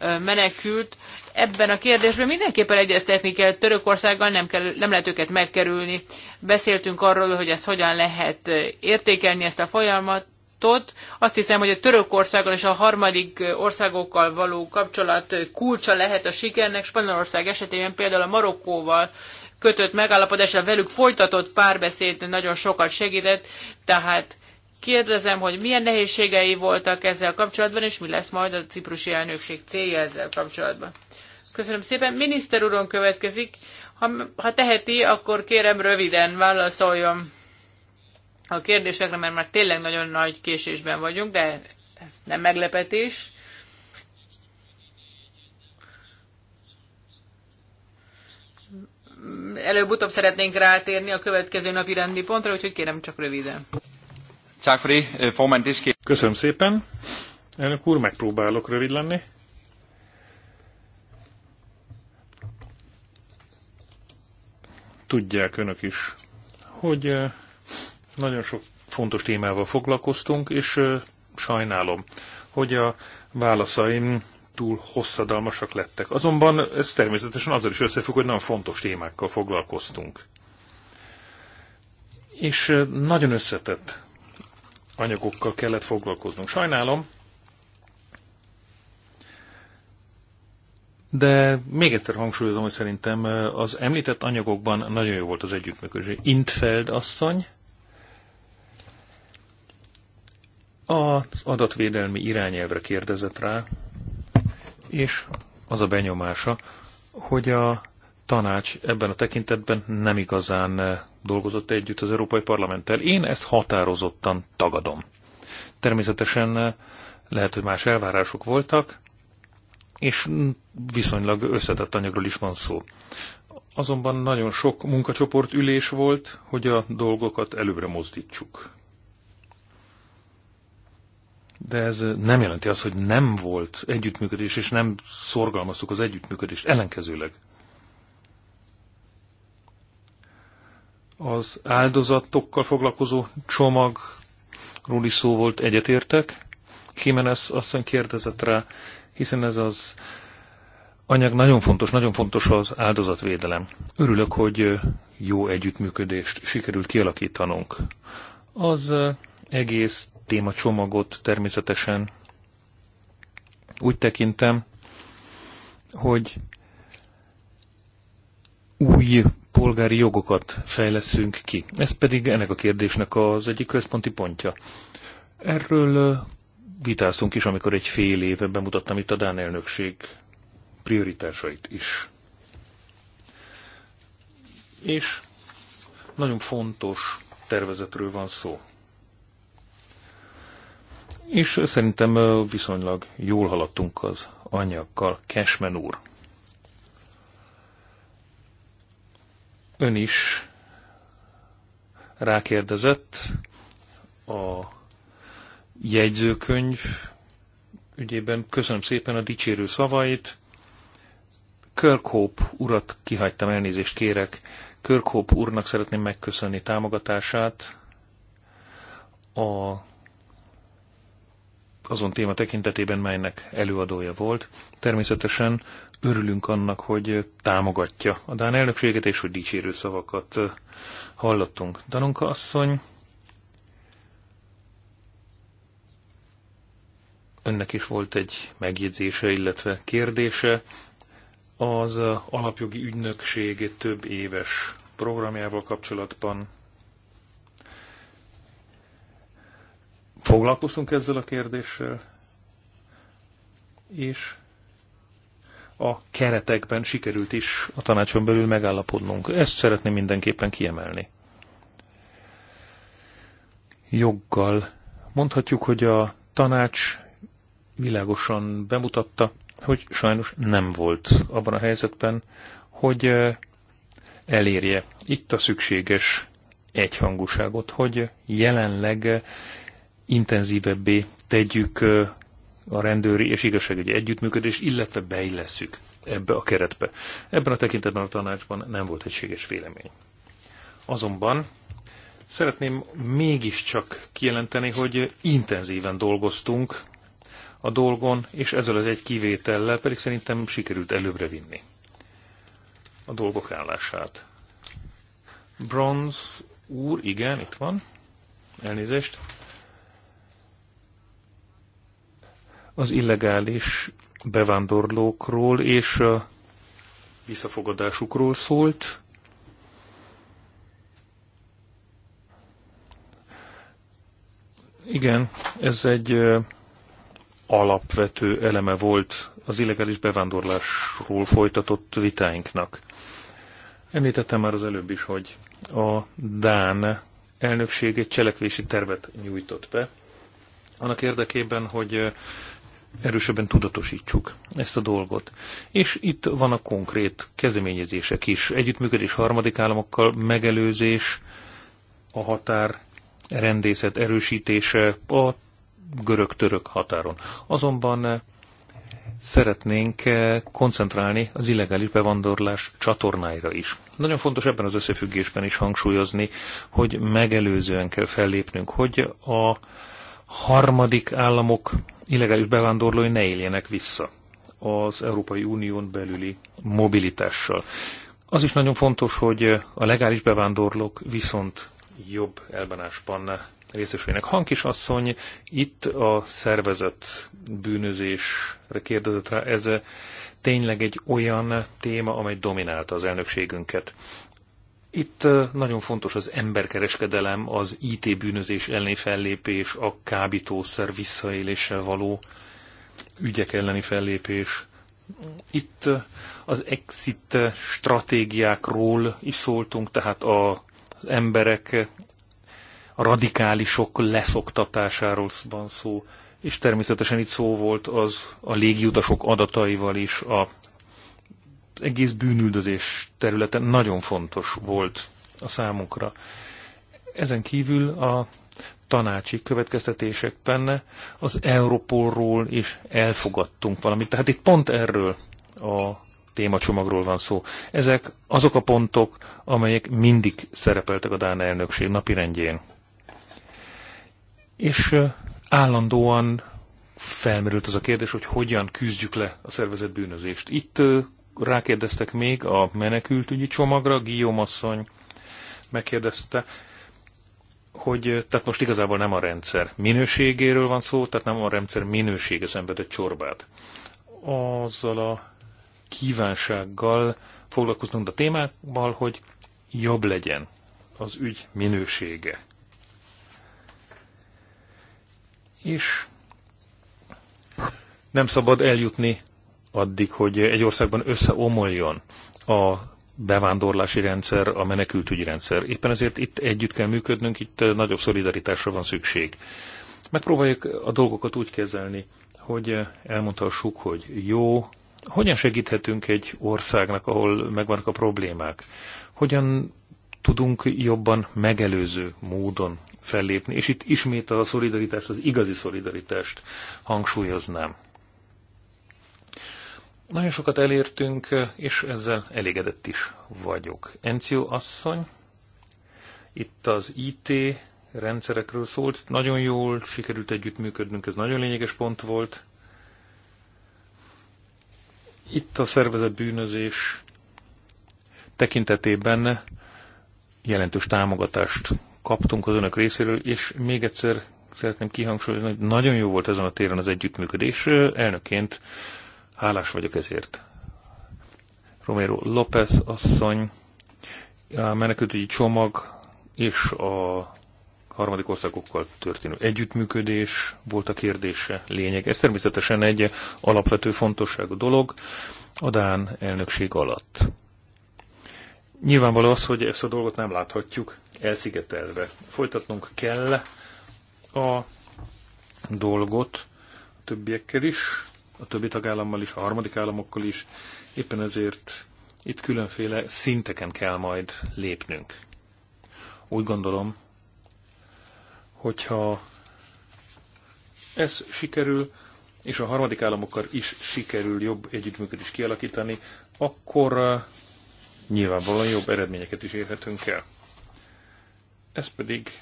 ö, menekült, ebben a kérdésben mindenképpen egyeztetni kell Törökországgal, nem, kell, nem lehet őket megkerülni. Beszéltünk arról, hogy ezt hogyan lehet értékelni ezt a folyamatot. Azt hiszem, hogy a Törökországgal és a harmadik országokkal való kapcsolat kulcsa lehet a sikernek. Spanyolország esetében például a Marokkóval kötött megállapodásra velük folytatott párbeszéd nagyon sokat segített, tehát Kérdezem, hogy milyen nehézségei voltak ezzel kapcsolatban, és mi lesz majd a ciprusi elnökség célja ezzel kapcsolatban. Köszönöm szépen. Miniszter úron következik. Ha, ha teheti, akkor kérem röviden válaszoljon a kérdésekre, mert már tényleg nagyon nagy késésben vagyunk, de ez nem meglepetés. Előbb-utóbb szeretnénk rátérni a következő napi rendi pontra, úgyhogy kérem csak röviden. Øh, Köszönöm szépen. Elnök úr, megpróbálok rövid lenni. Tudják önök is, hogy nagyon sok fontos témával foglalkoztunk, és sajnálom, hogy a válaszaim túl hosszadalmasak lettek. Azonban ez természetesen azzal is összefügg, hogy nagyon fontos témákkal foglalkoztunk. És nagyon összetett anyagokkal kellett foglalkoznunk. Sajnálom, de még egyszer hangsúlyozom, hogy szerintem az említett anyagokban nagyon jó volt az együttműködés. Intfeld asszony, az adatvédelmi irányelvre kérdezett rá, és az a benyomása, hogy a tanács ebben a tekintetben nem igazán eh, dolgozott együtt az Európai Parlamenttel. Én ezt határozottan tagadom. Természetesen eh, lehet, hogy más elvárások voltak, és viszonylag összetett anyagról is van szó. Azonban nagyon sok munkacsoport ülés volt, hogy a dolgokat előbbre mozdítsuk. De ez eh, nem jelenti azt, hogy nem volt együttműködés, és nem szorgalmaztuk az együttműködést, ellenkezőleg. az áldozatokkal foglalkozó csomagról is szó volt, egyetértek. Jiménez aztán kérdezett rá, hiszen ez az anyag nagyon fontos, nagyon fontos az áldozatvédelem. Örülök, hogy jó együttműködést sikerült kialakítanunk. Az egész csomagot természetesen úgy tekintem, hogy új polgári jogokat fejleszünk ki. Ez pedig ennek a kérdésnek az egyik központi pontja. Erről vitáztunk is, amikor egy fél éve bemutattam itt a Dán elnökség prioritásait is. És nagyon fontos tervezetről van szó. És szerintem viszonylag jól haladtunk az anyagkal. Cashman úr Ön is rákérdezett a jegyzőkönyv ügyében. Köszönöm szépen a dicsérő szavait. Kirkhope urat kihagytam, elnézést kérek. Kirkhope úrnak szeretném megköszönni támogatását a azon téma tekintetében, melynek előadója volt. Természetesen örülünk annak, hogy támogatja a Dán elnökséget, és hogy dicsérő szavakat hallottunk. Danonka asszony, önnek is volt egy megjegyzése, illetve kérdése. Az alapjogi ügynökség több éves programjával kapcsolatban foglalkoztunk ezzel a kérdéssel, és a keretekben sikerült is a tanácson belül megállapodnunk. Ezt szeretném mindenképpen kiemelni. Joggal mondhatjuk, hogy a tanács világosan bemutatta, hogy sajnos nem volt abban a helyzetben, hogy elérje itt a szükséges egyhangúságot, hogy jelenleg intenzívebbé tegyük a rendőri és igazságügyi együttműködés, illetve beilleszük ebbe a keretbe. Ebben a tekintetben a tanácsban nem volt egységes vélemény. Azonban szeretném mégiscsak kijelenteni, hogy intenzíven dolgoztunk a dolgon, és ezzel az egy kivétellel pedig szerintem sikerült előbbre vinni a dolgok állását. Bronz úr, igen, itt van. Elnézést. az illegális bevándorlókról és a visszafogadásukról szólt. Igen, ez egy alapvető eleme volt az illegális bevándorlásról folytatott vitáinknak. Említettem már az előbb is, hogy a Dán elnökség egy cselekvési tervet nyújtott be, annak érdekében, hogy erősebben tudatosítsuk ezt a dolgot. És itt van a konkrét kezdeményezések is. Együttműködés harmadik államokkal, megelőzés, a határ rendészet erősítése a görög-török határon. Azonban eh, szeretnénk eh, koncentrálni az illegális bevándorlás csatornáira is. Nagyon fontos ebben az összefüggésben is hangsúlyozni, hogy megelőzően kell fellépnünk, hogy a harmadik államok illegális bevándorlói ne éljenek vissza az Európai Unión belüli mobilitással. Az is nagyon fontos, hogy a legális bevándorlók viszont jobb elbánásban részesüljenek. Hankis asszony itt a szervezet bűnözésre kérdezett rá, ez tényleg egy olyan téma, amely dominálta az elnökségünket. Itt nagyon fontos az emberkereskedelem, az IT bűnözés elleni fellépés, a kábítószer visszaéléssel való ügyek elleni fellépés. Itt az exit stratégiákról is szóltunk, tehát az emberek a radikálisok leszoktatásáról van szó, és természetesen itt szó volt az a légiutasok adataival is, a egész bűnüldözés területe nagyon fontos volt a számunkra. Ezen kívül a tanácsi következtetésekben az Europolról is elfogadtunk valamit. Tehát itt pont erről a témacsomagról van szó. Ezek azok a pontok, amelyek mindig szerepeltek a Dán elnökség napirendjén. És állandóan felmerült az a kérdés, hogy hogyan küzdjük le a szervezett bűnözést. Itt rákérdeztek még a menekültügyi csomagra, Guillaume asszony megkérdezte, hogy tehát most igazából nem a rendszer minőségéről van szó, tehát nem a rendszer minősége szenvedett csorbát. Azzal a kívánsággal foglalkoztunk a témával, hogy jobb legyen az ügy minősége. És nem szabad eljutni addig, hogy egy országban összeomoljon a bevándorlási rendszer, a menekültügyi rendszer. Éppen ezért itt együtt kell működnünk, itt nagyobb szolidaritásra van szükség. Megpróbáljuk a dolgokat úgy kezelni, hogy elmondhassuk, hogy jó, hogyan segíthetünk egy országnak, ahol megvannak a problémák, hogyan tudunk jobban megelőző módon fellépni. És itt ismét a szolidaritást, az igazi szolidaritást hangsúlyoznám. Nagyon sokat elértünk, és ezzel elégedett is vagyok. Enció asszony, itt az IT rendszerekről szólt, nagyon jól sikerült együttműködnünk, ez nagyon lényeges pont volt. Itt a szervezet bűnözés tekintetében jelentős támogatást kaptunk az önök részéről, és még egyszer szeretném kihangsúlyozni, hogy nagyon jó volt ezen a téren az együttműködés. Elnökként Hálás vagyok ezért. Romero López asszony, a menekültügyi csomag és a harmadik országokkal történő együttműködés volt a kérdése, lényeg. Ez természetesen egy alapvető fontosságú dolog a Dán elnökség alatt. Nyilvánvaló az, hogy ezt a dolgot nem láthatjuk elszigetelve. Folytatnunk kell a dolgot a többiekkel is, a többi tagállammal is, a harmadik államokkal is. Éppen ezért itt különféle szinteken kell majd lépnünk. Úgy gondolom, hogyha ez sikerül, és a harmadik államokkal is sikerül jobb együttműködést kialakítani, akkor uh, nyilvánvalóan jobb eredményeket is érhetünk el. Ez pedig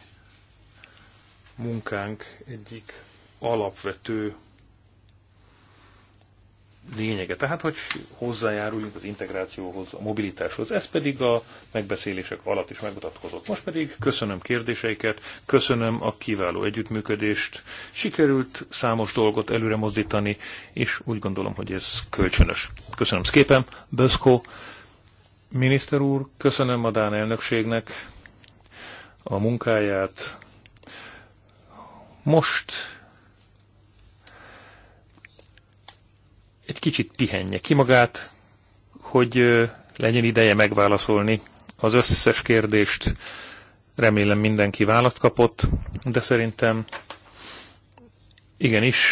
munkánk egyik alapvető lényege. Tehát, hogy hozzájáruljunk az integrációhoz, a mobilitáshoz. Ez pedig a megbeszélések alatt is megmutatkozott. Most pedig köszönöm kérdéseiket, köszönöm a kiváló együttműködést, sikerült számos dolgot előre mozdítani, és úgy gondolom, hogy ez kölcsönös. Köszönöm szépen, Böszkó miniszter úr, köszönöm a Dán elnökségnek a munkáját. Most egy kicsit pihenje ki magát, hogy legyen ideje megválaszolni az összes kérdést. Remélem mindenki választ kapott, de szerintem igenis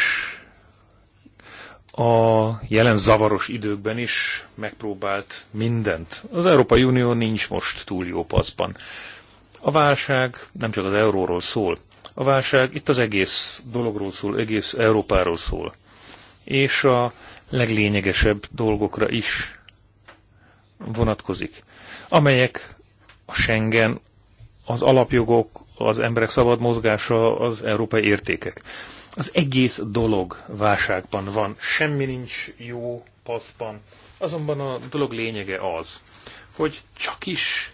a jelen zavaros időkben is megpróbált mindent. Az Európai Unió nincs most túl jó paszban. A válság nem csak az euróról szól. A válság itt az egész dologról szól, egész Európáról szól. És a leglényegesebb dolgokra is vonatkozik, amelyek a Schengen, az alapjogok, az emberek szabad mozgása, az európai értékek. Az egész dolog válságban van, semmi nincs jó paszban, azonban a dolog lényege az, hogy csak is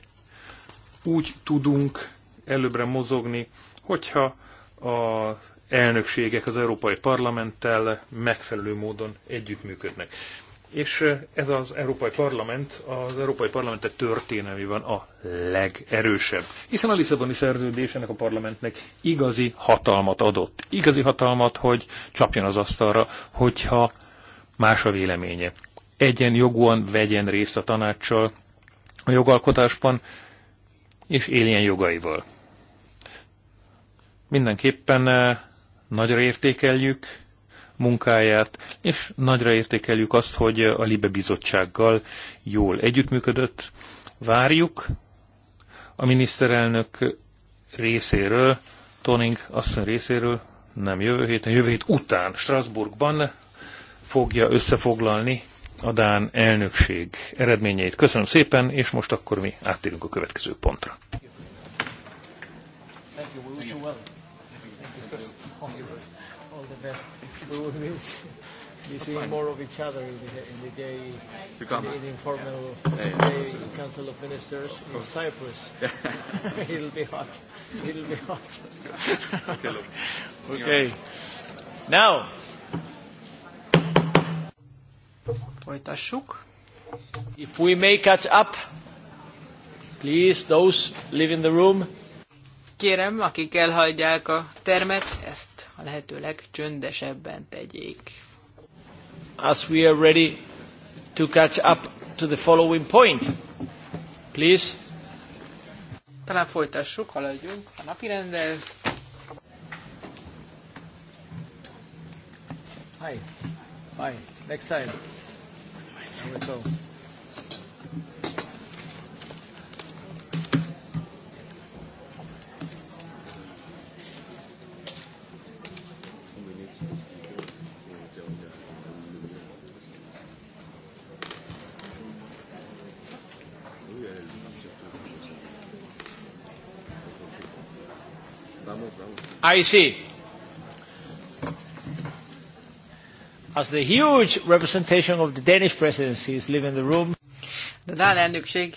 úgy tudunk előbbre mozogni, hogyha az elnökségek az Európai Parlamenttel megfelelő módon együttműködnek. És eh, ez az Európai Parlament, az Európai Parlamentet van a legerősebb. Hiszen a Lisszaboni szerződés ennek a parlamentnek igazi hatalmat adott. Igazi hatalmat, hogy csapjon az asztalra, hogyha más a véleménye. Egyen jogúan vegyen részt a tanácssal a jogalkotásban, és éljen jogaival. Mindenképpen eh, Nagyra értékeljük munkáját, és nagyra értékeljük azt, hogy a Libe Bizottsággal jól együttműködött. Várjuk a miniszterelnök részéről, Toning asszony részéről, nem jövő héten, jövő hét után Strasbourgban fogja összefoglalni a Dán elnökség eredményeit. Köszönöm szépen, és most akkor mi áttérünk a következő pontra. to this, be seeing more of each other in the, in the day, in the, in the informal yeah. Yeah, yeah, day absolutely. Council of Ministers of in Cyprus. Yeah. <laughs> <laughs> It'll be hot. It'll be hot. That's good. okay, <laughs> okay. Now. If we may catch up, please, those in the room, kérem, akik elhagyják a termet, ezt a lehető csöndesebben tegyék. As we are ready to catch up to the following point, please. Talán folytassuk, haladjunk a rendel. Hi. Hi. Next time. Here we go. I see. As the huge representation of the Danish presidency is leaving the room. De Dán elnökség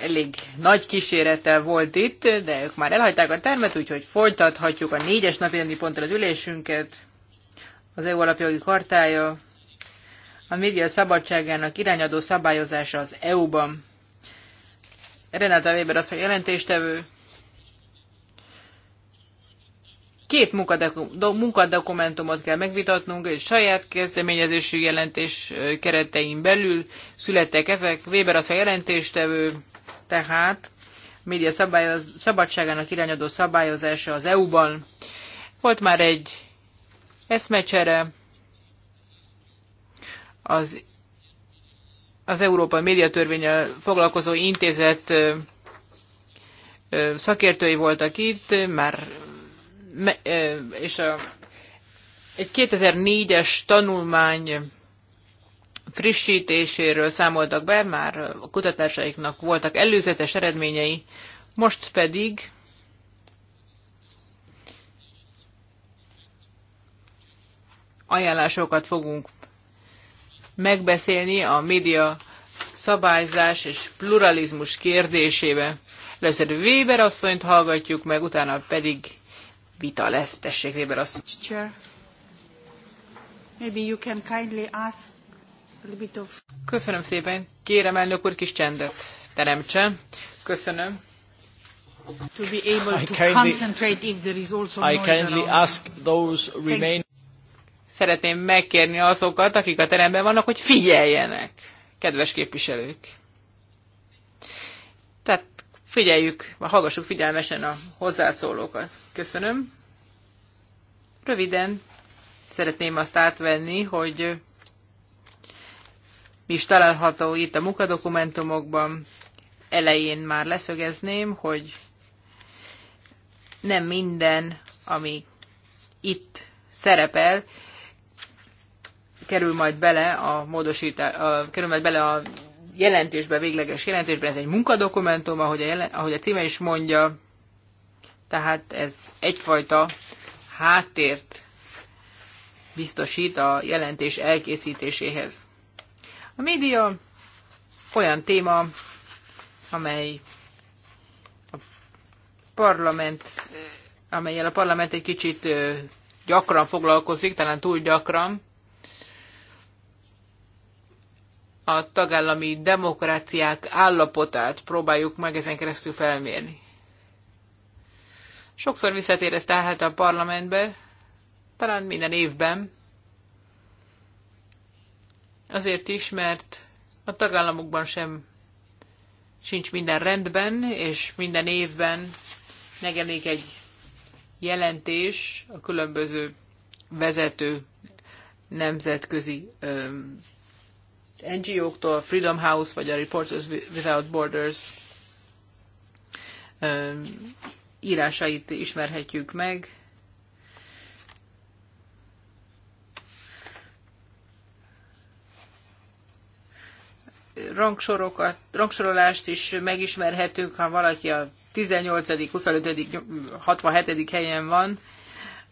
elég nagy kísérettel volt itt, de ők már elhagyták a termet, úgyhogy folytathatjuk a négyes napjelni pontra az ülésünket. Az EU alapjogi kartája, a média szabadságának irányadó szabályozása az EU-ban. Renáta Weber az a jelentéstevő. Két munkadokumentumot kell megvitatnunk, egy saját kezdeményezésű jelentés keretein belül születtek ezek. Weber az a jelentéstevő, tehát média szabályoz, szabadságának irányadó szabályozása az EU-ban. Volt már egy eszmecsere az, az Európai Médiatörvényel foglalkozó intézet szakértői voltak itt, már és a, egy 2004-es tanulmány frissítéséről számoltak be, már a kutatásaiknak voltak előzetes eredményei, most pedig ajánlásokat fogunk megbeszélni a média szabályzás és pluralizmus kérdésébe. Először Weber asszonyt hallgatjuk meg, utána pedig vita lesz. Tessék, Weber azt. Maybe you can kindly ask Köszönöm szépen. Kérem elnök úr kis csendet teremtse. Köszönöm. To be able to kindly, concentrate if there is also noise I kindly around. ask those remain... Szeretném megkérni azokat, akik a teremben vannak, hogy figyeljenek, kedves képviselők. Tehát figyeljük, hallgassuk figyelmesen a hozzászólókat. Köszönöm. Röviden szeretném azt átvenni, hogy mi is található itt a munkadokumentumokban. Elején már leszögezném, hogy nem minden, ami itt szerepel, kerül majd bele a módosítás, a, kerül majd bele a jelentésbe, végleges jelentésbe. Ez egy munkadokumentum, ahogy a, jelen, ahogy a címe is mondja, tehát ez egyfajta háttért biztosít a jelentés elkészítéséhez. A média olyan téma, amely a parlament, amelyel a parlament egy kicsit gyakran foglalkozik, talán túl gyakran. A tagállami demokráciák állapotát próbáljuk meg ezen keresztül felmérni. Sokszor visszatér ez tehát a parlamentbe, talán minden évben, azért is, mert a tagállamokban sem sincs minden rendben, és minden évben megjelenik egy jelentés a különböző vezető nemzetközi NGO-któl, Freedom House vagy a Reporters Without Borders írásait ismerhetjük meg. Rangsorokat, rangsorolást is megismerhetünk, ha valaki a 18., 25., 67. helyen van,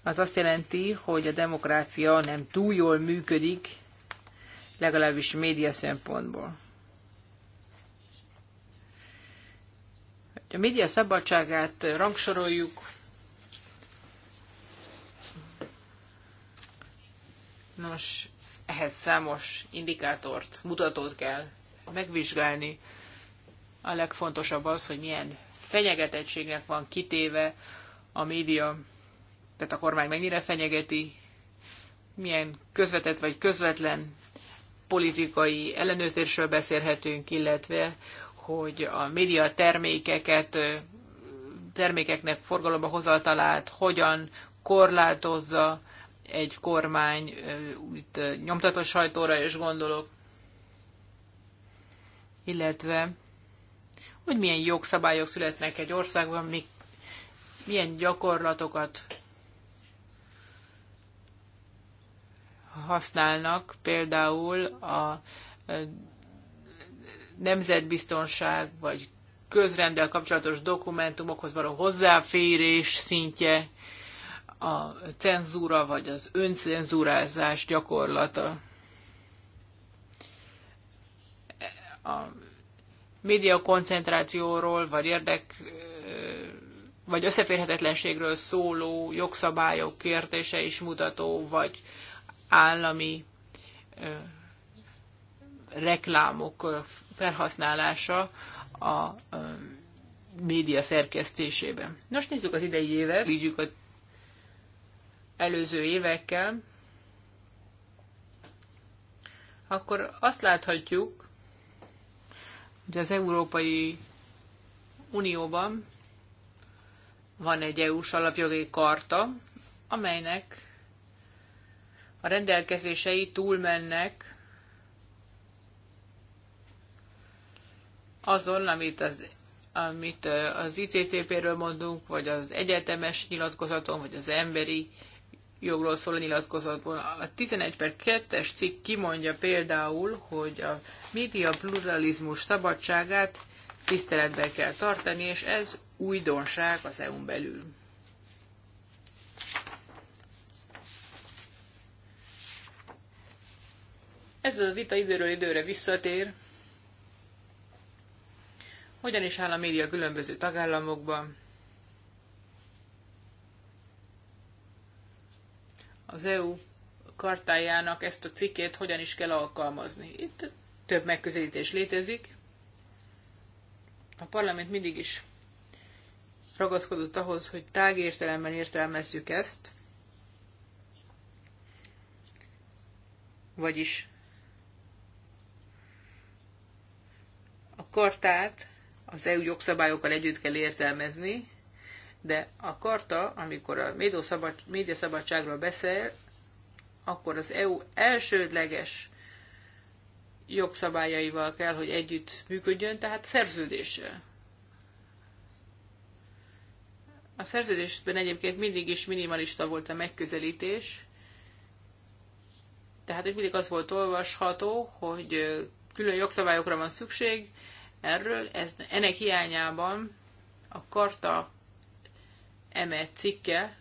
az azt jelenti, hogy a demokrácia nem túl jól működik, legalábbis média szempontból. a média szabadságát rangsoroljuk, nos, ehhez számos indikátort, mutatót kell megvizsgálni. A legfontosabb az, hogy milyen fenyegetettségnek van kitéve a média, tehát a kormány mennyire fenyegeti, milyen közvetett vagy közvetlen politikai ellenőrzésről beszélhetünk, illetve hogy a média termékeket, termékeknek forgalomba hozatalát hogyan korlátozza egy kormány, itt nyomtatott sajtóra is gondolok, illetve hogy milyen jogszabályok születnek egy országban, mik, milyen gyakorlatokat használnak például a nemzetbiztonság vagy közrendel kapcsolatos dokumentumokhoz való hozzáférés szintje, a cenzúra vagy az öncenzúrázás gyakorlata. A média koncentrációról vagy érdek vagy összeférhetetlenségről szóló jogszabályok kérdése is mutató, vagy állami reklámok felhasználása a média szerkesztésében. Nos, nézzük az idei évet, vigyük az előző évekkel, akkor azt láthatjuk, hogy az Európai Unióban van egy EU-s alapjogi karta, amelynek a rendelkezései túlmennek azon, amit az, amit az ICCP-ről mondunk, vagy az egyetemes nyilatkozaton, vagy az emberi jogról szóló nyilatkozatban A 11 per 2-es cikk kimondja például, hogy a média pluralizmus szabadságát tiszteletbe kell tartani, és ez újdonság az EU-n belül. Ez a vita időről időre visszatér, hogyan is áll a média különböző tagállamokban? Az EU kartájának ezt a cikkét hogyan is kell alkalmazni? Itt több megközelítés létezik. A parlament mindig is ragaszkodott ahhoz, hogy értelemben értelmezzük ezt, vagyis a kartát az EU jogszabályokkal együtt kell értelmezni, de a karta, amikor a médiaszabadságról beszél, akkor az EU elsődleges jogszabályaival kell, hogy együtt működjön, tehát szerződéssel. A szerződésben egyébként mindig is minimalista volt a megközelítés, tehát hogy mindig az volt olvasható, hogy külön jogszabályokra van szükség, erről. Ez, ennek hiányában a karta eme cikke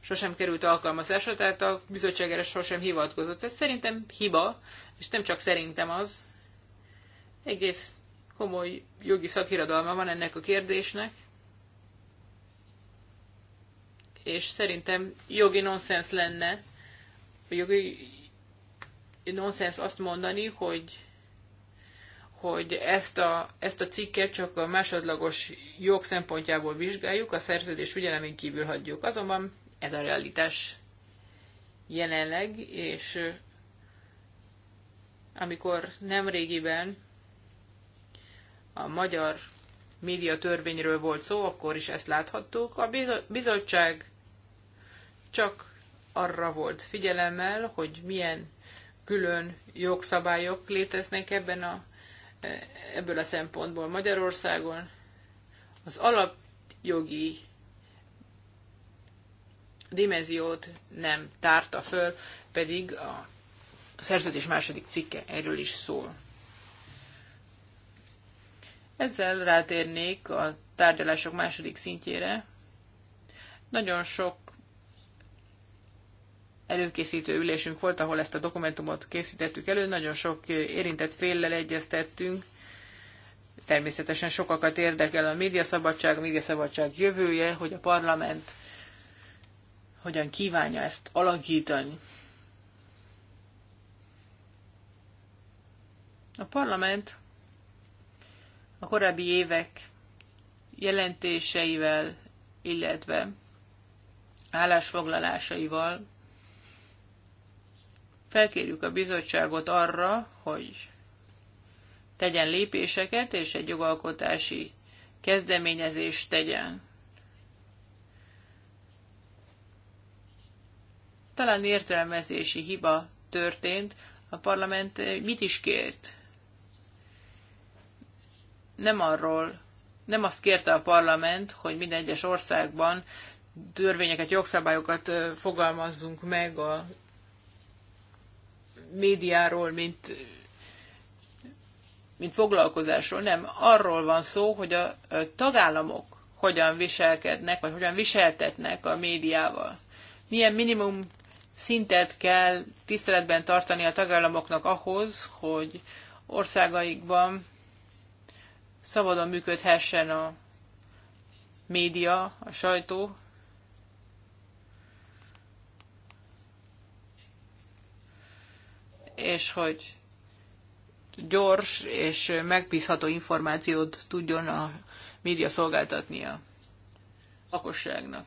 sosem került alkalmazásra, tehát a bizottság erre sosem hivatkozott. Ez szerintem hiba, és nem csak szerintem az. Egész komoly jogi szakirodalma van ennek a kérdésnek, és szerintem jogi nonsens lenne, a jogi nonsens azt mondani, hogy hogy ezt a, ezt a cikket csak a másodlagos jog szempontjából vizsgáljuk, a szerződés ügyelemén kívül hagyjuk. Azonban ez a realitás jelenleg, és amikor nemrégiben a magyar média törvényről volt szó, akkor is ezt láthattuk. A bizottság csak arra volt figyelemmel, hogy milyen külön jogszabályok léteznek ebben a ebből a szempontból Magyarországon az alapjogi dimenziót nem tárta föl, pedig a szerződés második cikke erről is szól. Ezzel rátérnék a tárgyalások második szintjére. Nagyon sok előkészítő ülésünk volt, ahol ezt a dokumentumot készítettük elő, nagyon sok érintett féllel egyeztettünk, természetesen sokakat érdekel a médiaszabadság, a médiaszabadság jövője, hogy a parlament hogyan kívánja ezt alakítani. A parlament a korábbi évek jelentéseivel, illetve állásfoglalásaival Felkérjük a bizottságot arra, hogy tegyen lépéseket, és egy jogalkotási kezdeményezést tegyen. Talán értelmezési hiba történt, a parlament mit is kért? Nem arról, nem azt kérte a parlament, hogy minden egyes országban törvényeket, jogszabályokat fogalmazzunk meg a médiáról, mint, mint foglalkozásról, nem. Arról van szó, hogy a tagállamok hogyan viselkednek, vagy hogyan viseltetnek a médiával. Milyen minimum szintet kell tiszteletben tartani a tagállamoknak ahhoz, hogy országaikban szabadon működhessen a média, a sajtó, és hogy gyors és megbízható információt tudjon a média szolgáltatni a lakosságnak.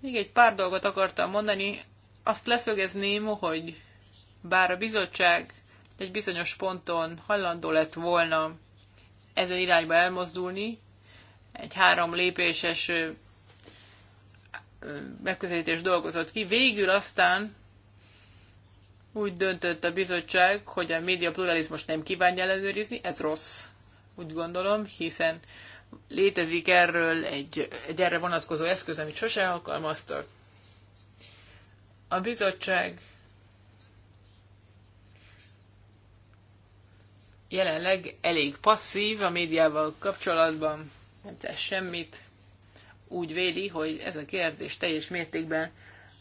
Még egy pár dolgot akartam mondani. Azt leszögezném, hogy bár a bizottság egy bizonyos ponton hajlandó lett volna ezen irányba elmozdulni, egy három lépéses megközelítés dolgozott ki. Végül aztán úgy döntött a bizottság, hogy a média pluralizmus nem kívánja ellenőrizni, ez rossz, úgy gondolom, hiszen létezik erről egy, egy erre vonatkozó eszköz, amit sose alkalmaztak. A bizottság jelenleg elég passzív a médiával kapcsolatban, nem tesz semmit, úgy véli, hogy ez a kérdés teljes mértékben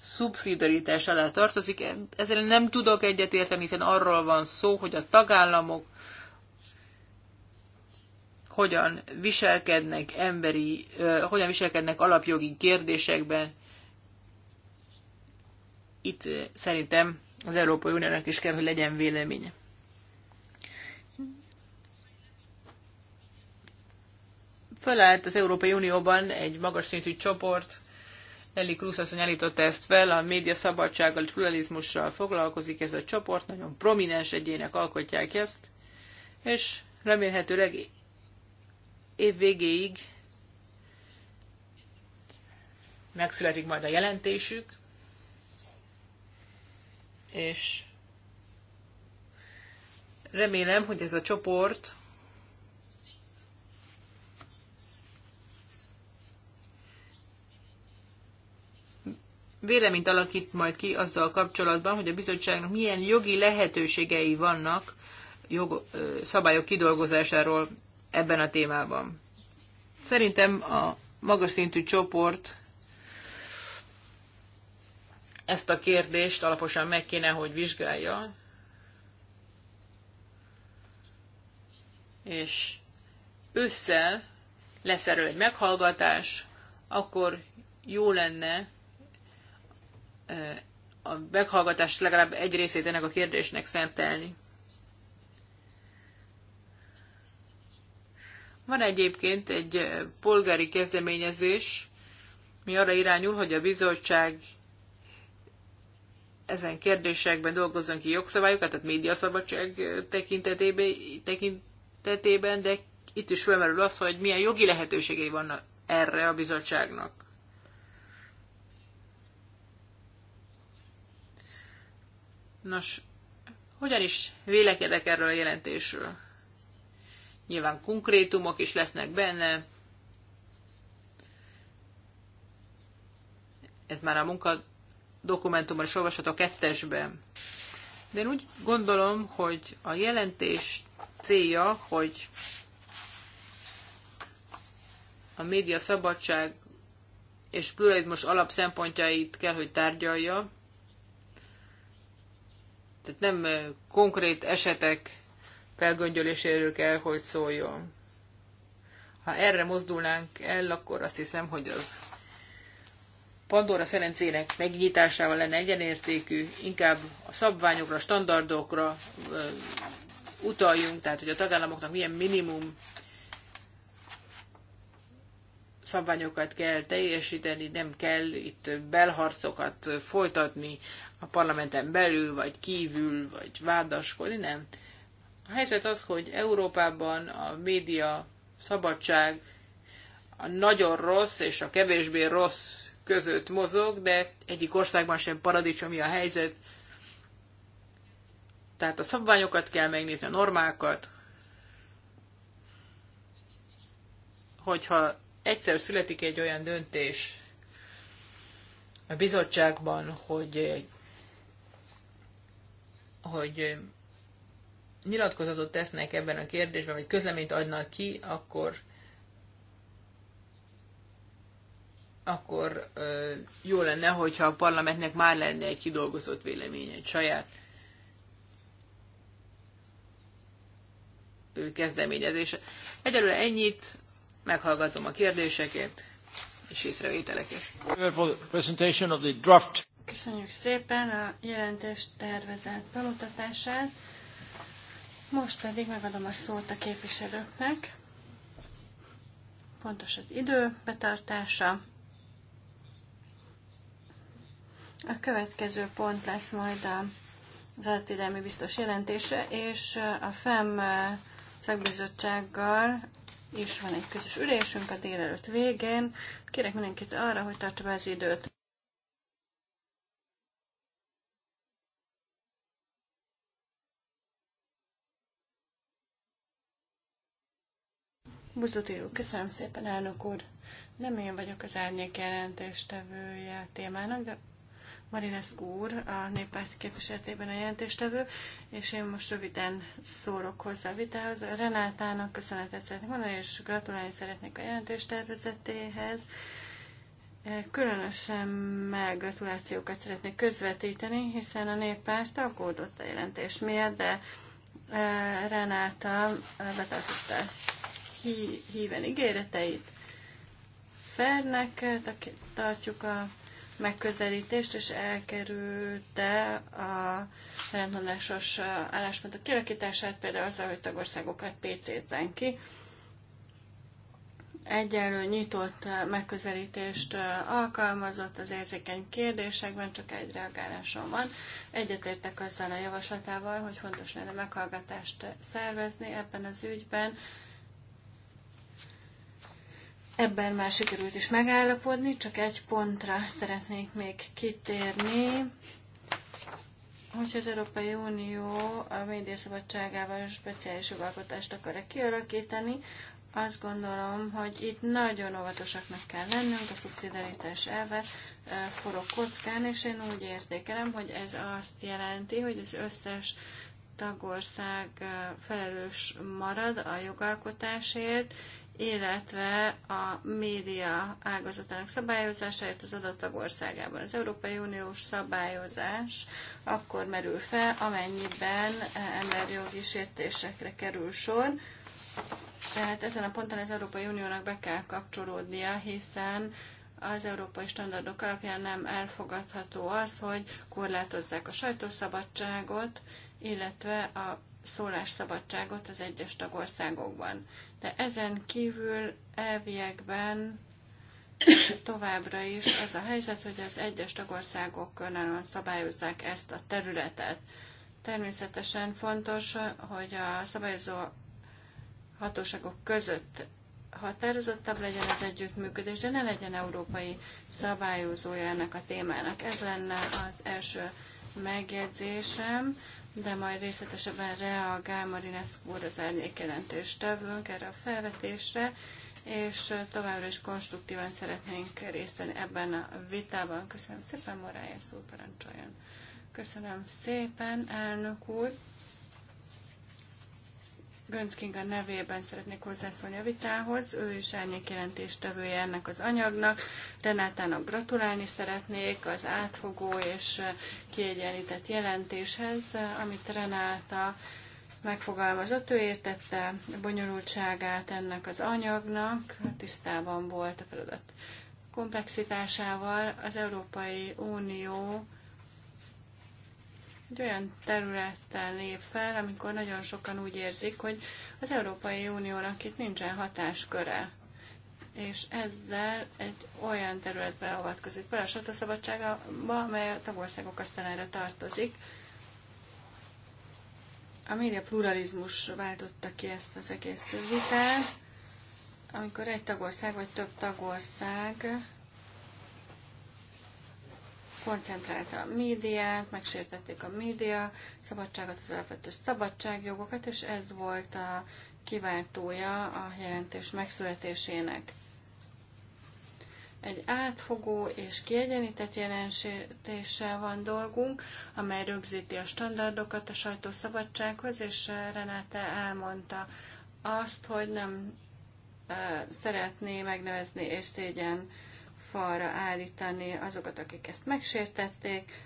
szubszidaritás alá tartozik. Ezzel nem tudok egyetérteni, hiszen arról van szó, hogy a tagállamok hogyan viselkednek emberi, hogyan viselkednek alapjogi kérdésekben. Itt szerintem az Európai Uniónak is kell, hogy legyen véleménye. Fölállt az Európai Unióban egy magas szintű csoport, Lely Cruz asszony állította ezt fel, a média szabadsággal, pluralizmussal foglalkozik ez a csoport, nagyon prominens egyének alkotják ezt, és remélhetőleg év végéig megszületik majd a jelentésük, és remélem, hogy ez a csoport véleményt alakít majd ki azzal kapcsolatban, hogy a bizottságnak milyen jogi lehetőségei vannak jog, szabályok kidolgozásáról ebben a témában. Szerintem a magas szintű csoport ezt a kérdést alaposan meg kéne, hogy vizsgálja, és ősszel lesz erről egy meghallgatás, akkor jó lenne, a meghallgatás legalább egy részét ennek a kérdésnek szentelni. Van egyébként egy eh, polgári kezdeményezés, mi arra irányul, hogy a bizottság ezen kérdésekben dolgozzon ki jogszabályokat, tehát médiaszabadság eh, tekintetében, tekintetében, de itt is felmerül az, hogy milyen jogi lehetőségei vannak erre a bizottságnak. Nos, hogyan is vélekedek erről a jelentésről? Nyilván konkrétumok is lesznek benne. Ez már a munka dokumentumban is olvasható kettesben. De én úgy gondolom, hogy a jelentés célja, hogy a média szabadság és pluralizmus alapszempontjait kell, hogy tárgyalja, tehát nem konkrét esetek felgöngyöléséről kell, hogy szóljon. Ha erre mozdulnánk el, akkor azt hiszem, hogy az Pandora szerencének megnyitásával lenne egyenértékű, inkább a szabványokra, standardokra utaljunk, tehát hogy a tagállamoknak milyen minimum szabványokat kell teljesíteni, nem kell itt belharcokat folytatni a parlamenten belül, vagy kívül, vagy vádaskodni, nem. A helyzet az, hogy Európában a média szabadság a nagyon rossz és a kevésbé rossz között mozog, de egyik országban sem paradicsomi a helyzet. Tehát a szabványokat kell megnézni, a normákat. Hogyha egyszer születik egy olyan döntés a bizottságban, hogy hogy nyilatkozatot tesznek ebben a kérdésben, vagy közleményt adnak ki, akkor akkor ö, jó lenne, hogyha a parlamentnek már lenne egy kidolgozott véleménye, egy saját kezdeményezése. Egyelőre ennyit, meghallgatom a kérdéseket és észrevételeket. Köszönjük szépen a jelentést tervezett bemutatását. Most pedig megadom a szót a képviselőknek. Pontos az idő betartása. A következő pont lesz majd az adatvédelmi biztos jelentése, és uh, a FEM uh, szakbizottsággal is van egy közös ülésünk a délelőtt végén. Kérek mindenkit arra, hogy tartsa be az időt. Buzuti úr, köszönöm szépen, elnök úr. Nem én vagyok az árnyék jelentéstevője a témának, de Marinescu úr a néppárt képviseletében a jelentéstevő, és én most röviden szólok hozzá a vitához. Renátának köszönetet szeretnék mondani, és gratulálni szeretnék a jelentéstervezetéhez. Különösen meg gratulációkat szeretnék közvetíteni, hiszen a néppárt aggódott a jelentés miatt, de eh, Renáta eh, betartotta híven ígéreteit. Fernek eh, tartjuk a megközelítést, és elkerülte a rendmondásos eh, álláspontok kialakítását, például azzal, hogy tagországokat PC-zen ki. Egyelő nyitott eh, megközelítést alkalmazott az érzékeny kérdésekben, csak egy reagálásom van. Egyetértek azzal a javaslatával, hogy fontos lenne meghallgatást szervezni ebben az ügyben, Ebben már sikerült is megállapodni, csak egy pontra szeretnék még kitérni. hogy az Európai Unió a médiaszabadságával speciális jogalkotást akar-e kialakítani, azt gondolom, hogy itt nagyon óvatosaknak kell lennünk, a szubszidaritás elve forog kockán, és én úgy értékelem, hogy ez azt jelenti, hogy az összes tagország felelős marad a jogalkotásért, illetve a média ágazatának szabályozásáért az adott tagországában. Az Európai Uniós szabályozás akkor merül fel, amennyiben emberjogi sértésekre kerül sor. Tehát ezen a ponton az Európai Uniónak be kell kapcsolódnia, hiszen az európai standardok alapján nem elfogadható az, hogy korlátozzák a sajtószabadságot, illetve a szólásszabadságot az egyes tagországokban. De ezen kívül elviekben továbbra is az a helyzet, hogy az egyes tagországok önállóan szabályozzák ezt a területet. Természetesen fontos, hogy a szabályozó hatóságok között határozottabb legyen az együttműködés, de ne legyen európai szabályozója ennek a témának. Ez lenne az első megjegyzésem de majd részletesebben reagál Marinescu úr az árnyékjelentős tevőnk erre a felvetésre, és továbbra is konstruktívan szeretnénk részt venni ebben a vitában. Köszönöm szépen, Morája szó parancsoljon. Köszönöm szépen, elnök úr. Gönc Kinga nevében szeretnék hozzászólni a vitához. Ő is árnyék jelentéstevője ennek az anyagnak. Renátának gratulálni szeretnék az átfogó és kiegyenlített jelentéshez, amit Renáta megfogalmazott. Ő értette a bonyolultságát ennek az anyagnak, tisztában volt a feladat komplexitásával. Az Európai Unió egy olyan területtel lép fel, amikor nagyon sokan úgy érzik, hogy az Európai Uniónak itt nincsen hatásköre. És ezzel egy olyan területbe avatkozik be a sajtószabadságába, amely a tagországok aztán erre tartozik. A média pluralizmus váltotta ki ezt az egész vitát, amikor egy tagország vagy több tagország koncentrálta a médiát, megsértették a média szabadságot, az alapvető szabadságjogokat, és ez volt a kiváltója a jelentés megszületésének. Egy átfogó és kiegyenített jelentéssel van dolgunk, amely rögzíti a standardokat a sajtószabadsághoz, és eh, Renáta elmondta azt, hogy nem eh, szeretné megnevezni és szégyen falra állítani azokat, akik ezt megsértették,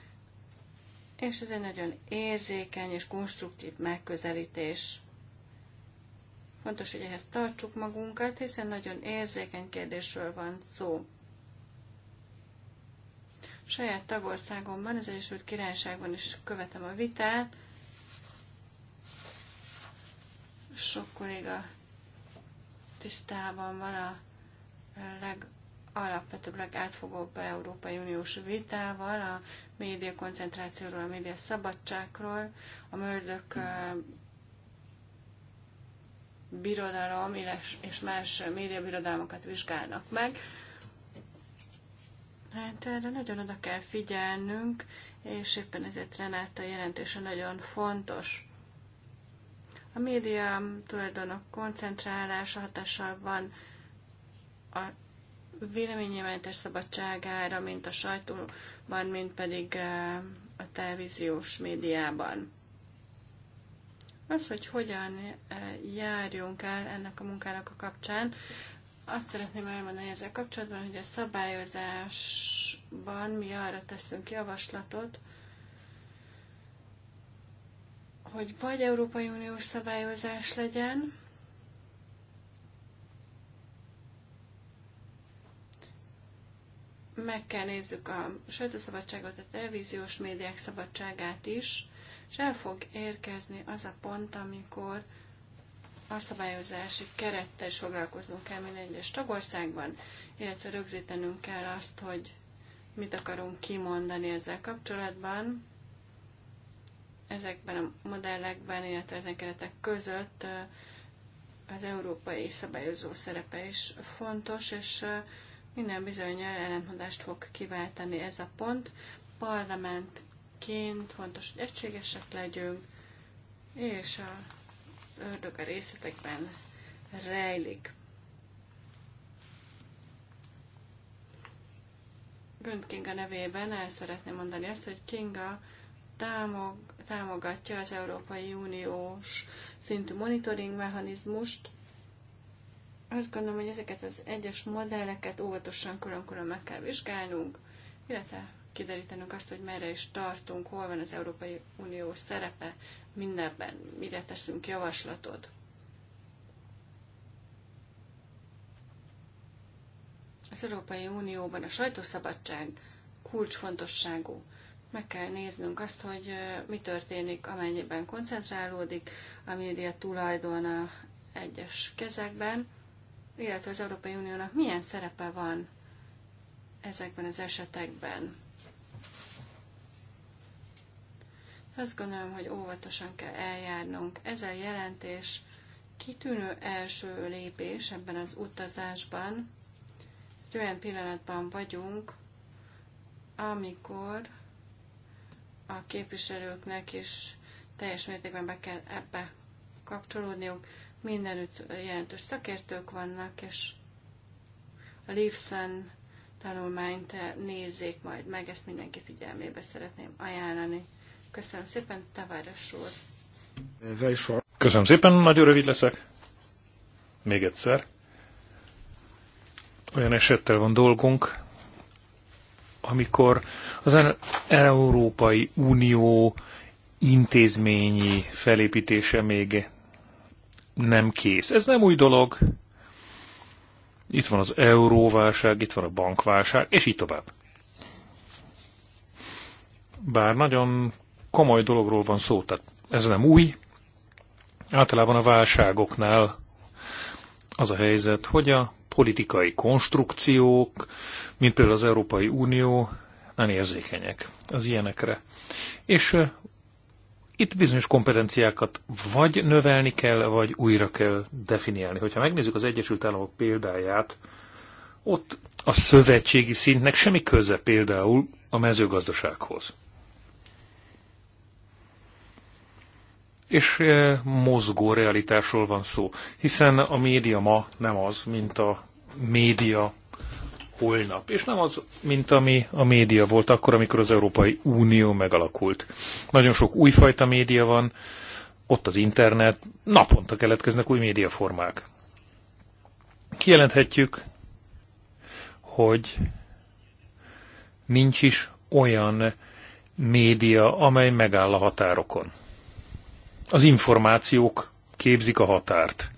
és ez egy nagyon érzékeny és konstruktív megközelítés. Fontos, hogy ehhez tartsuk magunkat, hiszen nagyon érzékeny kérdésről van szó. Saját tagországomban, az Egyesült Királyságban is követem a vitát. Sok kolléga tisztában van a leg alapvetőleg átfogóbb Európai Uniós vitával, a média koncentrációról, a média szabadságról, a mördök birodalom és más médiabirodalmakat vizsgálnak meg. Hát erre nagyon oda kell figyelnünk, és éppen ezért Renáta jelentése nagyon fontos. A média tulajdonok koncentrálása hatással van a véleményemeltes szabadságára, mint a sajtóban, mint pedig eh, a televíziós médiában. Az, hogy hogyan eh, járjunk el ennek a munkának a kapcsán, azt szeretném elmondani ezzel kapcsolatban, hogy a szabályozásban mi arra teszünk javaslatot, hogy vagy Európai Uniós szabályozás legyen, meg kell nézzük a sajtószabadságot, a televíziós médiák szabadságát is, és el fog érkezni az a pont, amikor a szabályozási kerettel is foglalkoznunk kell minden egyes tagországban, illetve rögzítenünk kell azt, hogy mit akarunk kimondani ezzel kapcsolatban. Ezekben a modellekben, illetve ezen keretek között az európai szabályozó szerepe is fontos, és minden bizonyal ellentmondást fog kiváltani ez a pont. Parlamentként fontos, hogy egységesek legyünk, és a ördög a részletekben rejlik. Gönt Kinga nevében el szeretném mondani azt, hogy Kinga támog, támogatja az Európai Uniós szintű monitoring mechanizmust, azt gondolom, hogy ezeket az egyes modelleket óvatosan külön-külön meg kell vizsgálnunk, illetve kiderítenünk azt, hogy merre is tartunk, hol van az Európai Unió szerepe mindenben, mire teszünk javaslatot. Az Európai Unióban a sajtószabadság kulcsfontosságú. Meg kell néznünk azt, hogy mi történik, amennyiben koncentrálódik a média tulajdona egyes kezekben illetve az Európai Uniónak milyen szerepe van ezekben az esetekben. Azt gondolom, hogy óvatosan kell eljárnunk. Ez a jelentés kitűnő első lépés ebben az utazásban, hogy olyan pillanatban vagyunk, amikor a képviselőknek is teljes mértékben be kell ebbe kapcsolódniuk mindenütt jelentős szakértők vannak, és a Leafson tanulmányt nézzék majd meg, ezt mindenki figyelmébe szeretném ajánlani. Köszönöm szépen, Tavares úr! Köszönöm szépen, nagyon rövid leszek. Még egyszer. Olyan esettel van dolgunk, amikor az Európai Unió intézményi felépítése még nem kész. Ez nem új dolog. Itt van az euróválság, itt van a bankválság, és így tovább. Bár nagyon komoly dologról van szó, tehát ez nem új. Általában a válságoknál az a helyzet, hogy a politikai konstrukciók, mint például az Európai Unió, nem érzékenyek az ilyenekre. És itt bizonyos kompetenciákat vagy növelni kell, vagy újra kell definiálni. Hogyha megnézzük az Egyesült Államok példáját, ott a szövetségi szintnek semmi köze például a mezőgazdasághoz. És e, mozgó realitásról van szó, hiszen a média ma nem az, mint a média holnap, és nem az, mint ami a média volt akkor, amikor az Európai Unió megalakult. Nagyon sok újfajta média van, ott az internet, naponta keletkeznek új médiaformák. Kijelenthetjük, hogy nincs is olyan média, amely megáll a határokon. Az információk képzik a határt.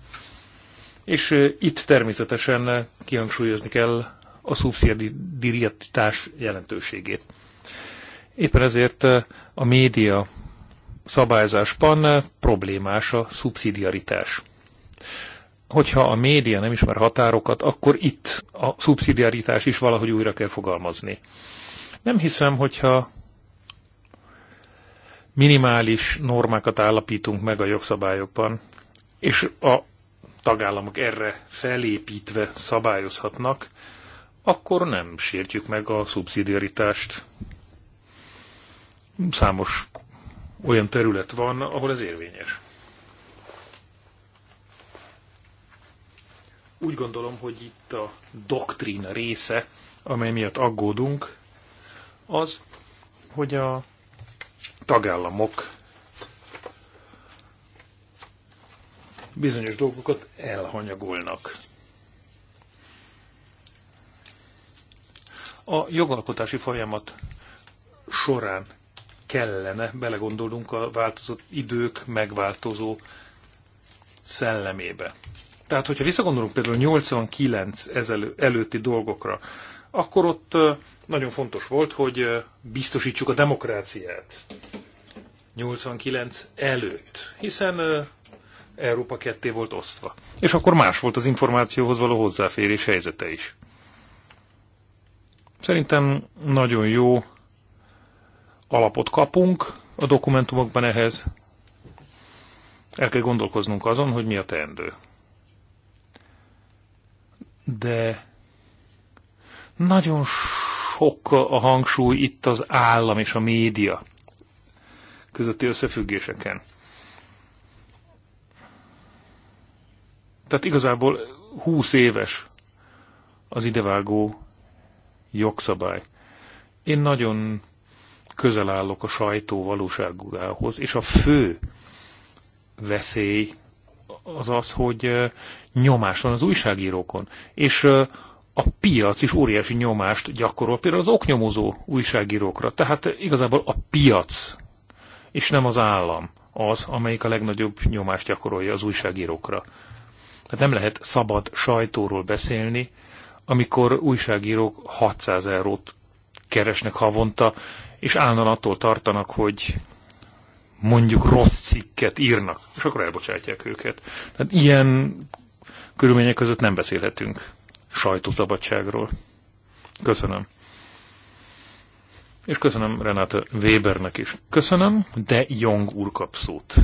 És eh, itt természetesen kihangsúlyozni kell a szubszidiaritás jelentőségét. Éppen ezért eh, a média szabályzásban eh, problémás a szubszidiaritás. Hogyha a média nem ismer határokat, akkor itt a szubszidiaritás is valahogy újra kell fogalmazni. Nem hiszem, hogyha minimális normákat állapítunk meg a jogszabályokban, és a tagállamok erre felépítve szabályozhatnak, akkor nem sértjük meg a szubszidiaritást. Számos olyan terület van, ahol ez érvényes. Úgy gondolom, hogy itt a doktrína része, amely miatt aggódunk, az, hogy a tagállamok bizonyos dolgokat elhanyagolnak. A jogalkotási folyamat során kellene belegondolnunk a változott idők megváltozó szellemébe. Tehát, hogyha visszagondolunk például 89 ezelő, előtti dolgokra, akkor ott nagyon fontos volt, hogy biztosítsuk a demokráciát. 89 előtt, hiszen Európa ketté volt osztva. És akkor más volt az információhoz való hozzáférés helyzete is. Szerintem nagyon jó alapot kapunk a dokumentumokban ehhez. El kell gondolkoznunk azon, hogy mi a teendő. De nagyon sok a hangsúly itt az állam és a média közötti összefüggéseken. Tehát igazából 20 éves az idevágó jogszabály. Én nagyon közel állok a sajtó valóságúgához, és a fő veszély az az, hogy nyomás van az újságírókon, és a piac is óriási nyomást gyakorol, például az oknyomozó újságírókra. Tehát igazából a piac, és nem az állam az, amelyik a legnagyobb nyomást gyakorolja az újságírókra. Tehát nem lehet szabad sajtóról beszélni, amikor újságírók 600 eurót keresnek havonta, és állandóan attól tartanak, hogy mondjuk rossz cikket írnak, és akkor elbocsátják őket. Tehát ilyen körülmények között nem beszélhetünk sajtószabadságról. Köszönöm. És köszönöm Renáta Webernek is. Köszönöm, de Jong úr kap szót.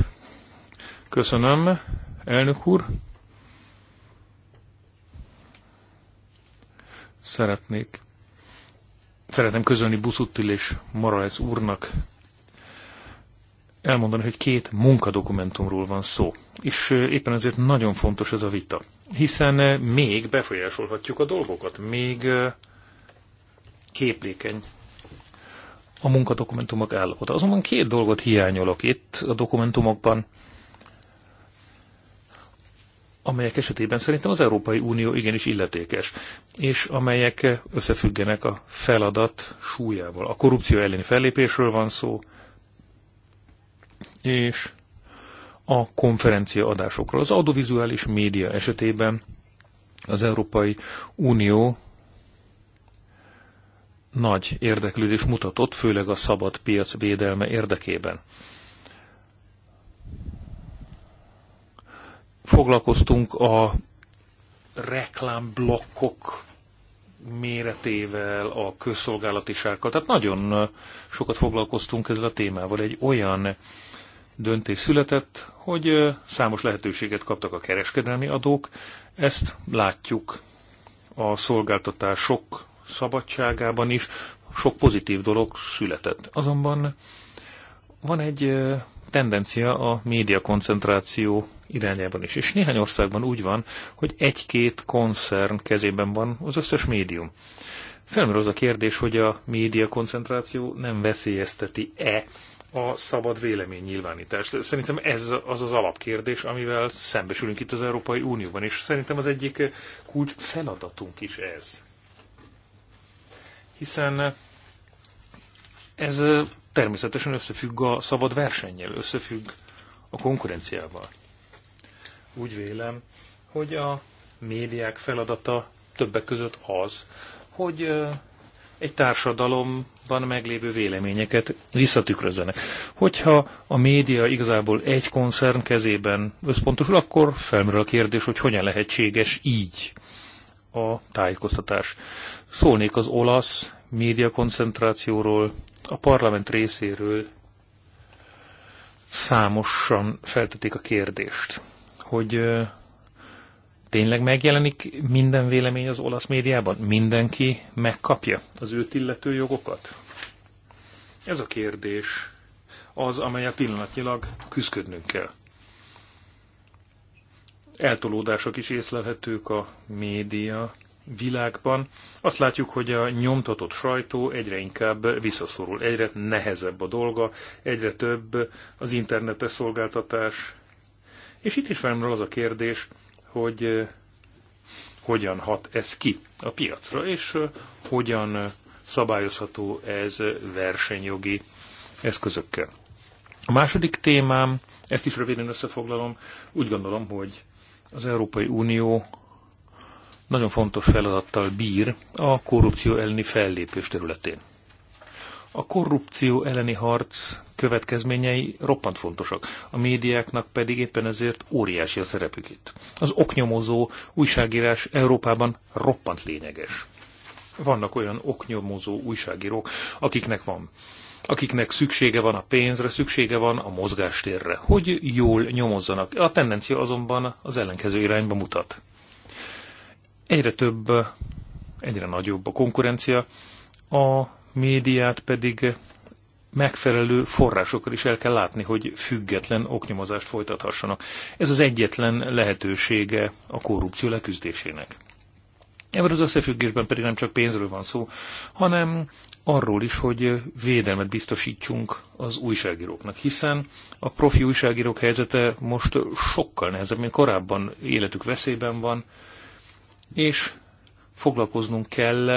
Köszönöm, elnök úr. szeretnék, szeretném közölni Buszuttil és Morales úrnak, elmondani, hogy két munkadokumentumról van szó. És éppen ezért nagyon fontos ez a vita. Hiszen még befolyásolhatjuk a dolgokat, még képlékeny a munkadokumentumok állapota. Azonban két dolgot hiányolok itt a dokumentumokban, amelyek esetében szerintem az Európai Unió igenis illetékes, és amelyek összefüggenek a feladat súlyával. A korrupció elleni fellépésről van szó, és a konferencia adásokról. Az audiovizuális média esetében az Európai Unió nagy érdeklődés mutatott, főleg a szabad piac védelme érdekében. Foglalkoztunk a reklámblokkok méretével, a közszolgálatisággal. Tehát nagyon sokat foglalkoztunk ezzel a témával. Egy olyan döntés született, hogy számos lehetőséget kaptak a kereskedelmi adók. Ezt látjuk a szolgáltatások szabadságában is. Sok pozitív dolog született. Azonban van egy tendencia a média koncentráció irányában is. És néhány országban úgy van, hogy egy-két koncern kezében van az összes médium. Felmerül az a kérdés, hogy a média koncentráció nem veszélyezteti-e a szabad vélemény nyilvánítást. Szerintem ez az az alapkérdés, amivel szembesülünk itt az Európai Unióban, és szerintem az egyik kulcs feladatunk is ez. Hiszen ez természetesen összefügg a szabad versennyel, összefügg a konkurenciával úgy vélem, hogy a médiák feladata többek között az, hogy egy társadalomban meglévő véleményeket visszatükrözzenek. Hogyha a média igazából egy koncern kezében összpontosul, akkor felmerül a kérdés, hogy hogyan lehetséges így a tájékoztatás. Szólnék az olasz médiakoncentrációról, a parlament részéről számosan feltetik a kérdést hogy tényleg megjelenik minden vélemény az olasz médiában? Mindenki megkapja az őt illető jogokat? Ez a kérdés az, amely a pillanatnyilag küzdködnünk kell. Eltolódások is észlelhetők a média világban. Azt látjuk, hogy a nyomtatott sajtó egyre inkább visszaszorul, egyre nehezebb a dolga, egyre több az internetes szolgáltatás, és itt is felmerül az a kérdés, hogy hogyan hat ez ki a piacra, és hogyan szabályozható ez versenyjogi eszközökkel. A második témám, ezt is röviden összefoglalom, úgy gondolom, hogy az Európai Unió nagyon fontos feladattal bír a korrupció elleni fellépés területén. A korrupció elleni harc következményei roppant fontosak, a médiáknak pedig éppen ezért óriási a szerepük itt. Az oknyomozó újságírás Európában roppant lényeges. Vannak olyan oknyomozó újságírók, akiknek van akiknek szüksége van a pénzre, szüksége van a mozgástérre, hogy jól nyomozzanak. A tendencia azonban az ellenkező irányba mutat. Egyre több, egyre nagyobb a konkurencia a médiát pedig megfelelő forrásokkal is el kell látni, hogy független oknyomozást folytathassanak. Ez az egyetlen lehetősége a korrupció leküzdésének. Ebben az összefüggésben pedig nem csak pénzről van szó, hanem arról is, hogy védelmet biztosítsunk az újságíróknak, hiszen a profi újságírók helyzete most sokkal nehezebb, mint korábban életük veszélyben van, és foglalkoznunk kell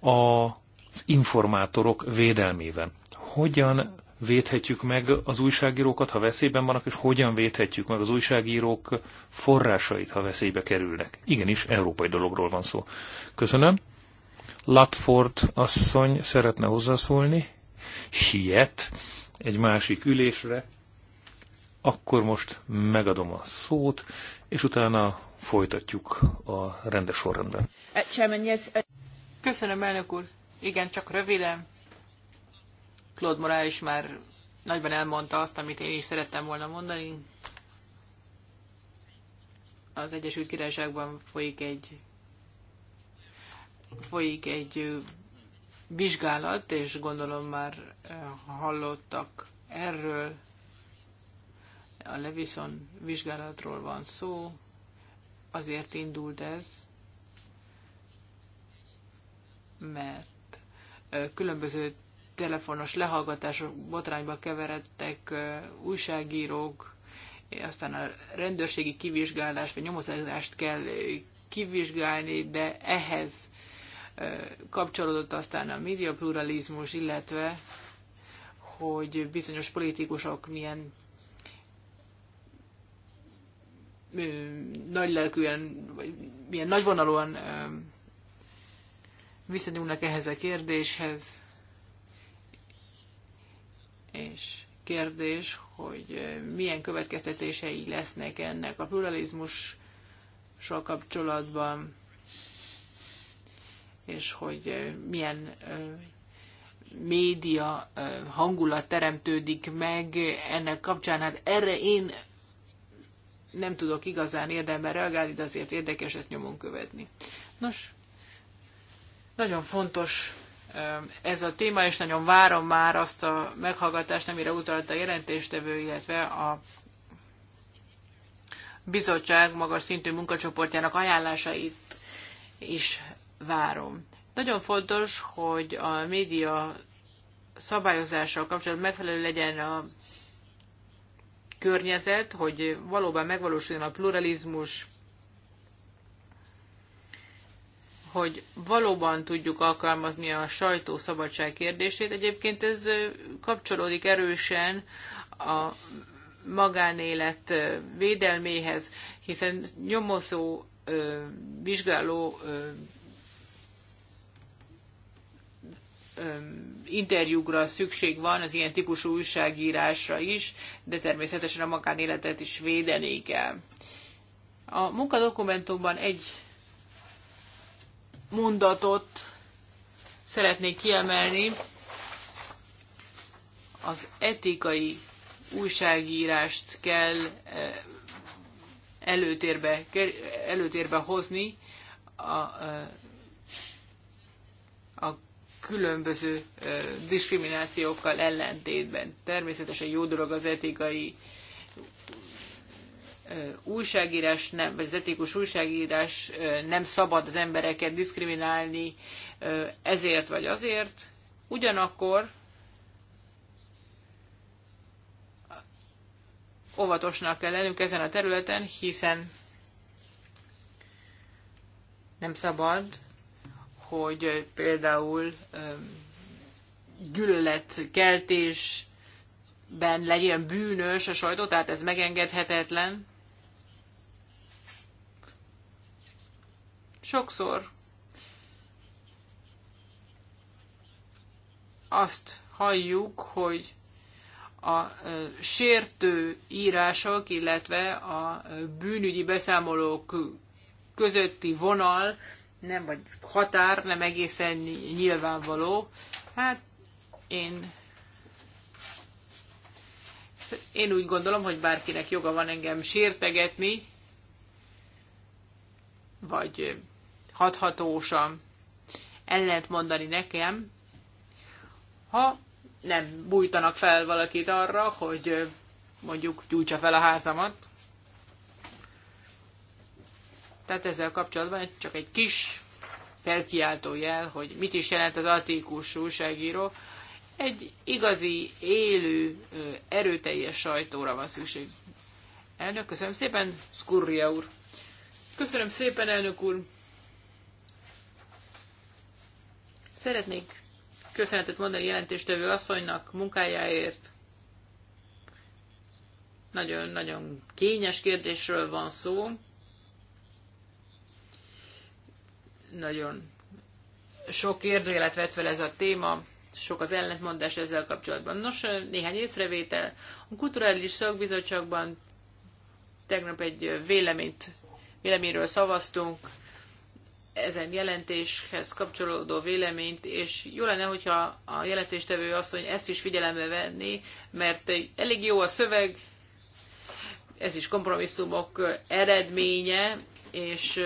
a az informátorok védelmében. Hogyan védhetjük meg az újságírókat, ha veszélyben vannak, és hogyan védhetjük meg az újságírók forrásait, ha veszélybe kerülnek. Igenis, európai dologról van szó. Köszönöm. Latford asszony szeretne hozzászólni. Siet egy másik ülésre. Akkor most megadom a szót, és utána folytatjuk a rendes sorrendben. Uh, uh, Köszönöm, elnök úr. Igen, csak röviden. Claude is már nagyban elmondta azt, amit én is szerettem volna mondani. Az Egyesült Királyságban folyik egy folyik egy vizsgálat, és gondolom már hallottak erről. A Levison vizsgálatról van szó, azért indult ez, mert különböző telefonos lehallgatások botrányba keveredtek újságírók, aztán a rendőrségi kivizsgálás, vagy nyomozást kell kivizsgálni, de ehhez kapcsolódott aztán a média pluralizmus illetve hogy bizonyos politikusok milyen nagylelkűen, vagy milyen nagyvonalúan viszonyulnak ehhez a kérdéshez, és kérdés, hogy milyen következtetései lesznek ennek a pluralizmussal kapcsolatban, és hogy milyen média hangulat teremtődik meg ennek kapcsán. Hát erre én nem tudok igazán érdemben reagálni, de azért érdekes ezt nyomon követni. Nos, nagyon fontos ez a téma, és nagyon várom már azt a meghallgatást, amire utalta a jelentéstevő, illetve a bizottság magas szintű munkacsoportjának ajánlásait is várom. Nagyon fontos, hogy a média szabályozással kapcsolatban megfelelő legyen a környezet, hogy valóban megvalósuljon a pluralizmus, hogy valóban tudjuk alkalmazni a sajtószabadság kérdését. Egyébként ez kapcsolódik erősen a magánélet védelméhez, hiszen nyomozó, vizsgáló interjúkra szükség van, az ilyen típusú újságírásra is, de természetesen a magánéletet is védeni kell. A munkadokumentumban egy mondatot szeretnék kiemelni. Az etikai újságírást kell eh, előtérbe, előtérbe hozni a, eh, a különböző eh, diszkriminációkkal ellentétben. Természetesen jó dolog az etikai újságírás, nem, vagy az etikus újságírás nem szabad az embereket diszkriminálni ezért vagy azért. Ugyanakkor óvatosnak kell lennünk ezen a területen, hiszen nem szabad, hogy például gyűlöletkeltésben legyen bűnös a sajtó, tehát ez megengedhetetlen. Sokszor azt halljuk, hogy a sértő írások, illetve a bűnügyi beszámolók közötti vonal, nem, vagy határ nem egészen nyilvánvaló. Hát én én úgy gondolom, hogy bárkinek joga van engem sértegetni, vagy hathatósan lehet mondani nekem, ha nem bújtanak fel valakit arra, hogy mondjuk gyújtsa fel a házamat. Tehát ezzel kapcsolatban csak egy kis felkiáltó jel, hogy mit is jelent az antikus újságíró. Egy igazi, élő, erőteljes sajtóra van szükség. Elnök, köszönöm szépen, Skurria úr. Köszönöm szépen, elnök úr. Szeretnék köszönetet mondani jelentéstevő asszonynak munkájáért. Nagyon-nagyon kényes kérdésről van szó. Nagyon sok érdőjelet vett fel ez a téma, sok az ellentmondás ezzel kapcsolatban. Nos, néhány észrevétel. A Kulturális Szakbizottságban tegnap egy véleményt, véleményről szavaztunk, ezen jelentéshez kapcsolódó véleményt, és jó lenne, hogyha a jelentéstevő asszony ezt is figyelembe venni, mert elég jó a szöveg, ez is kompromisszumok eredménye, és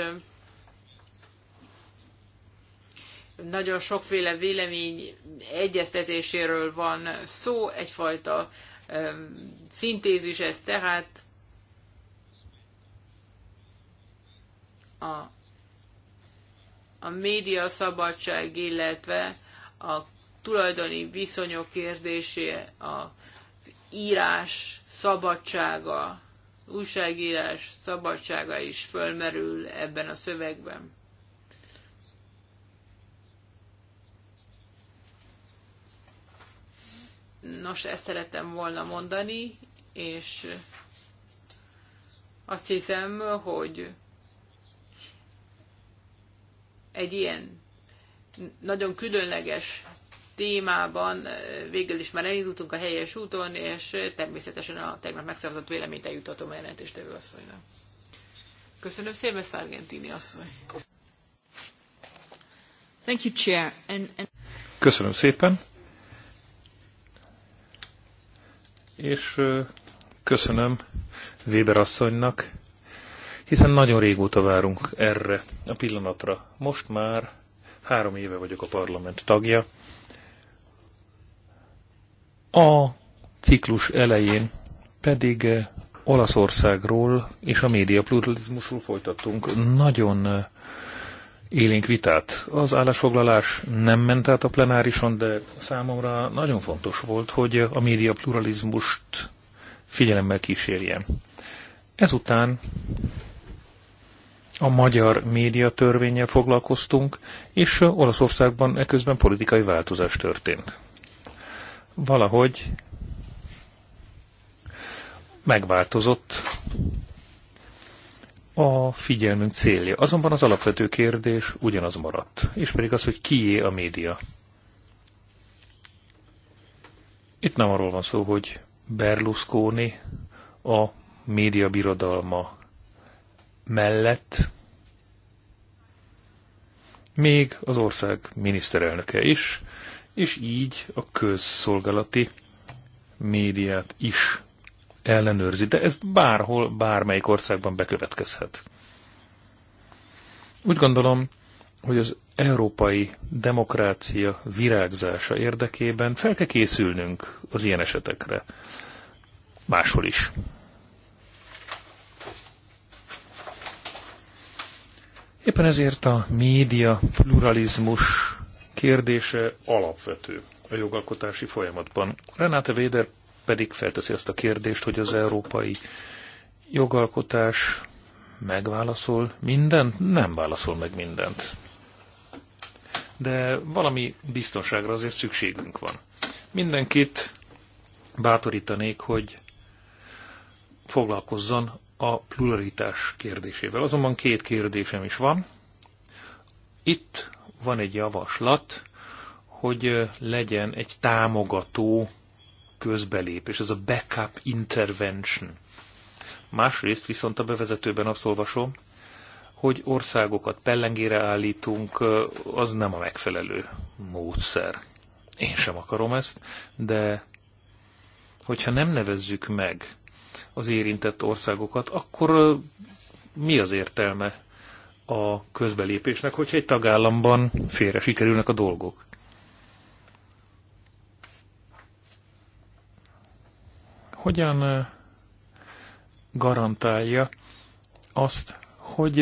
nagyon sokféle vélemény egyeztetéséről van szó, egyfajta szintézis ez tehát a a média szabadság, illetve a tulajdoni viszonyok kérdése, az írás szabadsága, újságírás szabadsága is fölmerül ebben a szövegben. Nos, ezt szerettem volna mondani, és azt hiszem, hogy egy ilyen nagyon különleges témában eh, végül is már elindultunk a helyes úton, és természetesen a tegnap megszavazott véleményt eljutatom a jelentéstevő asszonynak. Köszönöm szépen, Szargentini asszony. Thank you, Chair. And, and... Köszönöm szépen. És eh, köszönöm Weber asszonynak hiszen nagyon régóta várunk erre a pillanatra. Most már három éve vagyok a parlament tagja. A ciklus elején pedig eh, Olaszországról és a média pluralizmusról folytattunk nagyon eh, élénk vitát. Az állásfoglalás nem ment át a plenárison, de számomra nagyon fontos volt, hogy a média pluralizmust figyelemmel kísérjem. Ezután a magyar média törvényel foglalkoztunk, és Olaszországban eközben politikai változás történt. Valahogy megváltozott a figyelmünk célja. Azonban az alapvető kérdés ugyanaz maradt, és pedig az, hogy kié a média. Itt nem arról van szó, hogy Berlusconi a média birodalma mellett még az ország miniszterelnöke is, és így a közszolgálati médiát is ellenőrzi. De ez bárhol, bármelyik országban bekövetkezhet. Úgy gondolom, hogy az európai demokrácia virágzása érdekében fel kell készülnünk az ilyen esetekre. Máshol is. Éppen ezért a média pluralizmus kérdése alapvető a jogalkotási folyamatban. Renate Véder pedig felteszi azt a kérdést, hogy az európai jogalkotás megválaszol mindent? Nem válaszol meg mindent. De valami biztonságra azért szükségünk van. Mindenkit bátorítanék, hogy foglalkozzon a pluralitás kérdésével. Azonban két kérdésem is van. Itt van egy javaslat, hogy legyen egy támogató közbelépés, ez a backup intervention. Másrészt viszont a bevezetőben azt olvasom, hogy országokat pellengére állítunk, az nem a megfelelő módszer. Én sem akarom ezt, de hogyha nem nevezzük meg az érintett országokat, akkor mi az értelme a közbelépésnek, hogyha egy tagállamban félre sikerülnek a dolgok? Hogyan garantálja azt, hogy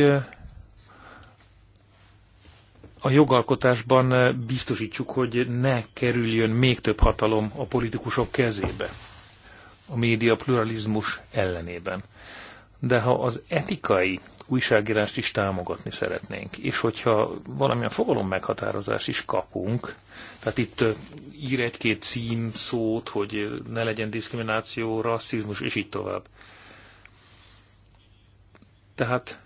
a jogalkotásban biztosítsuk, hogy ne kerüljön még több hatalom a politikusok kezébe? a média pluralizmus ellenében. De ha az etikai újságírást is támogatni szeretnénk, és hogyha valamilyen fogalom meghatározás is kapunk, tehát itt ír egy-két cím szót, hogy ne legyen diszkrimináció, rasszizmus, és így tovább. Tehát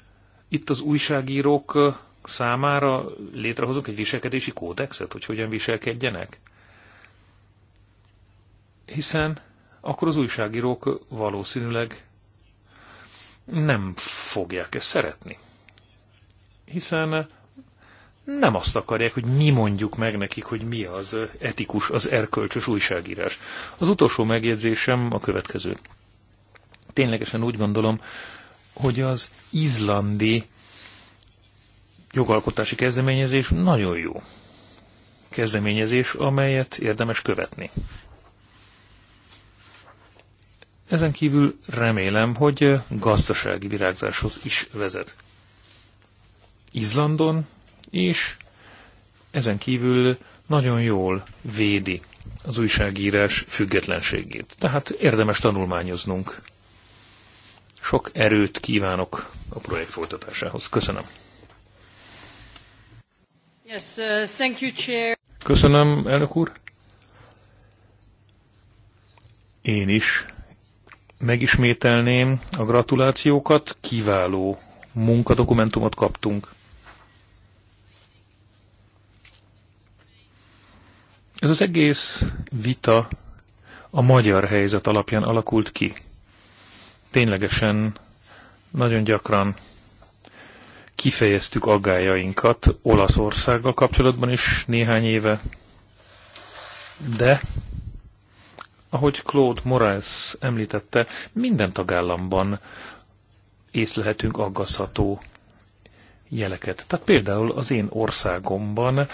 itt az újságírók számára létrehozunk egy viselkedési kódexet, hogy hogyan viselkedjenek? Hiszen akkor az újságírók valószínűleg nem fogják ezt szeretni. Hiszen nem azt akarják, hogy mi mondjuk meg nekik, hogy mi az etikus, az erkölcsös újságírás. Az utolsó megjegyzésem a következő. Ténylegesen úgy gondolom, hogy az izlandi jogalkotási kezdeményezés nagyon jó kezdeményezés, amelyet érdemes követni. Ezen kívül remélem, hogy gazdasági virágzáshoz is vezet. Izlandon és ezen kívül nagyon jól védi az újságírás függetlenségét. Tehát érdemes tanulmányoznunk. Sok erőt kívánok a projekt folytatásához. Köszönöm. Yes, uh, thank you, chair. Köszönöm, elnök úr. Én is megismételném a gratulációkat, kiváló munkadokumentumot kaptunk. Ez az egész vita a magyar helyzet alapján alakult ki. Ténylegesen nagyon gyakran kifejeztük aggájainkat Olaszországgal kapcsolatban is néhány éve, de ahogy Claude Morales említette, minden tagállamban észlehetünk aggaszható jeleket. Tehát például az én országomban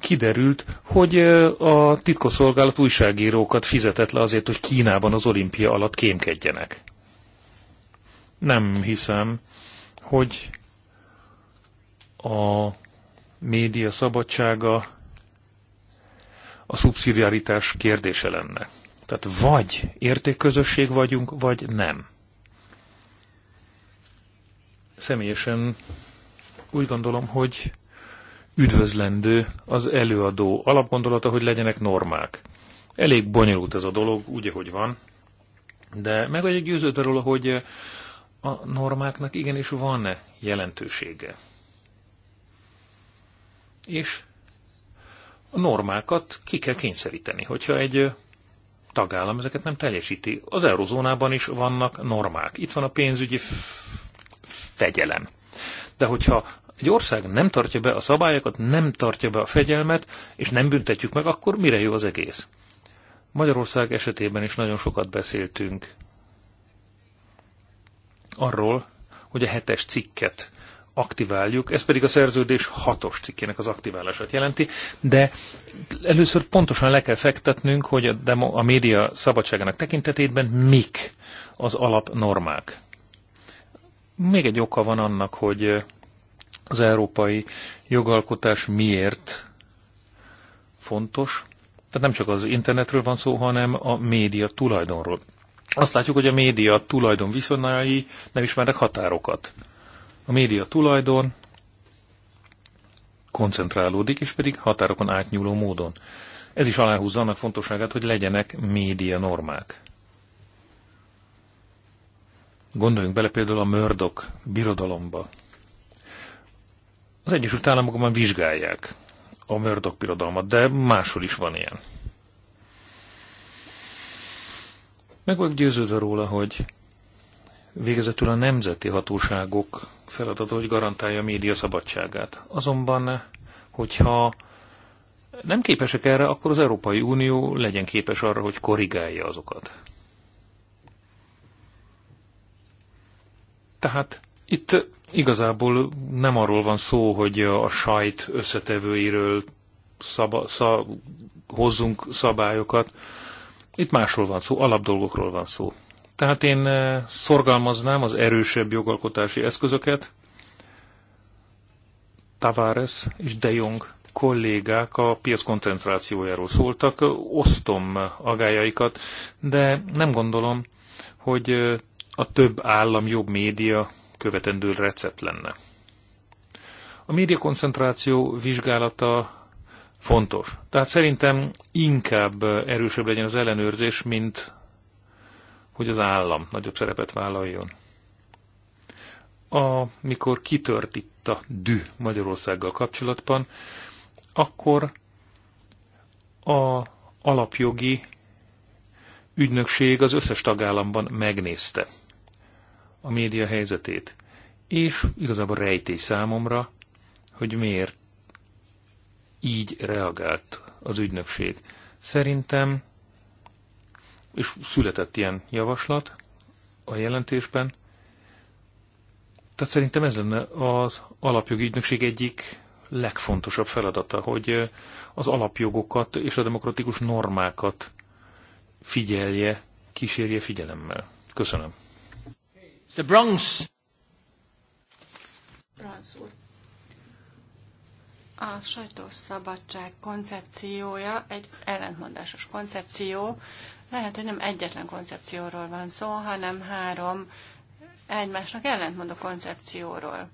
kiderült, hogy a titkosszolgálat újságírókat fizetett le azért, hogy Kínában az olimpia alatt kémkedjenek. Nem hiszem, hogy a média szabadsága a szubszidiaritás kérdése lenne. Tehát vagy értékközösség vagyunk, vagy nem. Személyesen úgy gondolom, hogy üdvözlendő az előadó alapgondolata, hogy legyenek normák. Elég bonyolult ez a dolog, úgy, ahogy van, de meg vagyok győződve róla, hogy a normáknak igenis van -e jelentősége. És a normákat ki kell kényszeríteni. Hogyha egy tagállam ezeket nem teljesíti. Az eurozónában is vannak normák. Itt van a pénzügyi fegyelem. De hogyha egy ország nem tartja be a szabályokat, nem tartja be a fegyelmet, és nem büntetjük meg, akkor mire jó az egész? Magyarország esetében is nagyon sokat beszéltünk arról, hogy a hetes cikket aktiváljuk, ez pedig a szerződés hatos cikkének az aktiválását jelenti, de először pontosan le kell fektetnünk, hogy a, demo, a média szabadságának tekintetében mik az alapnormák. Még egy oka van annak, hogy az európai jogalkotás miért fontos. Tehát nem csak az internetről van szó, hanem a média tulajdonról. Azt látjuk, hogy a média tulajdon viszonyai nem ismernek határokat. A média tulajdon koncentrálódik, és pedig határokon átnyúló módon. Ez is aláhúzza annak fontosságát, hogy legyenek média normák. Gondoljunk bele például a Murdoch birodalomba. Az Egyesült Államokban vizsgálják a Murdoch birodalmat, de máshol is van ilyen. Meg vagyok győződve róla, hogy Végezetül a nemzeti hatóságok feladata, hogy garantálja a média szabadságát. Azonban, hogyha nem képesek erre, akkor az Európai Unió legyen képes arra, hogy korrigálja azokat. Tehát itt igazából nem arról van szó, hogy a sajt összetevőiről szaba, szab, hozzunk szabályokat. Itt másról van szó, alapdolgokról van szó. Tehát én eh, szorgalmaznám az erősebb jogalkotási eszközöket. Tavares és De Jong kollégák a piac koncentrációjáról szóltak, osztom agájaikat, de nem gondolom, hogy eh, a több állam jobb média követendő recept lenne. A média koncentráció vizsgálata fontos. Tehát szerintem inkább eh, erősebb legyen az ellenőrzés, mint hogy az állam nagyobb szerepet vállaljon. Amikor kitört itt a dű Magyarországgal kapcsolatban, akkor a alapjogi ügynökség az összes tagállamban megnézte a média helyzetét. És igazából rejtély számomra, hogy miért így reagált az ügynökség. Szerintem és született ilyen javaslat a jelentésben. Tehát szerintem ez lenne az alapjogi ügynökség egyik legfontosabb feladata, hogy az alapjogokat és a demokratikus normákat figyelje, kísérje figyelemmel. Köszönöm. The Bronx. Bronx A sajtószabadság koncepciója egy ellentmondásos koncepció. Lehet, hogy nem egyetlen koncepcióról van szó, hanem három egymásnak ellentmondó koncepcióról.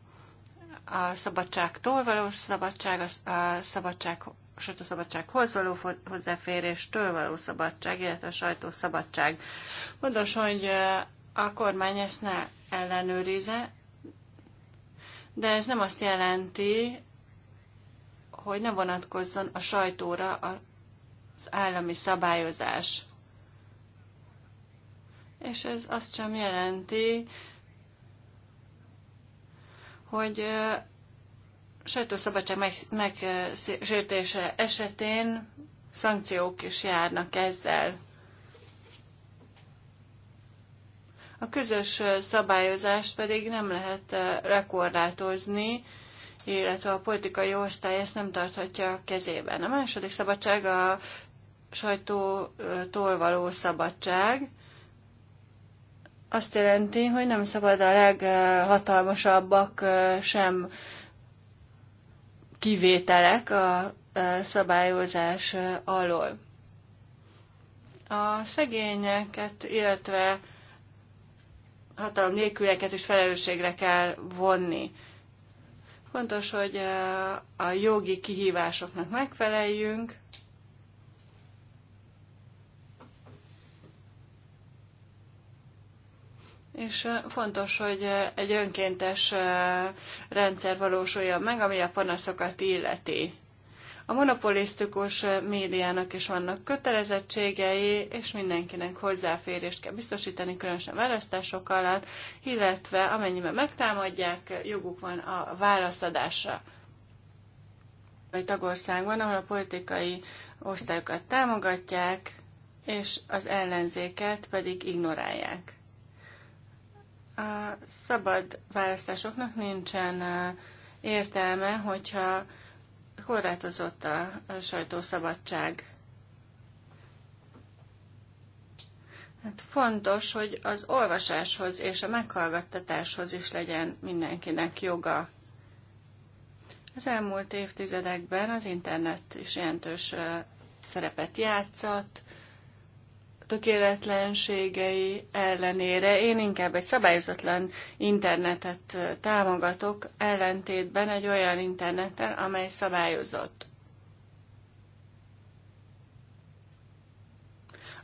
A szabadságtól való szabadság, a szabadság sőt a szabadsághoz való hozzáféréstől való szabadság, illetve a szabadság. Mondos, hogy eh, a kormány ezt ne ellenőrize, de ez nem azt jelenti, hogy ne vonatkozzon a sajtóra az állami szabályozás és ez azt sem jelenti, hogy sajtószabadság megsértése meg, esetén szankciók is járnak ezzel. A közös szabályozást pedig nem lehet rekordátozni, illetve a politikai osztály ezt nem tarthatja a kezében. A második szabadság a sajtótól való szabadság azt jelenti, hogy nem szabad a leghatalmasabbak sem kivételek a szabályozás alól. A szegényeket, illetve hatalom nélküleket is felelősségre kell vonni. Fontos, hogy a jogi kihívásoknak megfeleljünk, És fontos, hogy egy önkéntes rendszer valósulja meg, ami a panaszokat illeti. A monopolisztikus médiának is vannak kötelezettségei, és mindenkinek hozzáférést kell biztosítani, különösen választások alatt, illetve amennyiben megtámadják, joguk van a válaszadásra. Egy tagországban, ahol a politikai osztályokat támogatják, és az ellenzéket pedig ignorálják. A szabad választásoknak nincsen értelme, hogyha korlátozott a sajtószabadság. Hát fontos, hogy az olvasáshoz és a meghallgattatáshoz is legyen mindenkinek joga. Az elmúlt évtizedekben az internet is jelentős szerepet játszott, tökéletlenségei ellenére én inkább egy szabályozatlan internetet támogatok, ellentétben egy olyan interneten, amely szabályozott.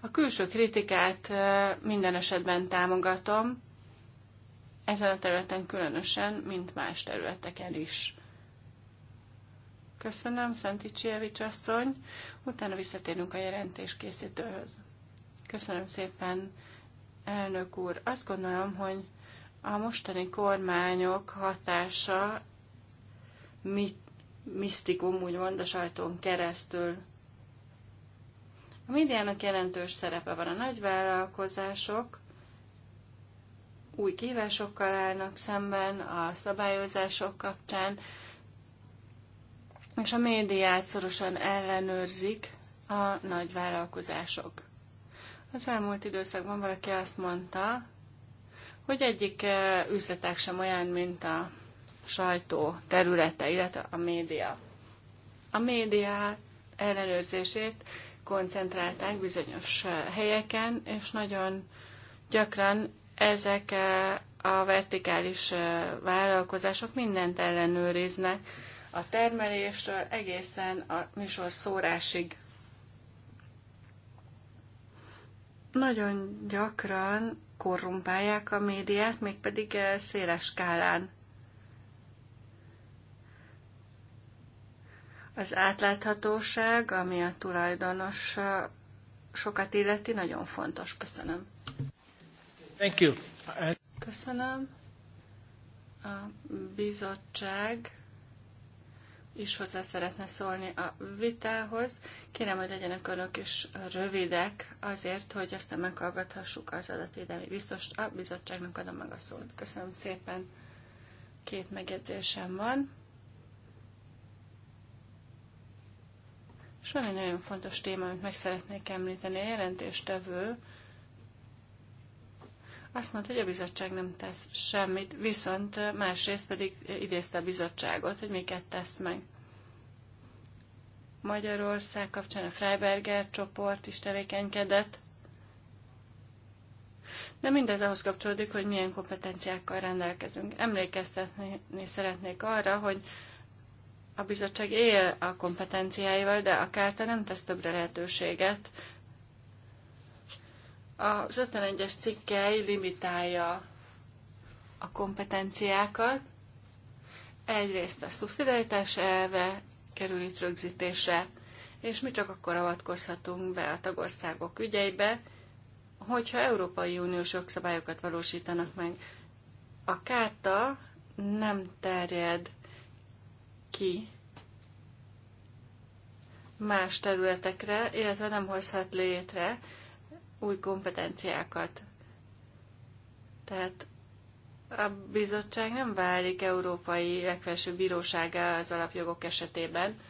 A külső kritikát minden esetben támogatom, ezen a területen különösen, mint más területeken is. Köszönöm, Szenti Icsijevics asszony. Utána visszatérünk a jelentés készítőhöz. Köszönöm szépen, elnök úr. Azt gondolom, hogy a mostani kormányok hatása mit, misztikum, úgymond a sajtón keresztül. A médiának jelentős szerepe van a nagyvállalkozások, új kívásokkal állnak szemben a szabályozások kapcsán, és a médiát szorosan ellenőrzik a nagyvállalkozások. Az elmúlt időszakban valaki azt mondta, hogy egyik eh, üzletek sem olyan, mint a sajtó területe, illetve a média. A média ellenőrzését koncentrálták bizonyos eh, helyeken, és nagyon gyakran ezek eh, a vertikális vállalkozások mindent ellenőriznek, a termelésről egészen a műsor szórásig. Nagyon gyakran korrumpálják a médiát, mégpedig eh, széles skálán. Az átláthatóság, ami a tulajdonos eh, sokat illeti, nagyon fontos. Köszönöm. Thank you. Köszönöm. A bizottság is hozzá szeretne szólni a vitához. Kérem, hogy legyenek önök is rövidek azért, hogy aztán meghallgathassuk az adatvédelmi biztos. A bizottságnak adom meg a szót. Köszönöm szépen. Két megjegyzésem van. És van egy nagyon fontos téma, amit meg szeretnék említeni. A jelentéstevő azt mondta, hogy a bizottság nem tesz semmit, viszont másrészt pedig idézte a bizottságot, hogy miket tesz meg. Magyarország kapcsán a Freiberger csoport is tevékenykedett, de mindez ahhoz kapcsolódik, hogy milyen kompetenciákkal rendelkezünk. Emlékeztetni szeretnék arra, hogy a bizottság él a kompetenciáival, de a kárta nem tesz többre lehetőséget az 51-es cikkely limitálja a kompetenciákat. Egyrészt a szubszidiaritás elve kerül itt rögzítése, és mi csak akkor avatkozhatunk be a tagországok ügyeibe, hogyha Európai Uniós jogszabályokat valósítanak meg. A kárta nem terjed ki más területekre, illetve nem hozhat létre új kompetenciákat. Tehát a bizottság nem válik Európai Legfelsőbb Bírósága az alapjogok esetében.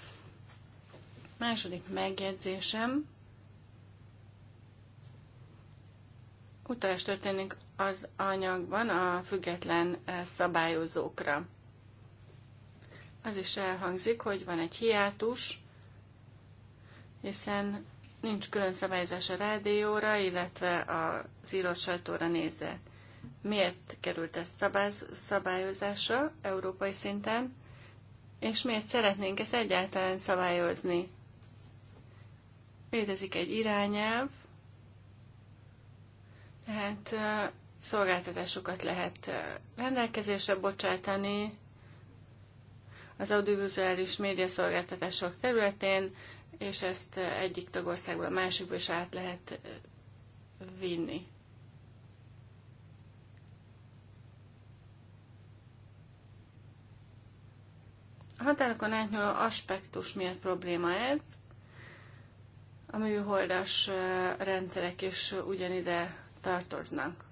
Második megjegyzésem. Utalás történik az anyagban a független eh, szabályozókra. Az is elhangzik, hogy van egy hiátus, hiszen nincs külön szabályozás a rádióra, illetve az írott sajtóra nézve. Miért került ez szabályozásra európai szinten, és miért szeretnénk ezt egyáltalán szabályozni? Létezik egy irányelv, tehát szolgáltatásokat lehet rendelkezésre bocsátani az audiovizuális szolgáltatások területén, és ezt egyik tagországból a másikba is át lehet eh, vinni. A határokon átnyúló aspektus miért probléma ez? A műholdas eh, rendszerek is ugyanide tartoznak.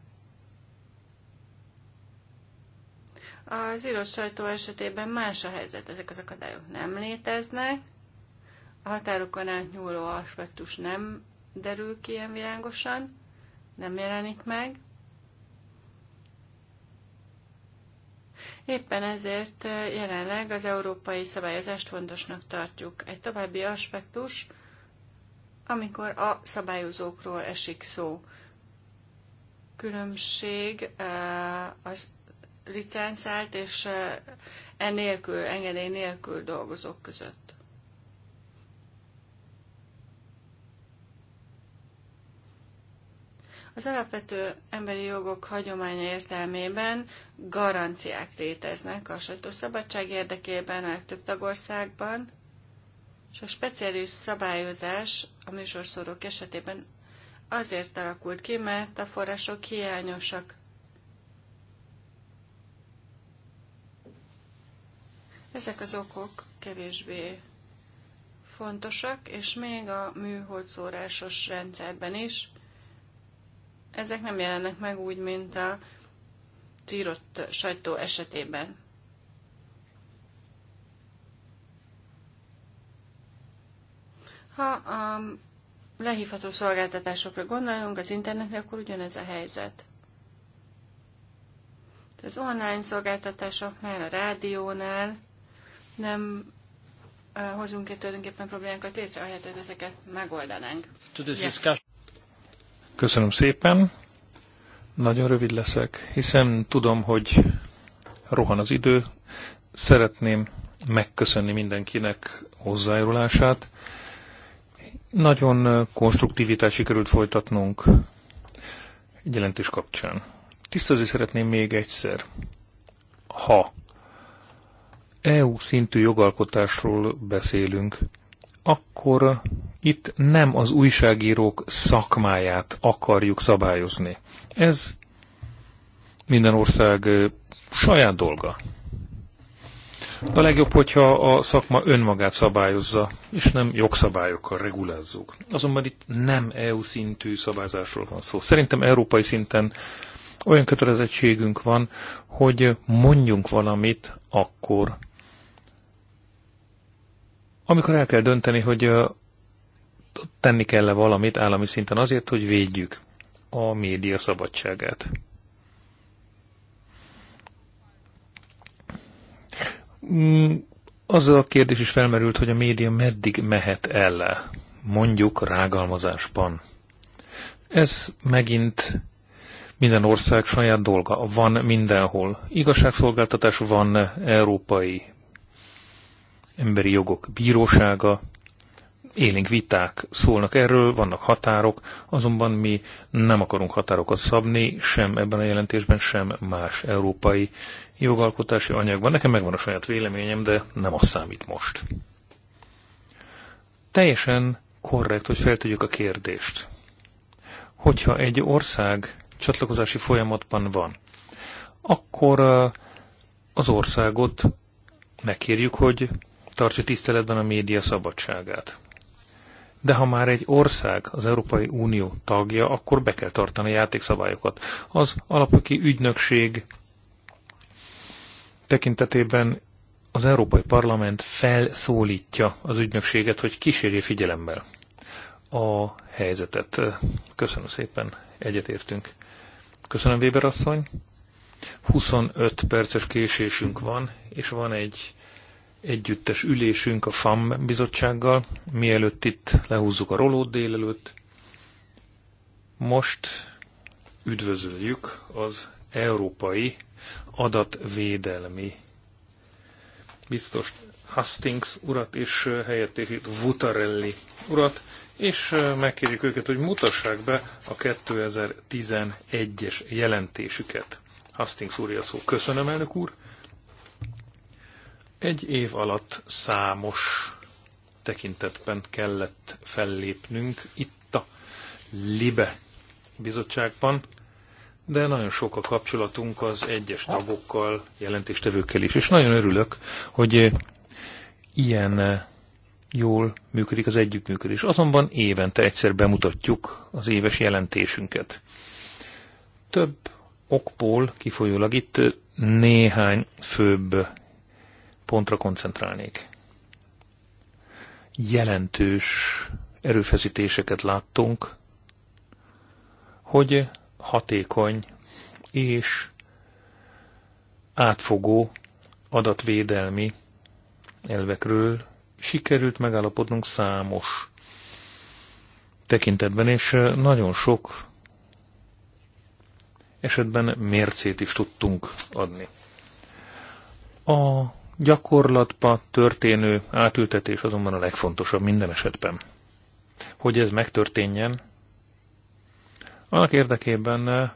Az írott sajtó esetében más a helyzet, ezek az akadályok nem léteznek, a határokon átnyúló aspektus nem derül ki ilyen világosan, nem jelenik meg. Éppen ezért eh, jelenleg az európai szabályozást fontosnak tartjuk. Egy további aspektus, amikor a szabályozókról esik szó. Különbség eh, az licencált és enélkül, eh, e engedély nélkül dolgozók között. Az alapvető emberi jogok hagyománya értelmében garanciák léteznek a sajtószabadság érdekében a legtöbb tagországban, és a speciális szabályozás a műsorszórók esetében azért alakult ki, mert a források hiányosak. Ezek az okok kevésbé fontosak, és még a műholdszórásos rendszerben is ezek nem jelennek meg úgy, mint a círott sajtó esetében. Ha a lehívható szolgáltatásokra gondolunk az internetnél, akkor ugyanez a helyzet. Az online szolgáltatásoknál, a rádiónál nem eh, hozunk-e tulajdonképpen problémákat létre, ahelyett, hogy ezeket megoldanánk. Yes. Köszönöm szépen. Nagyon rövid leszek, hiszen tudom, hogy rohan az idő. Szeretném megköszönni mindenkinek hozzájárulását. Nagyon konstruktivitás sikerült folytatnunk egy jelentés kapcsán. Tisztázni szeretném még egyszer. Ha EU szintű jogalkotásról beszélünk, akkor itt nem az újságírók szakmáját akarjuk szabályozni. Ez minden ország saját dolga. A legjobb, hogyha a szakma önmagát szabályozza, és nem jogszabályokkal regulázzuk. Azonban itt nem EU szintű szabályzásról van szó. Szerintem európai szinten olyan kötelezettségünk van, hogy mondjunk valamit akkor, amikor el kell dönteni, hogy tenni kell -e valamit állami szinten azért, hogy védjük a média szabadságát. Mm, az a kérdés is felmerült, hogy a média meddig mehet el, -e, mondjuk rágalmazásban. Ez megint minden ország saját dolga. Van mindenhol. Igazságszolgáltatás van, európai emberi jogok bírósága, élénk viták szólnak erről, vannak határok, azonban mi nem akarunk határokat szabni, sem ebben a jelentésben, sem más európai jogalkotási anyagban. Nekem megvan a saját véleményem, de nem az számít most. Teljesen korrekt, hogy feltegyük a kérdést. Hogyha egy ország csatlakozási folyamatban van, akkor uh, az országot megkérjük, hogy tartsa tiszteletben a média szabadságát de ha már egy ország az Európai Unió tagja, akkor be kell tartani a játékszabályokat. Az alapoki ügynökség tekintetében az Európai Parlament felszólítja az ügynökséget, hogy kísérje figyelemmel a helyzetet. Köszönöm szépen, egyetértünk. Köszönöm, Weber asszony. 25 perces késésünk van, és van egy együttes ülésünk a FAM bizottsággal, mielőtt itt lehúzzuk a rolót délelőtt. Most üdvözöljük az Európai Adatvédelmi biztos Hastings urat és helyettését Vutarelli urat, és megkérjük őket, hogy mutassák be a 2011-es jelentésüket. Hastings úr, szó. Köszönöm, elnök úr! Egy év alatt számos tekintetben kellett fellépnünk itt a LIBE bizottságban, de nagyon sok a kapcsolatunk az egyes tagokkal, jelentéstevőkkel is, és nagyon örülök, hogy ilyen jól működik az együttműködés. Azonban évente egyszer bemutatjuk az éves jelentésünket. Több okból kifolyólag itt néhány főbb pontra koncentrálnék. Jelentős erőfeszítéseket láttunk, hogy hatékony és átfogó adatvédelmi elvekről sikerült megállapodnunk számos tekintetben, és nagyon sok esetben mércét is tudtunk adni. A gyakorlatba történő átültetés azonban a legfontosabb minden esetben. Hogy ez megtörténjen, annak érdekében eh,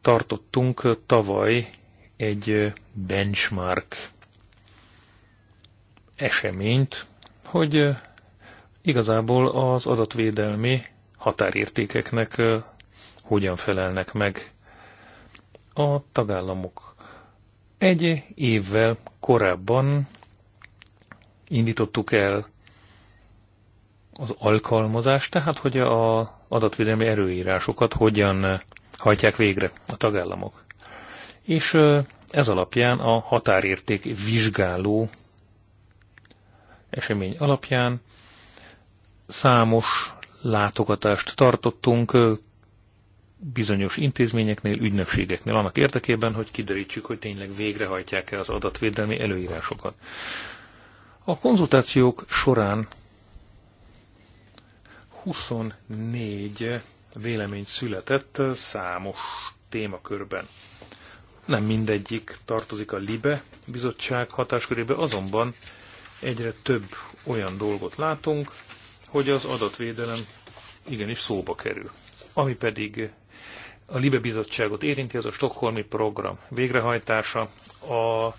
tartottunk eh, tavaly egy eh, benchmark eseményt, hogy igazából az adatvédelmi határértékeknek hogyan felelnek meg a tagállamok egy évvel korábban indítottuk el az alkalmazást, tehát hogy a adatvédelmi erőírásokat hogyan hajtják végre a tagállamok. És ez alapján a határérték vizsgáló esemény alapján számos látogatást tartottunk bizonyos intézményeknél, ügynökségeknél, annak érdekében, hogy kiderítsük, hogy tényleg végrehajtják-e az adatvédelmi előírásokat. A konzultációk során 24 vélemény született számos témakörben. Nem mindegyik tartozik a LIBE bizottság hatáskörébe, azonban egyre több olyan dolgot látunk, hogy az adatvédelem igenis szóba kerül. Ami pedig a Libe Bizottságot érinti, az a Stockholmi Program végrehajtása. A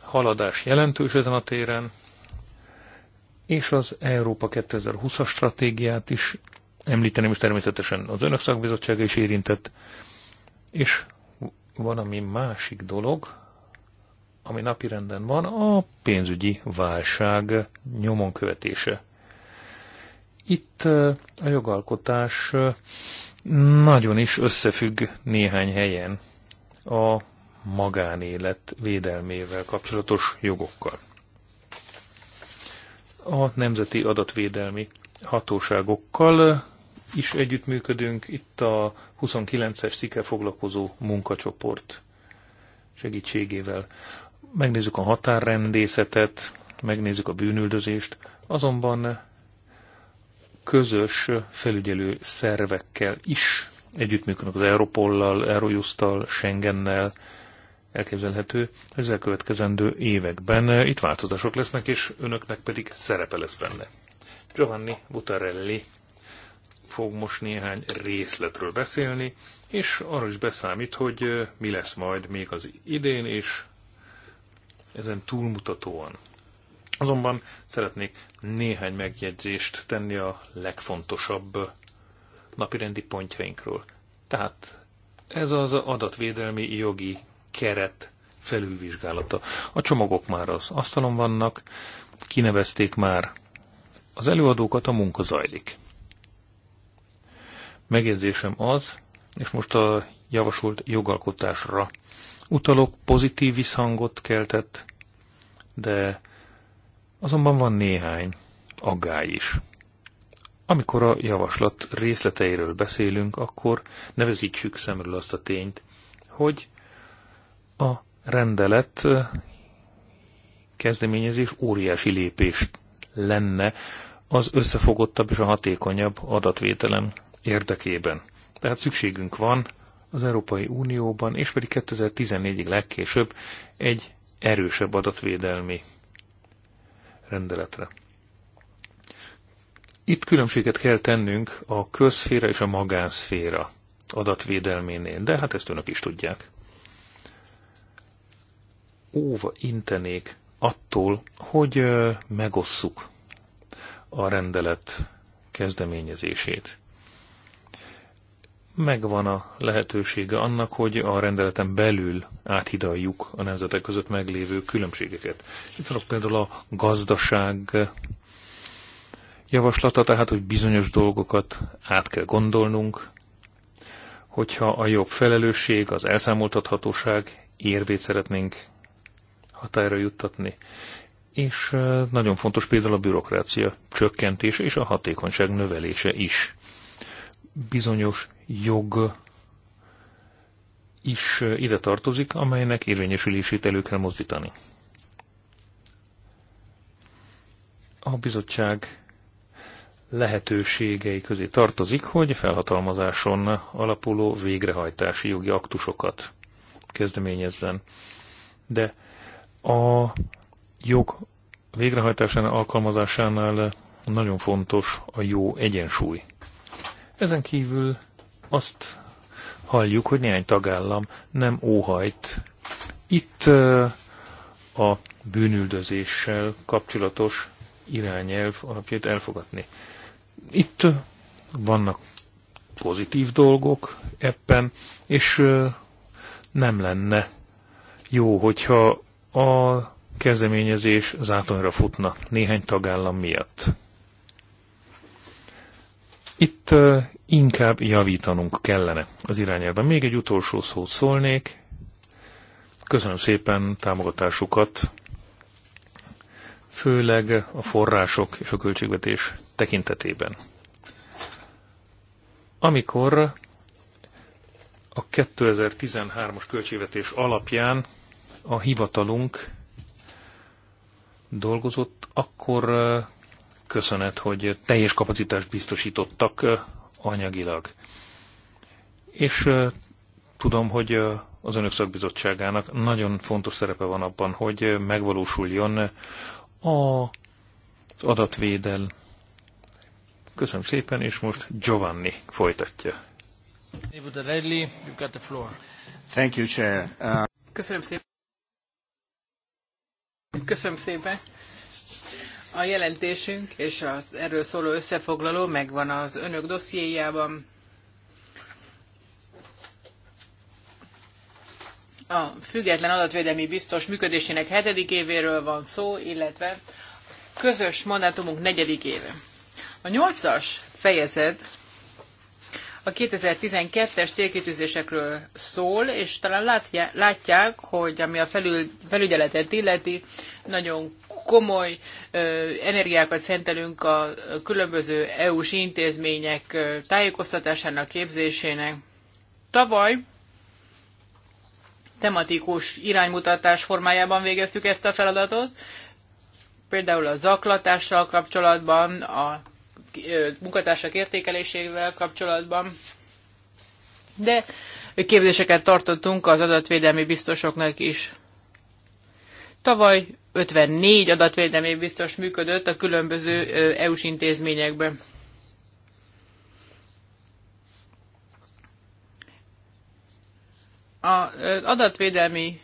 haladás jelentős ezen a téren, és az Európa 2020-as stratégiát is említeném, és természetesen az Önök szakbizottsága is érintett. És van ami másik dolog, ami napirenden van, a pénzügyi válság nyomon követése. Itt eh, a jogalkotás eh, nagyon is összefügg néhány helyen a magánélet védelmével kapcsolatos jogokkal. A nemzeti adatvédelmi hatóságokkal is együttműködünk. Itt a 29-es cikke foglalkozó munkacsoport segítségével. Megnézzük a határrendészetet, megnézzük a bűnüldözést, azonban közös felügyelő szervekkel is együttműködnek az Europollal, Eurojusztal, Schengennel, elképzelhető, hogy az elkövetkezendő években itt változások lesznek, és önöknek pedig szerepe lesz benne. Giovanni Butarelli fog most néhány részletről beszélni, és arra is beszámít, hogy eh, mi lesz majd még az idén, és ezen túlmutatóan. Azonban szeretnék néhány megjegyzést tenni a legfontosabb napirendi pontjainkról. Tehát ez az adatvédelmi jogi keret felülvizsgálata. A csomagok már az asztalon vannak, kinevezték már az előadókat, a munka zajlik. Megjegyzésem az, és most a javasolt jogalkotásra utalok, pozitív visszhangot keltett, de Azonban van néhány aggály is. Amikor a javaslat részleteiről beszélünk, akkor nevezítsük szemről azt a tényt, hogy a rendelet kezdeményezés óriási lépés lenne az összefogottabb és a hatékonyabb adatvételem érdekében. Tehát szükségünk van az Európai Unióban, és pedig 2014-ig legkésőbb egy erősebb adatvédelmi rendeletre. Itt különbséget kell tennünk a közszféra és a magánszféra adatvédelménél, de hát ezt önök is tudják. Óva intenék attól, hogy megosszuk a rendelet kezdeményezését megvan a lehetősége annak, hogy a rendeleten belül áthidaljuk a nemzetek között meglévő különbségeket. Itt van például a gazdaság javaslata, tehát, hogy bizonyos dolgokat át kell gondolnunk, hogyha a jobb felelősség, az elszámoltathatóság érvét szeretnénk határa juttatni. És eh, nagyon fontos például a bürokrácia csökkentése és a hatékonyság növelése is bizonyos jog is ide tartozik, amelynek érvényesülését elő kell mozdítani. A bizottság lehetőségei közé tartozik, hogy felhatalmazáson alapuló végrehajtási jogi aktusokat kezdeményezzen. De a jog végrehajtásán, alkalmazásánál nagyon fontos a jó egyensúly. Ezen kívül azt halljuk, hogy néhány tagállam nem óhajt. Itt a bűnüldözéssel kapcsolatos irányelv alapjait elfogadni. Itt vannak pozitív dolgok ebben, és nem lenne jó, hogyha a kezdeményezés zátonyra futna néhány tagállam miatt. Itt inkább javítanunk kellene az irányelven. Még egy utolsó szót szólnék. Köszönöm szépen támogatásukat, főleg a források és a költségvetés tekintetében. Amikor a 2013-as költségvetés alapján a hivatalunk dolgozott, akkor köszönet, hogy teljes kapacitást biztosítottak anyagilag. És tudom, hogy az Önök Szakbizottságának nagyon fontos szerepe van abban, hogy megvalósuljon a adatvédel. Köszönöm szépen, és most Giovanni folytatja. Thank you, Chair. Uh, Köszönöm szépen. Köszönöm szépen. A jelentésünk és az erről szóló összefoglaló megvan az önök dossziéjában. A független adatvédelmi biztos működésének hetedik évéről van szó, illetve közös mandátumunk negyedik éve. A nyolcas fejezet a 2012-es célkitűzésekről szól, és talán látja, látják, hogy ami a felül, felügyeletet illeti, nagyon komoly ö, energiákat szentelünk a különböző EU-s intézmények ö, tájékoztatásának, képzésének. Tavaly tematikus iránymutatás formájában végeztük ezt a feladatot, például a zaklatással kapcsolatban, a munkatársak értékelésével kapcsolatban, de képzéseket tartottunk az adatvédelmi biztosoknak is. Tavaly 54 adatvédelmi biztos működött a különböző EU-s intézményekben. Az adatvédelmi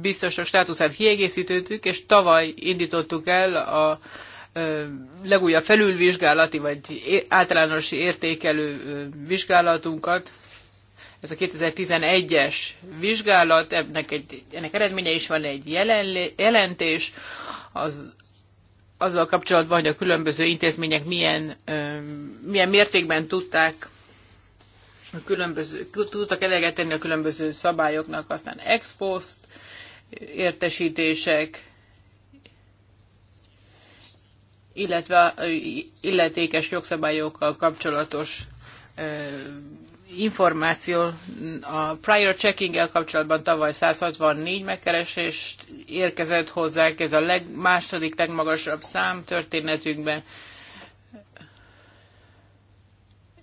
biztosok státuszát kiegészítettük, és tavaly indítottuk el a legújabb felülvizsgálati vagy általános értékelő vizsgálatunkat. Ez a 2011-es vizsgálat, ennek, egy, ennek eredménye is van egy jelen, jelentés, az, azzal kapcsolatban, hogy a különböző intézmények milyen, milyen mértékben tudták a különböző, tudtak eleget a különböző szabályoknak, aztán ex post értesítések, illetve illetékes jogszabályokkal kapcsolatos információ. A prior checking-el kapcsolatban tavaly 164 megkeresést érkezett hozzá, ez a leg, második legmagasabb szám történetünkben.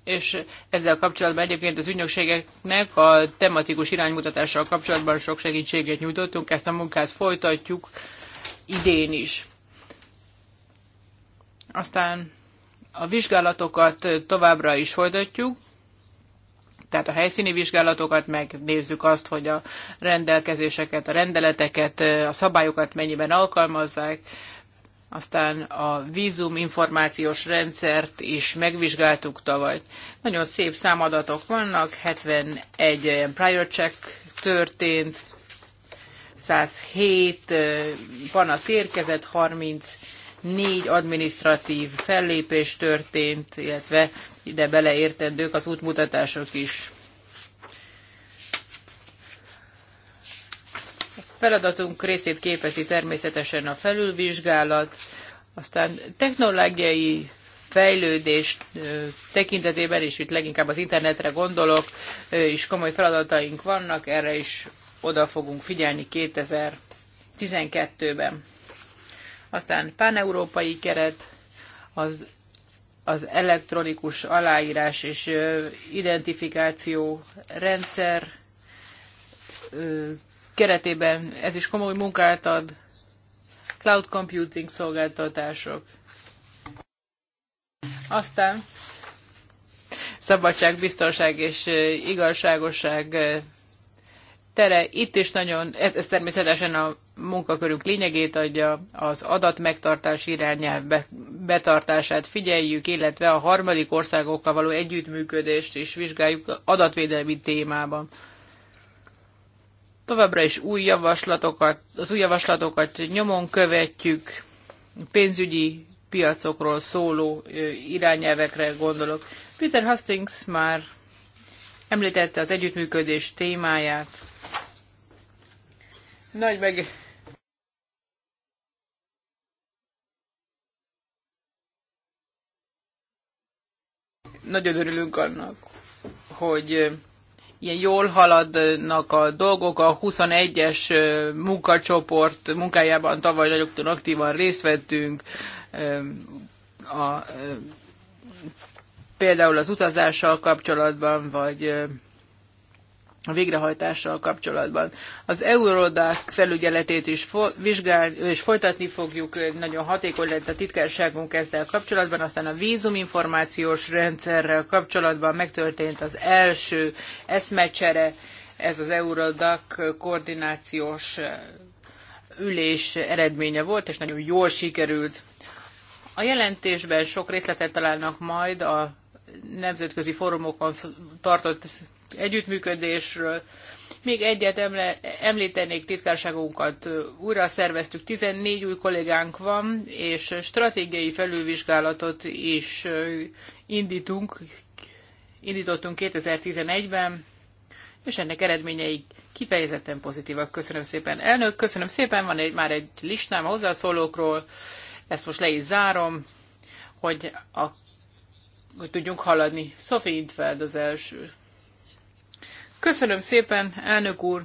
És ezzel kapcsolatban egyébként az ügynökségeknek a tematikus iránymutatással kapcsolatban sok segítséget nyújtottunk, ezt a munkát folytatjuk idén is. Aztán a vizsgálatokat továbbra is folytatjuk, tehát a helyszíni vizsgálatokat, megnézzük azt, hogy a rendelkezéseket, a rendeleteket, a szabályokat mennyiben alkalmazzák, aztán a vízum információs rendszert is megvizsgáltuk tavaly. Nagyon szép számadatok vannak, 71 ilyen prior check történt, 107 eh, panasz érkezett, 30 négy adminisztratív fellépés történt, illetve ide beleértendők az útmutatások is. A feladatunk részét képezi természetesen a felülvizsgálat, aztán technológiai fejlődés tekintetében, is, itt leginkább az internetre gondolok, és komoly feladataink vannak, erre is oda fogunk figyelni 2012-ben. Aztán páneurópai keret, az, az elektronikus aláírás és ö, identifikáció rendszer ö, keretében ez is komoly munkát ad, cloud computing szolgáltatások. Aztán szabadság, biztonság és igazságosság tere. Itt is nagyon, ez, ez természetesen a munkakörünk lényegét adja, az adatmegtartás irányelv betartását figyeljük, illetve a harmadik országokkal való együttműködést is vizsgáljuk adatvédelmi témában. Továbbra is új javaslatokat, az új javaslatokat nyomon követjük, pénzügyi piacokról szóló irányelvekre gondolok. Peter Hastings már említette az együttműködés témáját. Nagy meg Nagyon örülünk annak, hogy ilyen jól haladnak a dolgok. A 21-es munkacsoport munkájában tavaly nagyon aktívan részt vettünk. A, például az utazással kapcsolatban, vagy a végrehajtással kapcsolatban. Az Eurodac felügyeletét is fo- és folytatni fogjuk, nagyon hatékony lett a titkárságunk ezzel kapcsolatban, aztán a vízuminformációs rendszerrel kapcsolatban megtörtént az első eszmecsere, ez az eurodac koordinációs ülés eredménye volt, és nagyon jól sikerült. A jelentésben sok részletet találnak majd a nemzetközi fórumokon tartott együttműködésről. Még egyet emle, említenék, titkárságunkat újra szerveztük, 14 új kollégánk van, és stratégiai felülvizsgálatot is indítunk, indítottunk 2011-ben, és ennek eredményei kifejezetten pozitívak. Köszönöm szépen, elnök, köszönöm szépen, van egy, már egy listám a hozzászólókról, ezt most le is zárom, hogy, a, hogy tudjunk haladni. Sophie Intfeld az első. Köszönöm szépen, elnök úr!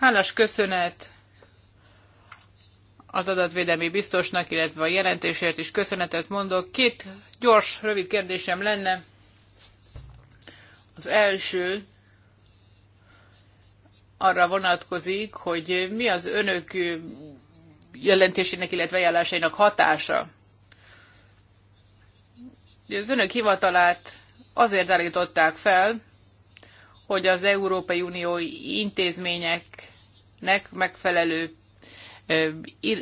Hálás köszönet az adatvédelmi biztosnak, illetve a jelentésért is köszönetet mondok. Két gyors, rövid kérdésem lenne. Az első arra vonatkozik, hogy mi az önök jelentésének, illetve ajánlásainak hatása. Az önök hivatalát azért állították fel, hogy az Európai Unió intézményeknek megfelelő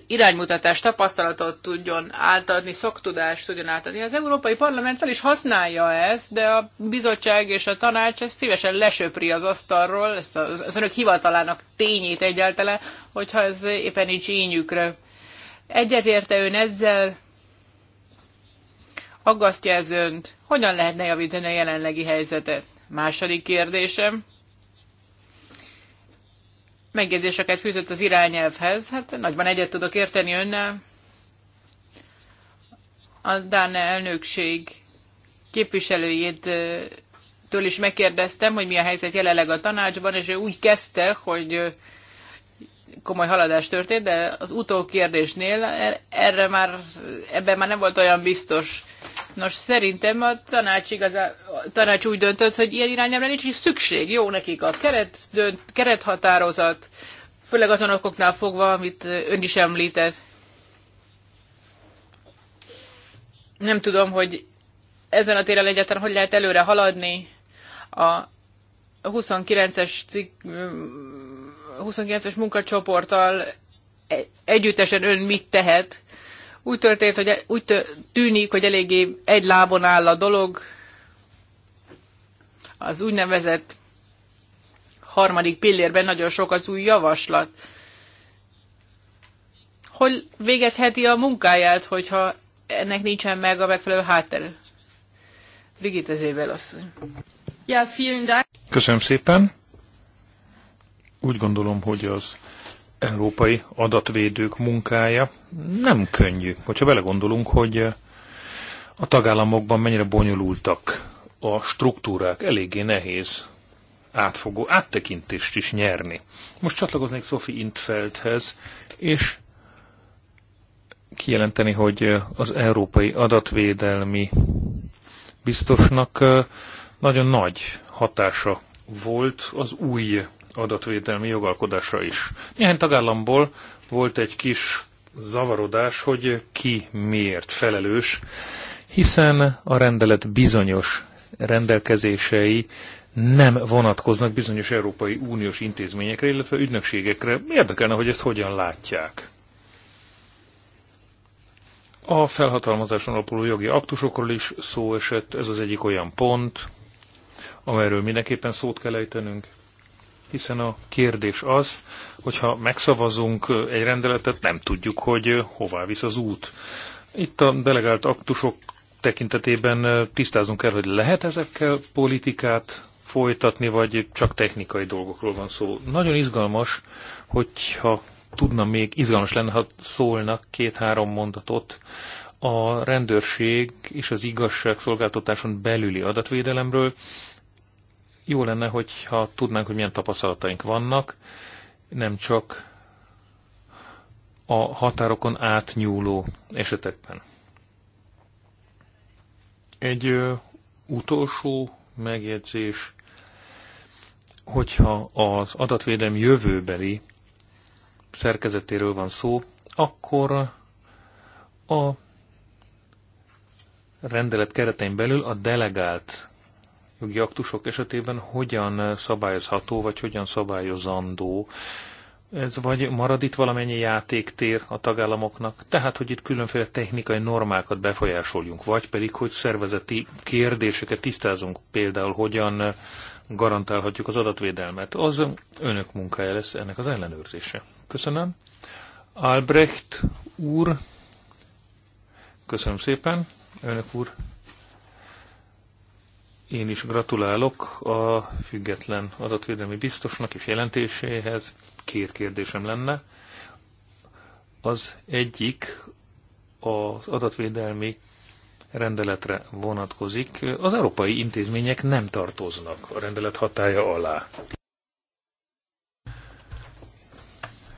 iránymutatást, tapasztalatot tudjon átadni, szaktudást tudjon átadni. Az Európai Parlament fel is használja ezt, de a bizottság és a tanács ezt szívesen lesöpri az asztalról, ezt az, önök hivatalának tényét egyáltalán, hogyha ez éppen így ínyükre. Egyetérte ön ezzel? Aggasztja ez önt? Hogyan lehetne javítani a jelenlegi helyzetet? Második kérdésem. Megjegyzéseket fűzött az irányelvhez. Hát nagyban egyet tudok érteni önnel. A Dán elnökség képviselőjét től is megkérdeztem, hogy mi a helyzet jelenleg a tanácsban, és ő úgy kezdte, hogy komoly haladás történt, de az utókérdésnél er- erre már, ebben már nem volt olyan biztos. Nos, szerintem a tanács, igaz, a tanács úgy döntött, hogy ilyen irányára nincs is szükség. Jó nekik a keret, dönt, kerethatározat, főleg azon okoknál fogva, amit ön is említett. Nem tudom, hogy ezen a téren egyáltalán hogy lehet előre haladni a 29-es cikk 29-es munkacsoporttal e- együttesen ön mit tehet? Úgy történt, hogy e- úgy tűnik, hogy eléggé egy lábon áll a dolog. Az úgynevezett harmadik pillérben nagyon sok az új javaslat. Hogy végezheti a munkáját, hogyha ennek nincsen meg a megfelelő hátterő? Brigitte Zébel asszony. Ja, vielen Dank. Köszönöm szépen. Úgy gondolom, hogy az európai adatvédők munkája nem könnyű. Hogyha belegondolunk, hogy eh, a tagállamokban mennyire bonyolultak a struktúrák, eléggé nehéz átfogó áttekintést is nyerni. Most csatlakoznék Sophie Intfeldhez, és kijelenteni, hogy eh, az európai adatvédelmi biztosnak eh, nagyon nagy hatása volt az új adatvédelmi jogalkodásra is. Néhány tagállamból volt egy kis zavarodás, hogy ki miért felelős, hiszen a rendelet bizonyos rendelkezései nem vonatkoznak bizonyos Európai Uniós intézményekre, illetve ügynökségekre. Érdekelne, hogy ezt hogyan látják. A felhatalmazáson alapuló jogi aktusokról is szó esett, ez az egyik olyan pont, amelyről mindenképpen szót kell ejtenünk hiszen a kérdés az, hogyha megszavazunk egy rendeletet, nem tudjuk, hogy hová visz az út. Itt a delegált aktusok tekintetében tisztázunk el, hogy lehet ezekkel politikát folytatni, vagy csak technikai dolgokról van szó. Nagyon izgalmas, hogyha tudna még, izgalmas lenne, ha szólnak két-három mondatot a rendőrség és az igazságszolgáltatáson belüli adatvédelemről, jó lenne, hogyha tudnánk, hogy milyen tapasztalataink vannak, nem csak a határokon átnyúló esetekben. Egy ö, utolsó megjegyzés, hogyha az adatvédelem jövőbeli szerkezetéről van szó, akkor a rendelet keretein belül a delegált jogi aktusok esetében hogyan szabályozható, vagy hogyan szabályozandó ez vagy marad itt valamennyi játéktér a tagállamoknak, tehát hogy itt különféle technikai normákat befolyásoljunk, vagy pedig hogy szervezeti kérdéseket tisztázunk, például hogyan garantálhatjuk az adatvédelmet. Az önök munkája lesz ennek az ellenőrzése. Köszönöm. Albrecht úr, köszönöm szépen, önök úr. Én is gratulálok a független adatvédelmi biztosnak és jelentéséhez. Két kérdésem lenne. Az egyik az adatvédelmi rendeletre vonatkozik. Az európai intézmények nem tartoznak a rendelet hatája alá.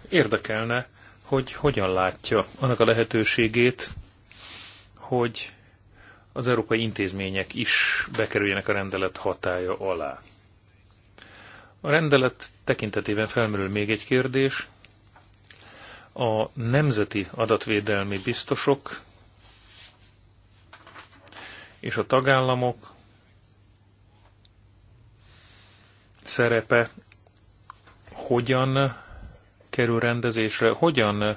Érdekelne, hogy hogyan látja annak a lehetőségét, hogy az európai intézmények is bekerüljenek a rendelet hatája alá. A rendelet tekintetében felmerül még egy kérdés. A nemzeti adatvédelmi biztosok és a tagállamok szerepe hogyan kerül rendezésre, hogyan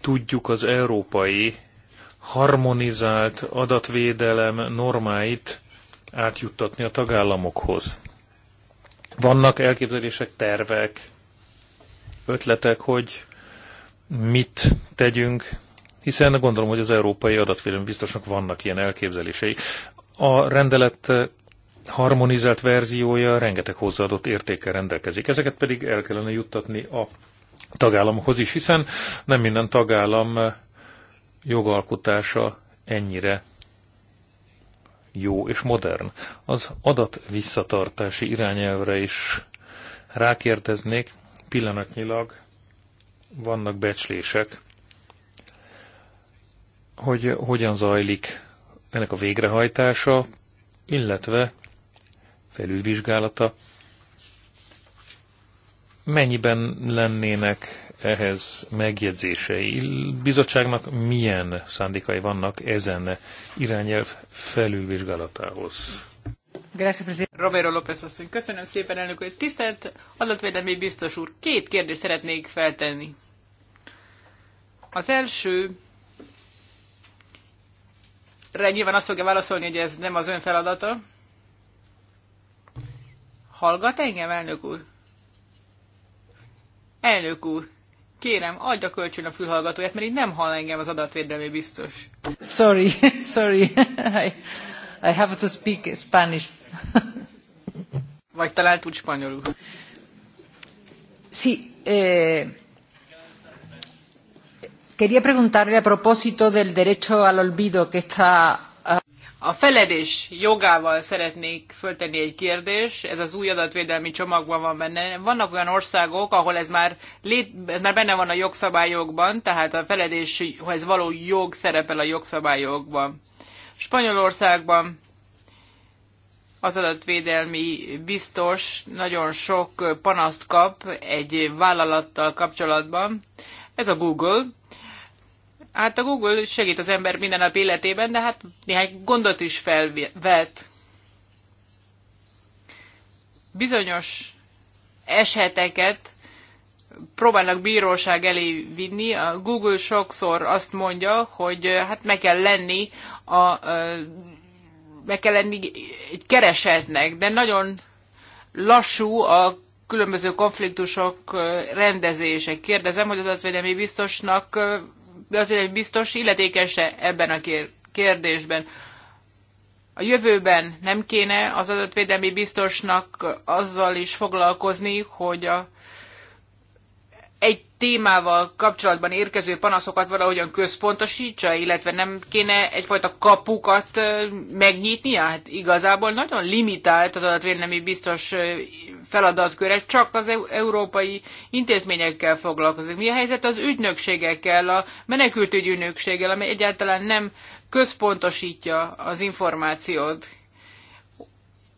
tudjuk az európai harmonizált adatvédelem normáit átjuttatni a tagállamokhoz. Vannak elképzelések, tervek, ötletek, hogy mit tegyünk, hiszen gondolom, hogy az európai adatvédelmi biztosnak vannak ilyen elképzelései. A rendelet harmonizált verziója rengeteg hozzáadott értékkel rendelkezik. Ezeket pedig el kellene juttatni a tagállamokhoz is, hiszen nem minden tagállam jogalkotása ennyire jó és modern. Az adat visszatartási irányelvre is rákérdeznék, pillanatnyilag vannak becslések, hogy hogyan zajlik ennek a végrehajtása, illetve felülvizsgálata, mennyiben lennének ehhez megjegyzései. Bizottságnak milyen szándékai vannak ezen irányelv felülvizsgálatához? Romero López asszony, köszönöm szépen elnök, hogy tisztelt adatvédelmi biztos úr. Két kérdést szeretnék feltenni. Az első Re nyilván azt fogja válaszolni, hogy ez nem az ön feladata. Hallgat engem, elnök úr? Elnök úr, kérem, adja kölcsön a fülhallgatóját, mert így nem hall engem az adatvédelmi biztos. Sorry, <laughs> sorry. I, I have to speak Spanish. Vagy talán tud spanyolul. Sí, eh, quería preguntarle a propósito del derecho al olvido que está ah, a feledés jogával szeretnék föltenni egy kérdést, ez az új adatvédelmi csomagban van benne. Vannak olyan országok, ahol ez már, lét, ez már benne van a jogszabályokban, tehát a feledéshez való jog szerepel a jogszabályokban. Spanyolországban az adatvédelmi biztos nagyon sok panaszt kap egy vállalattal kapcsolatban. Ez a Google. Hát a Google segít az ember minden nap életében, de hát néhány gondot is felvet. Bizonyos eseteket próbálnak bíróság elé vinni. A Google sokszor azt mondja, hogy hát meg kell lenni a, a meg kell lenni egy keresetnek, de nagyon lassú a különböző konfliktusok rendezése. Kérdezem, hogy az adatvédelmi biztosnak egy biztos illetékese ebben a kérdésben. A jövőben nem kéne az adatvédelmi biztosnak azzal is foglalkozni, hogy a, egy témával kapcsolatban érkező panaszokat valahogyan központosítsa, illetve nem kéne egyfajta kapukat megnyitnia? Hát igazából nagyon limitált az adatvédelmi biztos feladatköre, csak az európai intézményekkel foglalkozik. Mi a helyzet az ügynökségekkel, a menekültügyi ügynökséggel, ami egyáltalán nem központosítja az információt?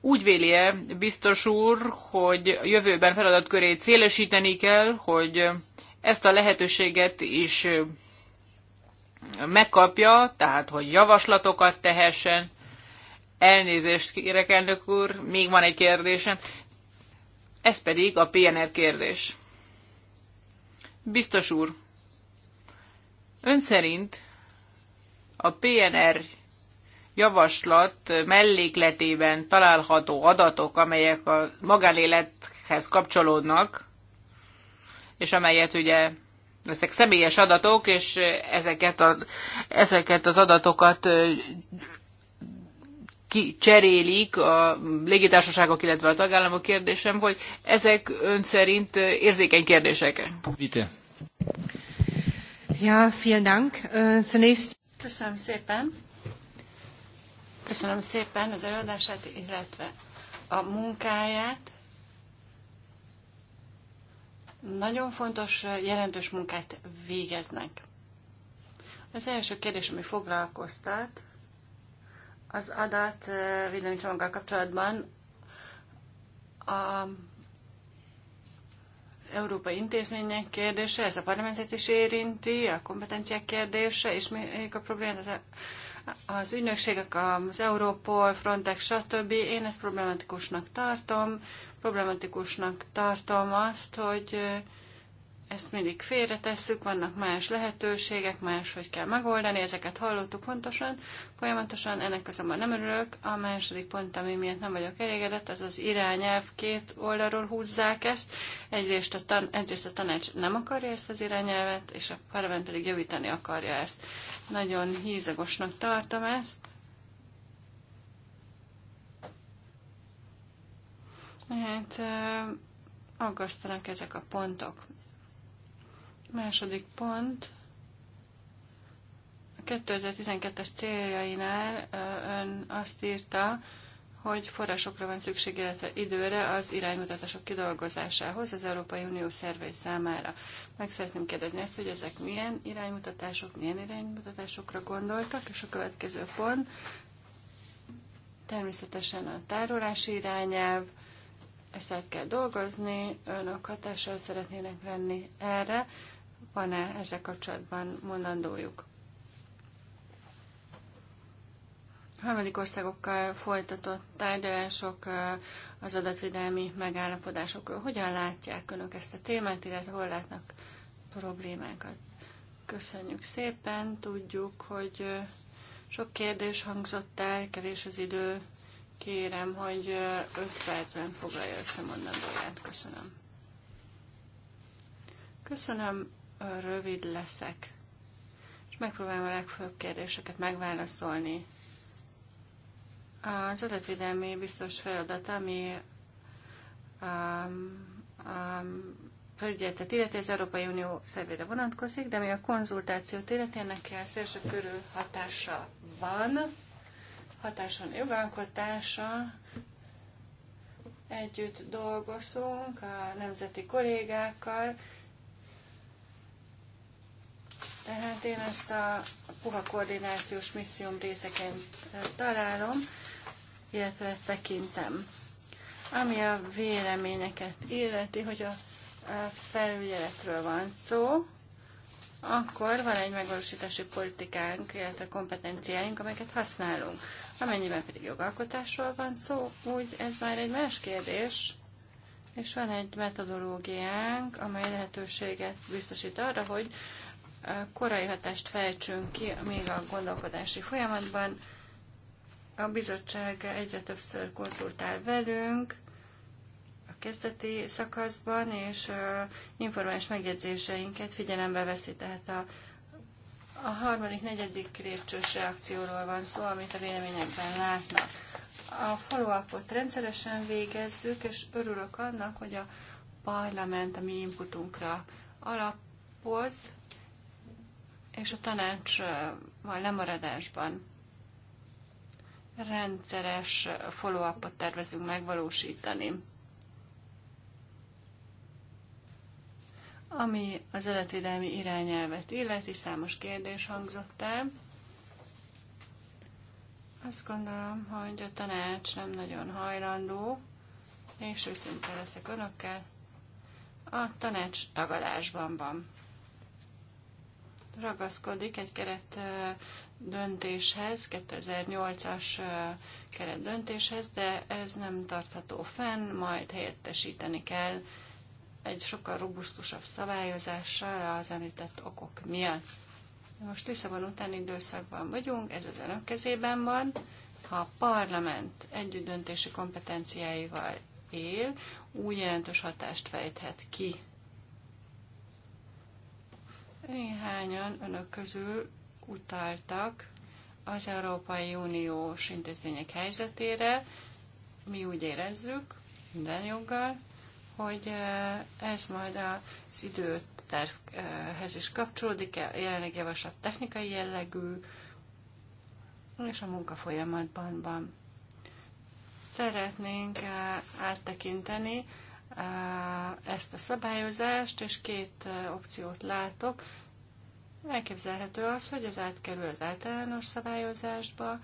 Úgy véli-e biztos úr, hogy a jövőben feladatkörét szélesíteni kell, hogy ezt a lehetőséget is megkapja, tehát hogy javaslatokat tehessen. Elnézést kérek, elnök úr, még van egy kérdésem. Ez pedig a PNR kérdés. Biztos úr, ön szerint a PNR javaslat mellékletében található adatok, amelyek a magánélethez kapcsolódnak, és amelyet ugye ezek személyes adatok, és ezeket, a, ezeket az adatokat kicserélik a légitársaságok, illetve a tagállamok kérdésem, hogy ezek ön szerint érzékeny kérdések. Vite. Ja, vielen Dank. Zunächst... Köszönöm szépen. Köszönöm szépen az előadását, illetve a munkáját. Nagyon fontos, jelentős munkát végeznek. Az első kérdés, ami foglalkoztat, az adat eh, védelmi csomaggal kapcsolatban a az európai intézmények kérdése, ez a parlamentet is érinti, a kompetenciák kérdése, és még a problémát az ügynökségek, az Europol, Frontex, stb. Én ezt problematikusnak tartom problematikusnak tartom azt, hogy ezt mindig félretesszük, vannak más lehetőségek, más, hogy kell megoldani, ezeket hallottuk pontosan, folyamatosan, ennek azonban nem örülök. A második pont, ami miatt nem vagyok elégedett, az az irányelv két oldalról húzzák ezt. Egyrészt a, tan- egyrészt a tanács nem akarja ezt az irányelvet, és a parlament pedig javítani akarja ezt. Nagyon hízagosnak tartom ezt. Hát aggasztanak ezek a pontok. Második pont. A 2012-es céljainál ön azt írta, hogy forrásokra van szükség, illetve időre az iránymutatások kidolgozásához az Európai Unió szervei számára. Meg szeretném kérdezni ezt, hogy ezek milyen iránymutatások, milyen iránymutatásokra gondoltak, és a következő pont természetesen a tárolási irányelv, ezt el kell dolgozni, önök hatással szeretnének lenni erre, van-e ezzel kapcsolatban mondandójuk? harmadik országokkal folytatott tárgyalások eh, az adatvédelmi megállapodásokról. Hogyan látják önök ezt a témát, illetve hol látnak problémákat? Köszönjük szépen, tudjuk, hogy eh, sok kérdés hangzott el, kevés az idő, Kérem, hogy 5 percben foglalja össze mondandóját. Köszönöm. Köszönöm, rövid leszek. És megpróbálom a legfőbb kérdéseket megválaszolni. Az adatvédelmi biztos feladat, ami um, um, felügyeletet illeti, az Európai Unió szervére vonatkozik, de mi a konzultációt illeti, ennek szélső körül hatása van hatáson jogalkotása, együtt dolgozunk a nemzeti kollégákkal, tehát én ezt a puha koordinációs misszióm részeként találom, illetve tekintem. Ami a véleményeket illeti, hogy a felügyeletről van szó, akkor van egy megvalósítási politikánk, illetve kompetenciáink, amelyeket használunk. Amennyiben pedig jogalkotásról van szó, úgy ez már egy más kérdés, és van egy metodológiánk, amely lehetőséget biztosít arra, hogy korai hatást fejtsünk ki még a gondolkodási folyamatban. A bizottság egyre többször konzultál velünk a kezdeti szakaszban, és informális megjegyzéseinket figyelembe veszi, tehát a a harmadik, negyedik lépcsős reakcióról van szó, amit a véleményekben látnak. A follow rendszeresen végezzük, és örülök annak, hogy a parlament a mi inputunkra alapoz, és a tanács van lemaradásban rendszeres follow-upot tervezünk megvalósítani. Ami az adatvédelmi irányelvet illeti, számos kérdés hangzott el. Azt gondolom, hogy a tanács nem nagyon hajlandó, és őszinte leszek önökkel, a tanács tagadásban van. Ragaszkodik egy keret döntéshez, 2008-as keret döntéshez, de ez nem tartható fenn, majd helyettesíteni kell egy sokkal robusztusabb szabályozással az említett okok miatt. Most Lisszabon utáni időszakban vagyunk, ez az önök kezében van. Ha a parlament döntési kompetenciáival él, új jelentős hatást fejthet ki. Néhányan önök közül utaltak az Európai Uniós intézmények helyzetére. Mi úgy érezzük, minden joggal, hogy ez majd az időtervhez is kapcsolódik, e, jelenleg javaslat technikai jellegű, és a munka folyamatban van. Szeretnénk áttekinteni ezt a szabályozást, és két opciót látok. Elképzelhető az, hogy ez átkerül az általános szabályozásba,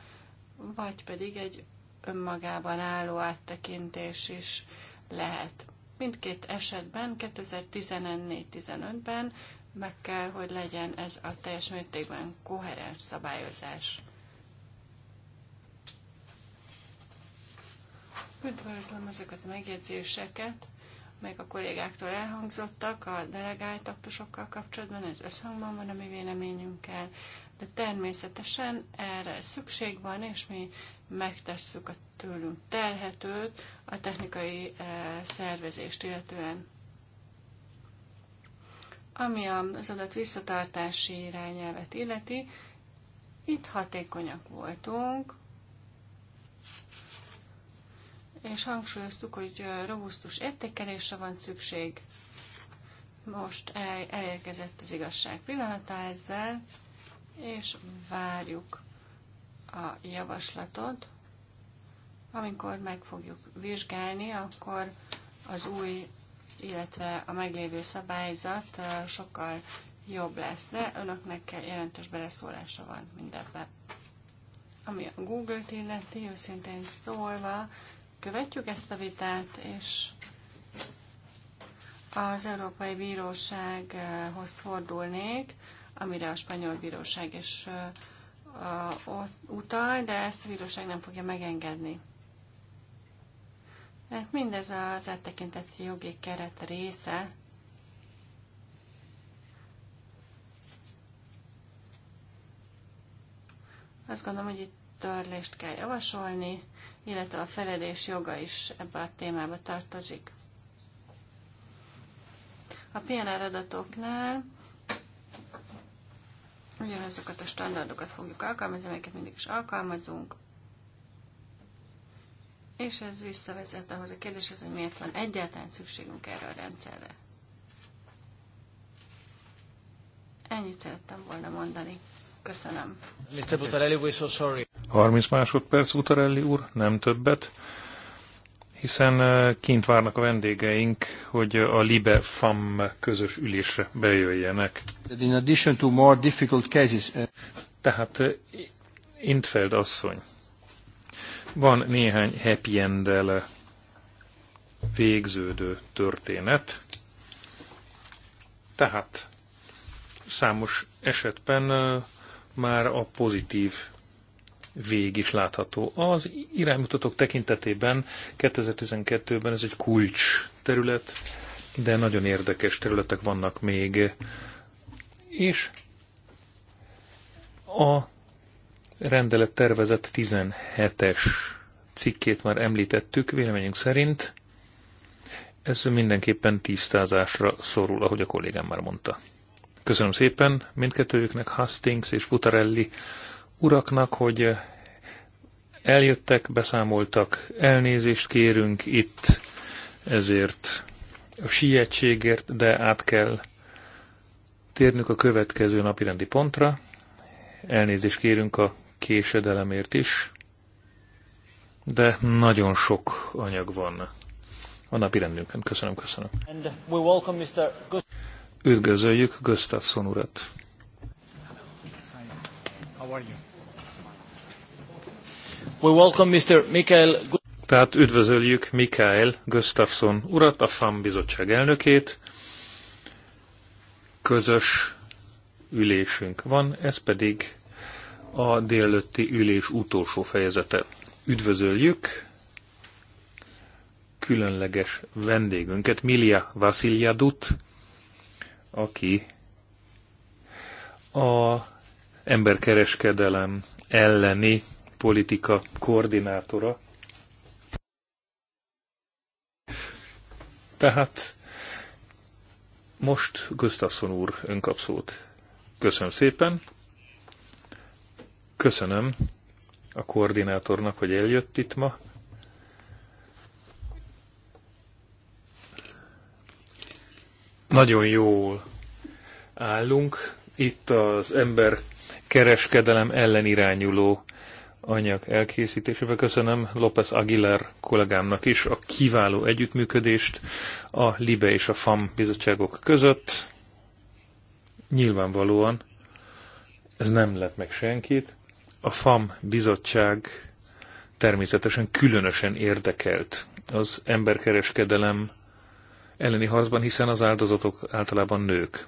vagy pedig egy önmagában álló áttekintés is lehet. Mindkét esetben 2014-15-ben meg kell, hogy legyen ez a teljes mértékben koherens szabályozás. Üdvözlöm azokat a megjegyzéseket, meg a kollégáktól elhangzottak a delegált aktusokkal kapcsolatban, ez összhangban van a mi véleményünkkel de természetesen erre szükség van, és mi megtesszük a tőlünk telhetőt a technikai eh, szervezést illetően. Ami az adat visszatartási irányelvet illeti, itt hatékonyak voltunk, és hangsúlyoztuk, hogy eh, robusztus értékelésre van szükség. Most el, elérkezett az igazság pillanata ezzel és várjuk a javaslatot. Amikor meg fogjuk vizsgálni, akkor az új, illetve a meglévő szabályzat sokkal jobb lesz, de önöknek jelentős beleszólása van mindebben. Ami a Google-t illeti, őszintén szólva, követjük ezt a vitát, és az Európai Bírósághoz fordulnék, amire a spanyol bíróság is utal, de ezt a bíróság nem fogja megengedni. Tehát mindez az áttekinteti jogi keret része. Azt gondolom, hogy itt törlést kell javasolni, illetve a feledés joga is ebbe a témába tartozik. A PNR adatoknál ugyanazokat a standardokat fogjuk alkalmazni, amelyeket mindig is alkalmazunk, és ez visszavezet ahhoz a kérdéshez, hogy miért van egyáltalán szükségünk erre a rendszerre. Ennyit szerettem volna mondani. Köszönöm. Mr. Butarelli, we're so sorry. 30 másodperc, Butarelli úr, nem többet hiszen kint várnak a vendégeink, hogy a Libe FAM közös ülésre bejöjjenek. In addition to more difficult cases, uh, Tehát Intfeld asszony, van néhány happy end végződő történet, tehát számos esetben már a pozitív vég is látható. Az iránymutatók tekintetében 2012-ben ez egy kulcs terület, de nagyon érdekes területek vannak még. És a rendelet tervezett 17-es cikkét már említettük, véleményünk szerint ez mindenképpen tisztázásra szorul, ahogy a kollégám már mondta. Köszönöm szépen mindkettőjüknek, Hastings és Butarelli uraknak, hogy eljöttek, beszámoltak, elnézést kérünk itt ezért a sietségért, de át kell térnünk a következő napirendi pontra. Elnézést kérünk a késedelemért is, de nagyon sok anyag van a napirendünkön. Köszönöm, köszönöm. Üdvözöljük Gustafsson urat. How are you? We welcome Mr. Mikael... Tehát üdvözöljük Mikael Gustafsson urat, a FAM bizottság elnökét. Közös ülésünk van, ez pedig a délelőtti ülés utolsó fejezete. Üdvözöljük különleges vendégünket, Milia Vasiljadut, aki a emberkereskedelem elleni politika koordinátora. Tehát most Gustafsson úr önkapszót. Köszönöm szépen. Köszönöm a koordinátornak, hogy eljött itt ma. Nagyon jól állunk. Itt az ember kereskedelem ellenirányuló anyag elkészítésébe. Köszönöm López Aguilar kollégámnak is a kiváló együttműködést a LIBE és a FAM bizottságok között. Nyilvánvalóan ez nem lett meg senkit. A FAM bizottság természetesen különösen érdekelt az emberkereskedelem elleni harcban, hiszen az áldozatok általában nők.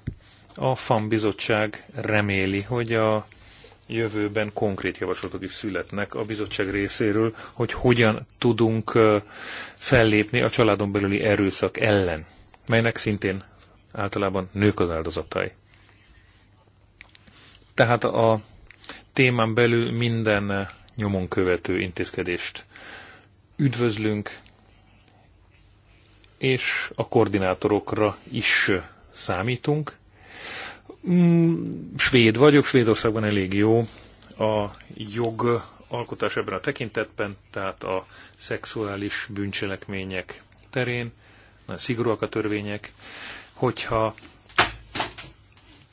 A FAM bizottság reméli, hogy a jövőben konkrét javaslatok is születnek a bizottság részéről, hogy hogyan tudunk fellépni a családon belüli erőszak ellen, melynek szintén általában nők az áldozatai. Tehát a témán belül minden nyomon követő intézkedést üdvözlünk, és a koordinátorokra is számítunk, Mm, svéd vagyok, Svédországban elég jó a jog alkotás ebben a tekintetben, tehát a szexuális bűncselekmények terén, nagyon szigorúak a törvények, hogyha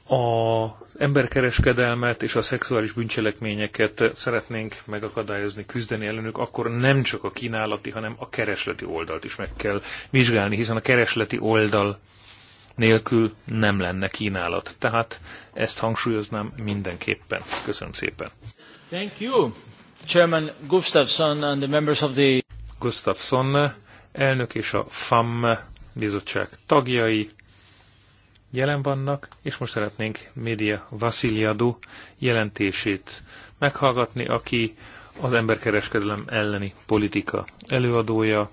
az emberkereskedelmet és a szexuális bűncselekményeket szeretnénk megakadályozni, küzdeni ellenük, akkor nem csak a kínálati, hanem a keresleti oldalt is meg kell vizsgálni, hiszen a keresleti oldal nélkül nem lenne kínálat. Tehát ezt hangsúlyoznám mindenképpen. Köszönöm szépen. Thank you, Chairman Gustafsson and the members of the... Gustafsson, elnök és a FAM bizottság tagjai jelen vannak, és most szeretnénk Média Vasiliadu jelentését meghallgatni, aki az emberkereskedelem elleni politika előadója,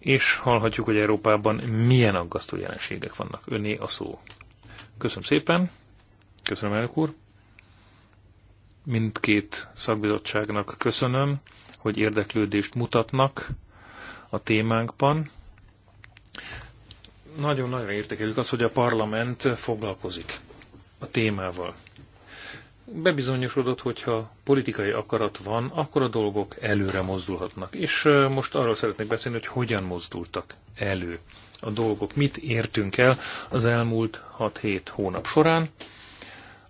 és hallhatjuk, hogy Európában milyen aggasztó jelenségek vannak. Öné a szó. Köszönöm szépen, köszönöm elnök úr. Mindkét szakbizottságnak köszönöm, hogy érdeklődést mutatnak a témánkban. Nagyon nagyra értékeljük azt, hogy a parlament foglalkozik a témával bebizonyosodott, hogyha politikai akarat van, akkor a dolgok előre mozdulhatnak. És most arról szeretnék beszélni, hogy hogyan mozdultak elő a dolgok, mit értünk el az elmúlt 6-7 hónap során,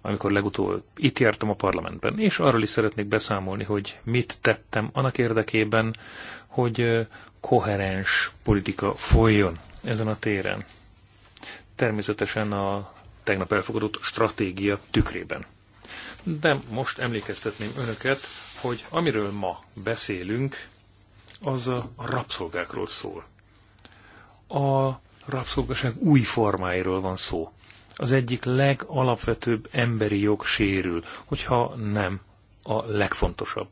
amikor legutóbb itt jártam a parlamentben, és arról is szeretnék beszámolni, hogy mit tettem annak érdekében, hogy koherens politika folyjon ezen a téren. Természetesen a tegnap elfogadott stratégia tükrében de most emlékeztetném önöket, hogy amiről ma beszélünk, az a rabszolgákról szól. A rabszolgaság új formáiról van szó. Az egyik legalapvetőbb emberi jog sérül, hogyha nem a legfontosabb.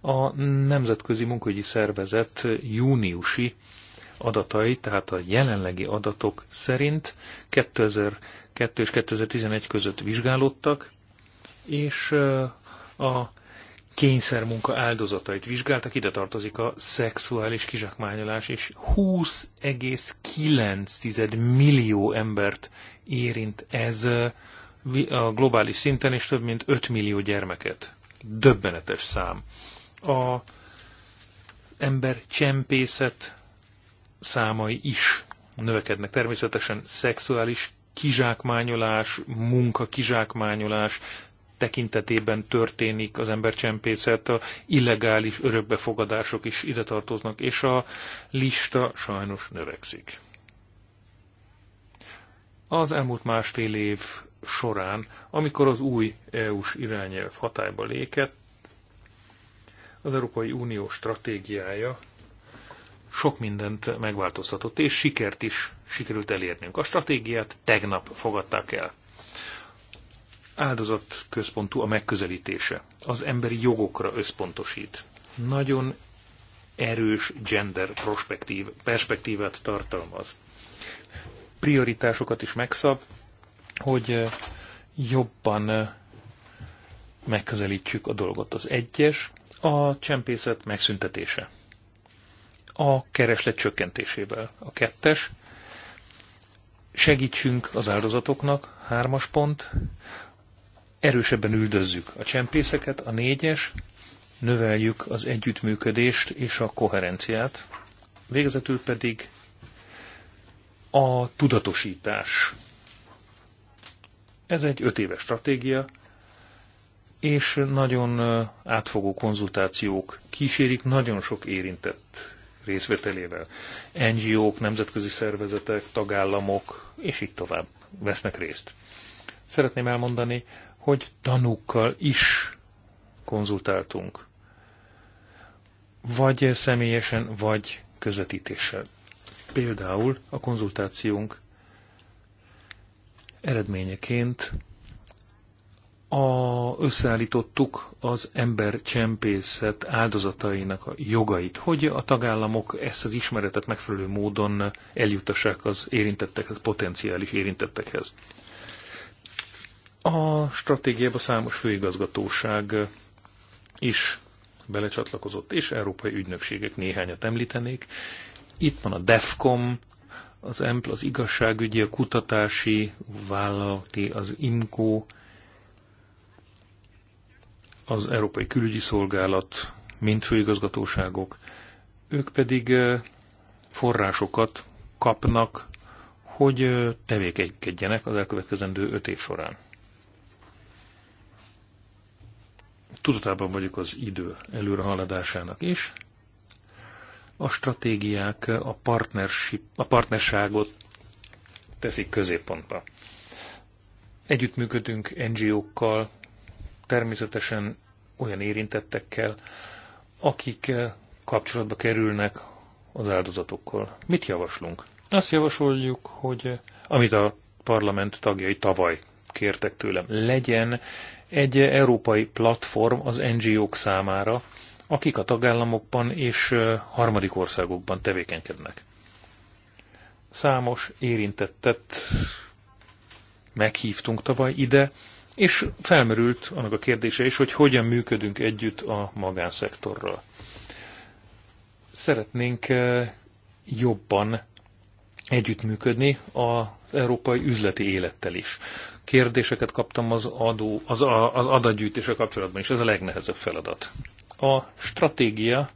A Nemzetközi Munkahogyi Szervezet júniusi adatai, tehát a jelenlegi adatok szerint 2002 és 2011 között vizsgálódtak, és a kényszermunka áldozatait vizsgáltak, ide tartozik a szexuális kizsákmányolás, és 20,9 millió embert érint ez a globális szinten, és több mint 5 millió gyermeket. Döbbenetes szám. A ember csempészet számai is növekednek. Természetesen szexuális kizsákmányolás, munka kizsákmányolás, tekintetében történik az embercsempészet, a illegális örökbefogadások is ide tartoznak, és a lista sajnos növekszik. Az elmúlt másfél év során, amikor az új EU-s irányelv hatályba léket, az Európai Unió stratégiája sok mindent megváltoztatott, és sikert is sikerült elérnünk. A stratégiát tegnap fogadták el áldozatközpontú a megközelítése. Az emberi jogokra összpontosít. Nagyon erős gender prospektív, perspektívát tartalmaz. Prioritásokat is megszab, hogy eh, jobban eh, megközelítsük a dolgot. Az egyes a csempészet megszüntetése. A kereslet csökkentésével. A kettes segítsünk az áldozatoknak, hármas pont, erősebben üldözzük a csempészeket, a négyes, növeljük az együttműködést és a koherenciát, végezetül pedig a tudatosítás. Ez egy öt éves stratégia, és nagyon átfogó konzultációk kísérik nagyon sok érintett részvételével. NGO-k, nemzetközi szervezetek, tagállamok, és így tovább vesznek részt. Szeretném elmondani, hogy tanúkkal is konzultáltunk. Vagy személyesen, vagy közvetítéssel. Például a konzultációnk eredményeként a, összeállítottuk az embercsempészet áldozatainak a jogait, hogy a tagállamok ezt az ismeretet megfelelő módon eljutassák az érintettekhez, potenciális érintettekhez. A stratégiába számos főigazgatóság is belecsatlakozott, és európai ügynökségek néhányat említenék. Itt van a DEFCOM, az EMPL, az igazságügyi, a kutatási vállalati, az IMCO, az Európai Külügyi Szolgálat, mint főigazgatóságok. Ők pedig forrásokat kapnak, hogy tevékenykedjenek az elkövetkezendő öt év során. tudatában vagyok az idő előrehaladásának is. A stratégiák a, partnership, a partnerságot teszik középpontba. Együttműködünk NGO-kkal, természetesen olyan érintettekkel, akik kapcsolatba kerülnek az áldozatokkal. Mit javaslunk? Azt javasoljuk, hogy amit a parlament tagjai tavaly kértek tőlem, legyen egy európai platform az NGO-k számára, akik a tagállamokban és harmadik országokban tevékenykednek. Számos érintettet meghívtunk tavaly ide, és felmerült annak a kérdése is, hogy hogyan működünk együtt a magánszektorral. Szeretnénk jobban együttműködni a európai üzleti élettel is. Kérdéseket kaptam az, adó, az, az adatgyűjtése kapcsolatban is, ez a legnehezebb feladat. A stratégia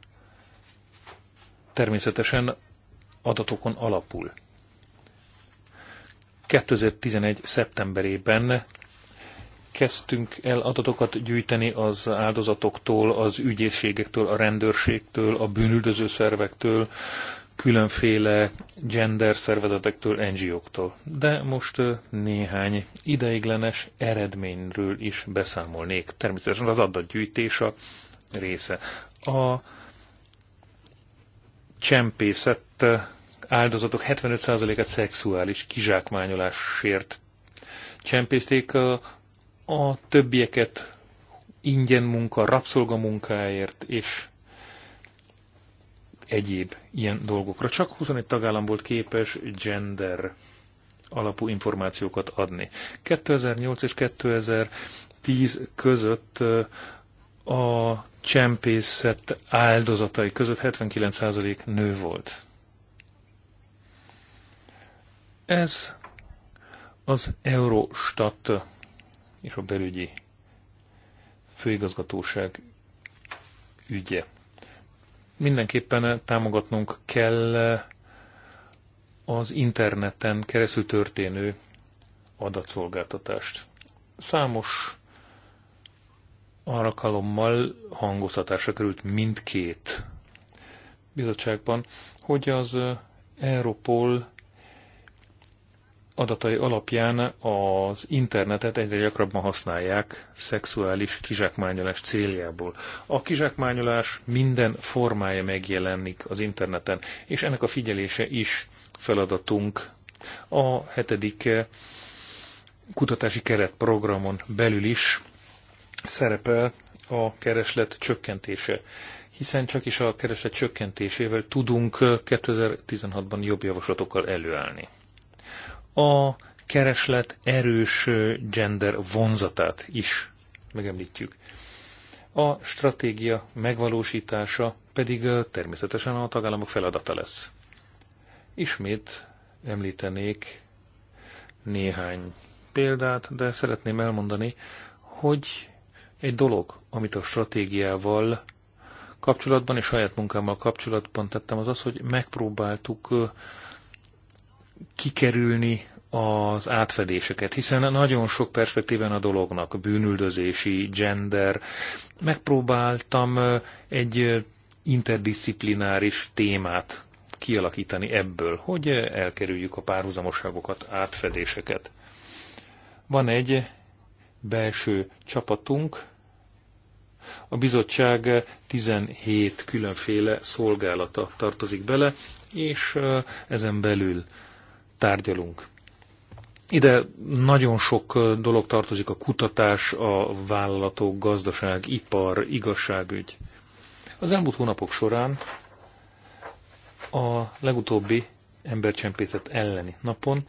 természetesen adatokon alapul. 2011. szeptemberében kezdtünk el adatokat gyűjteni az áldozatoktól, az ügyészségektől, a rendőrségtől, a bűnüldöző szervektől, különféle gender szervezetektől, NGO-któl. De most néhány ideiglenes eredményről is beszámolnék. Természetesen az adatgyűjtés a része. A csempészet áldozatok 75%-át szexuális kizsákmányolásért csempészték, a, a többieket ingyen munka, rabszolgamunkáért és egyéb ilyen dolgokra. Csak 21 tagállam volt képes gender alapú információkat adni. 2008 és 2010 között a csempészet áldozatai között 79% nő volt. Ez az Eurostat és a belügyi főigazgatóság ügye mindenképpen támogatnunk kell az interneten keresztül történő adatszolgáltatást. Számos alkalommal hangoztatásra került mindkét bizottságban, hogy az Europol adatai alapján az internetet egyre gyakrabban használják szexuális kizsákmányolás céljából. A kizsákmányolás minden formája megjelenik az interneten, és ennek a figyelése is feladatunk a hetedik kutatási keretprogramon belül is szerepel a kereslet csökkentése hiszen csak is a kereslet csökkentésével tudunk 2016-ban jobb javaslatokkal előállni a kereslet erős gender vonzatát is megemlítjük. A stratégia megvalósítása pedig természetesen a tagállamok feladata lesz. Ismét említenék néhány példát, de szeretném elmondani, hogy egy dolog, amit a stratégiával kapcsolatban és saját munkámmal kapcsolatban tettem, az az, hogy megpróbáltuk kikerülni az átfedéseket, hiszen nagyon sok perspektíven a dolognak, bűnüldözési, gender. Megpróbáltam egy interdisziplináris témát kialakítani ebből, hogy elkerüljük a párhuzamoságokat, átfedéseket. Van egy belső csapatunk, a bizottság 17 különféle szolgálata tartozik bele, és ezen belül tárgyalunk. Ide nagyon sok dolog tartozik, a kutatás, a vállalatok, gazdaság, ipar, igazságügy. Az elmúlt hónapok során a legutóbbi embercsempészet elleni napon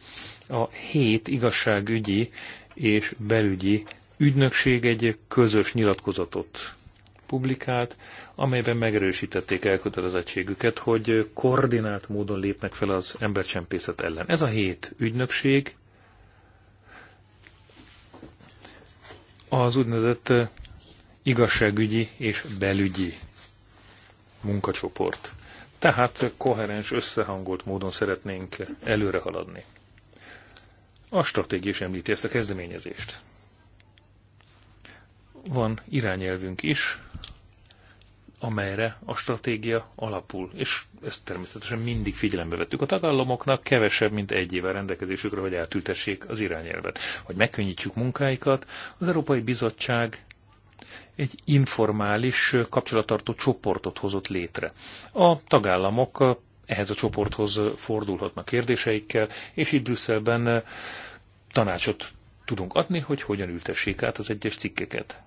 a hét igazságügyi és belügyi ügynökség egy közös nyilatkozatot publikált, amelyben megerősítették elkötelezettségüket, hogy koordinált módon lépnek fel az embercsempészet ellen. Ez a hét ügynökség az úgynevezett igazságügyi és belügyi munkacsoport. Tehát koherens, összehangolt módon szeretnénk előre haladni. A stratégia is említi ezt a kezdeményezést. Van irányelvünk is amelyre a stratégia alapul. És ezt természetesen mindig figyelembe vettük. A tagállamoknak kevesebb, mint egy éve rendelkezésükre, hogy eltültessék az irányelvet. Hogy megkönnyítsük munkáikat, az Európai Bizottság egy informális kapcsolattartó csoportot hozott létre. A tagállamok ehhez a csoporthoz fordulhatnak kérdéseikkel, és itt Brüsszelben tanácsot tudunk adni, hogy hogyan ültessék át az egyes cikkeket.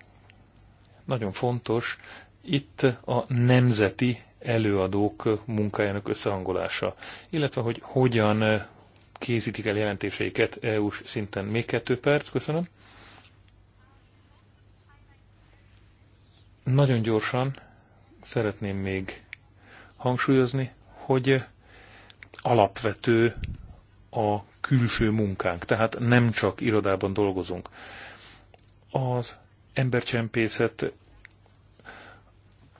Nagyon fontos itt a nemzeti előadók munkájának összehangolása, illetve hogy hogyan készítik el jelentéseiket EU-s szinten. Még kettő perc, köszönöm. Nagyon gyorsan szeretném még hangsúlyozni, hogy alapvető a külső munkánk, tehát nem csak irodában dolgozunk. Az embercsempészet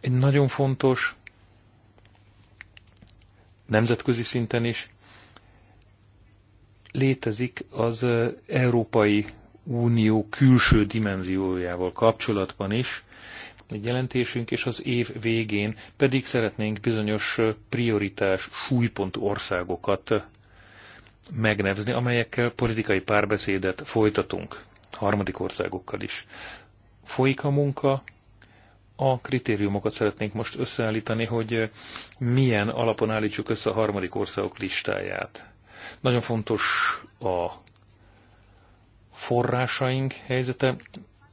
egy nagyon fontos nemzetközi szinten is létezik az Európai Unió külső dimenziójával kapcsolatban is egy jelentésünk, és az év végén pedig szeretnénk bizonyos prioritás súlypont országokat megnevezni, amelyekkel politikai párbeszédet folytatunk harmadik országokkal is. Folyik a munka, a kritériumokat szeretnénk most összeállítani, hogy eh, milyen alapon állítsuk össze a harmadik országok listáját. Nagyon fontos a forrásaink helyzete.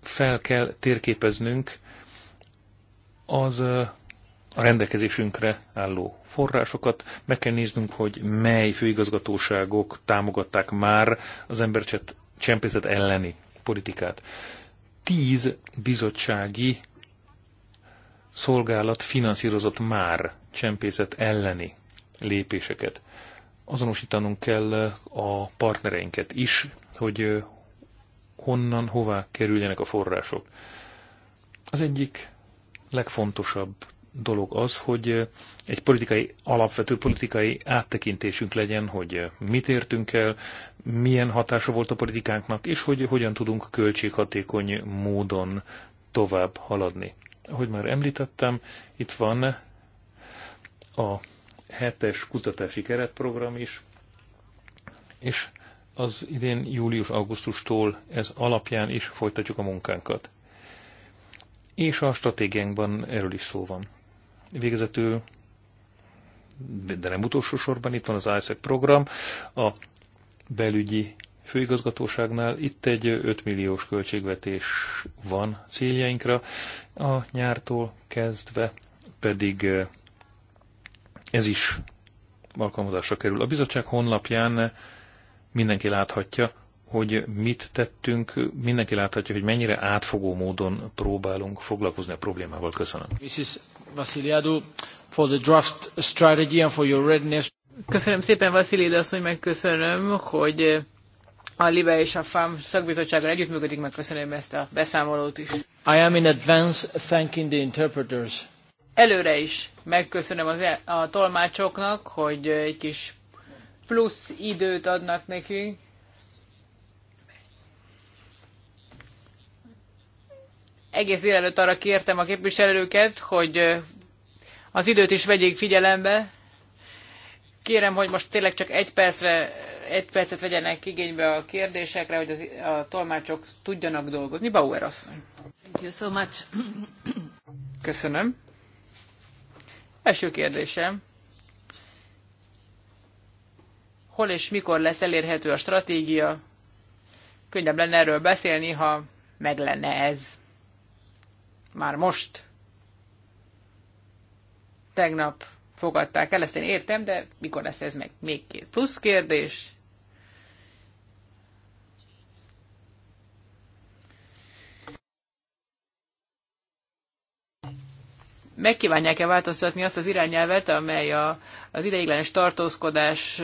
Fel kell térképeznünk az eh, a rendelkezésünkre álló forrásokat. Meg kell néznünk, hogy mely főigazgatóságok támogatták már az embercsempészet elleni politikát. Tíz bizottsági szolgálat finanszírozott már csempészet elleni lépéseket. Azonosítanunk kell uh, a partnereinket is, hogy uh, honnan, hová kerüljenek a források. Az egyik legfontosabb dolog az, hogy uh, egy politikai, alapvető politikai áttekintésünk legyen, hogy mit értünk el, milyen hatása volt a politikánknak, és hogy hogyan tudunk költséghatékony módon tovább haladni. Ahogy már említettem, itt van a hetes kutatási keretprogram is, és az idén július-augusztustól ez alapján is folytatjuk a munkánkat. És a stratégiánkban erről is szó van. Végezetül, de nem utolsó sorban, itt van az ISEC program, a belügyi főigazgatóságnál. Itt egy 5 milliós költségvetés van céljainkra, a nyártól kezdve pedig ez is alkalmazásra kerül. A bizottság honlapján mindenki láthatja, hogy mit tettünk, mindenki láthatja, hogy mennyire átfogó módon próbálunk foglalkozni a problémával. Köszönöm. Mrs. Vasiliadu, for the draft strategy and for your readiness. Köszönöm szépen, Vasilida, hogy megköszönöm, hogy a LIBE és a FAM szakbizottsággal együttműködik, megköszönöm ezt a beszámolót is. I am in advance thanking the interpreters. Előre is megköszönöm az, e- a tolmácsoknak, hogy egy kis plusz időt adnak nekünk. egész délelőtt arra kértem a képviselőket, hogy az időt is vegyék figyelembe. Kérem, hogy most tényleg csak egy percre egy percet vegyenek igénybe a kérdésekre, hogy az, a tolmácsok tudjanak dolgozni. Bauer asszony. Thank you so much. <coughs> Köszönöm. Első kérdésem. Hol és mikor lesz elérhető a stratégia? Könnyebb lenne erről beszélni, ha meg lenne ez. Már most. Tegnap fogadták el, ezt én értem, de mikor lesz ez meg? Még két plusz kérdés. megkívánják-e változtatni azt az irányelvet, amely a, az ideiglenes tartózkodás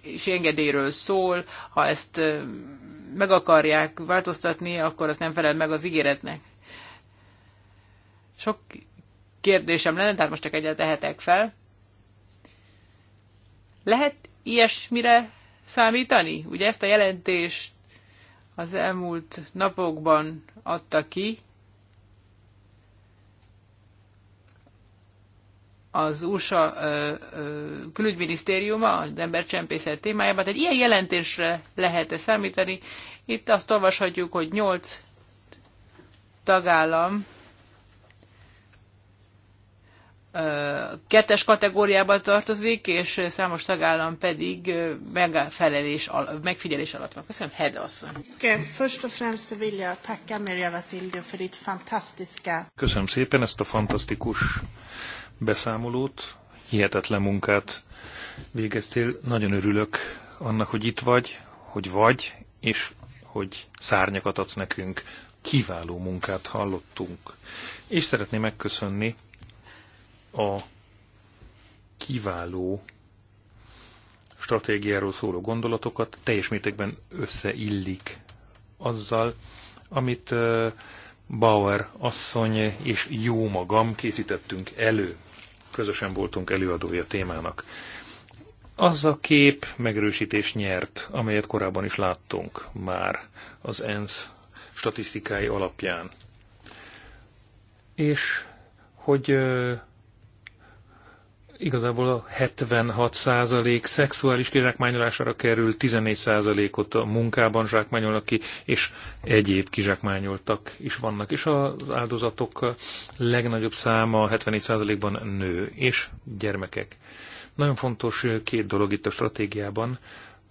és engedélyről szól. Ha ezt meg akarják változtatni, akkor az nem felel meg az ígéretnek. Sok kérdésem lenne, tehát most csak egyet tehetek fel. Lehet ilyesmire számítani? Ugye ezt a jelentést az elmúlt napokban adta ki, az USA külügyminisztériuma az embercsempészet témájában. Tehát ilyen jelentésre lehet-e számítani? Itt azt olvashatjuk, hogy nyolc tagállam kettes kategóriában tartozik, és számos tagállam pedig megfelelés, megfigyelés alatt van. Köszönöm, Hed asszony. Köszönöm szépen ezt a fantasztikus beszámolót, hihetetlen munkát végeztél. Nagyon örülök annak, hogy itt vagy, hogy vagy, és hogy szárnyakat adsz nekünk. Kiváló munkát hallottunk. És szeretném megköszönni a kiváló stratégiáról szóló gondolatokat teljes mértékben összeillik azzal, amit Bauer asszony és jó magam készítettünk elő közösen voltunk előadója témának. Az a kép megerősítés nyert, amelyet korábban is láttunk már az ENSZ statisztikái alapján. És hogy igazából a 76 százalék szexuális kizsákmányolására kerül, 14 százalékot a munkában zsákmányolnak ki, és egyéb kizsákmányoltak is vannak. És az áldozatok legnagyobb száma 74 százalékban nő és gyermekek. Nagyon fontos két dolog itt a stratégiában,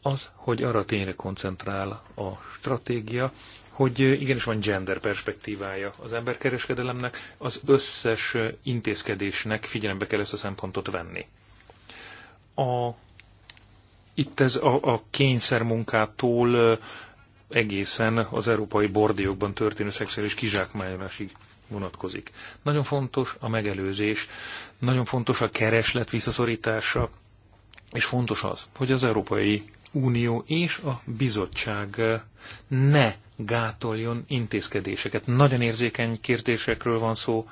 az, hogy arra tényre koncentrál a stratégia, hogy igenis van gender perspektívája az emberkereskedelemnek, az összes intézkedésnek figyelembe kell ezt a szempontot venni. A, itt ez a, a munkától egészen az európai bordiókban történő szexuális kizsákmányolásig vonatkozik. Nagyon fontos a megelőzés, nagyon fontos a kereslet visszaszorítása, és fontos az, hogy az európai Unió és a bizottság eh, ne gátoljon intézkedéseket. Nagyon érzékeny kérdésekről van szó,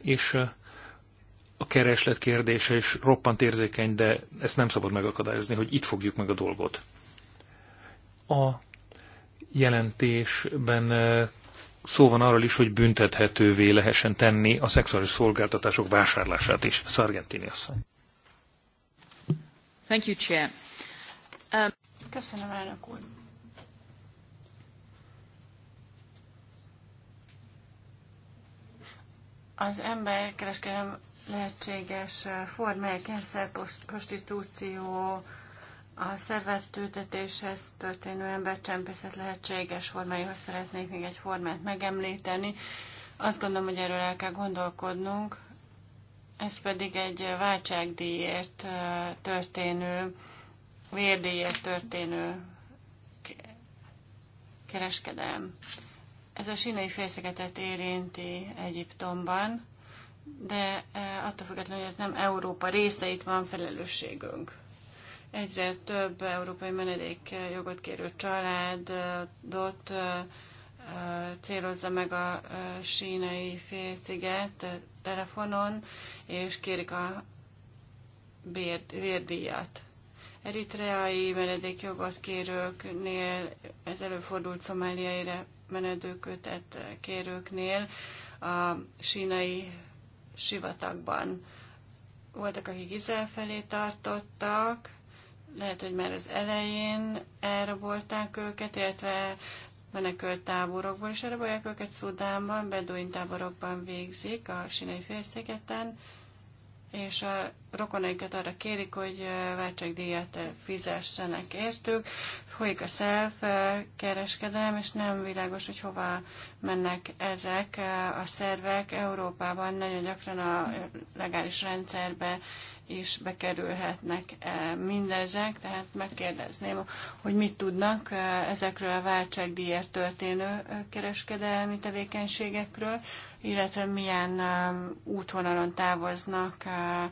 és eh, a kereslet kérdése is roppant érzékeny, de ezt nem szabad megakadályozni, hogy itt fogjuk meg a dolgot. A jelentésben eh, szó van arról is, hogy büntethetővé lehessen tenni a szexuális szolgáltatások vásárlását is. Sargentini asszony. Thank you, Chair. Köszönöm, elnök úr. Az emberkereskedelem lehetséges formája, kényszer, prostitúció, a szervettőtetéshez történő embercsempészet lehetséges formáihoz szeretnék még egy formát megemlíteni. Azt gondolom, hogy erről el kell gondolkodnunk. Ez pedig egy váltságdíjért történő vérdíjért történő kereskedelm. Ez a sínai félszegetet érinti Egyiptomban, de e, attól függetlenül, hogy ez nem Európa része, itt van felelősségünk. Egyre több európai menedék jogot kérő családot e, e, célozza meg a sínai félsziget telefonon, és kérik a bér, eritreai menedékjogot kérőknél, ez előfordult szomáliaire menedőkötet kérőknél, a sínai sivatagban voltak, akik Izrael felé tartottak, lehet, hogy már az elején elrabolták őket, illetve menekült táborokból is elrabolják őket Szudánban, beduin táborokban végzik a sínai félszigeten, és a rokonaikat arra kérik, hogy váltságdíjat fizessenek értük. Folyik a szelf kereskedelem, és nem világos, hogy hova mennek ezek a szervek. Európában nagyon gyakran a legális rendszerbe is bekerülhetnek mindezek, tehát megkérdezném, hogy mit tudnak ezekről a váltságdíjért történő kereskedelmi tevékenységekről, illetve milyen um, útvonalon távoznak uh,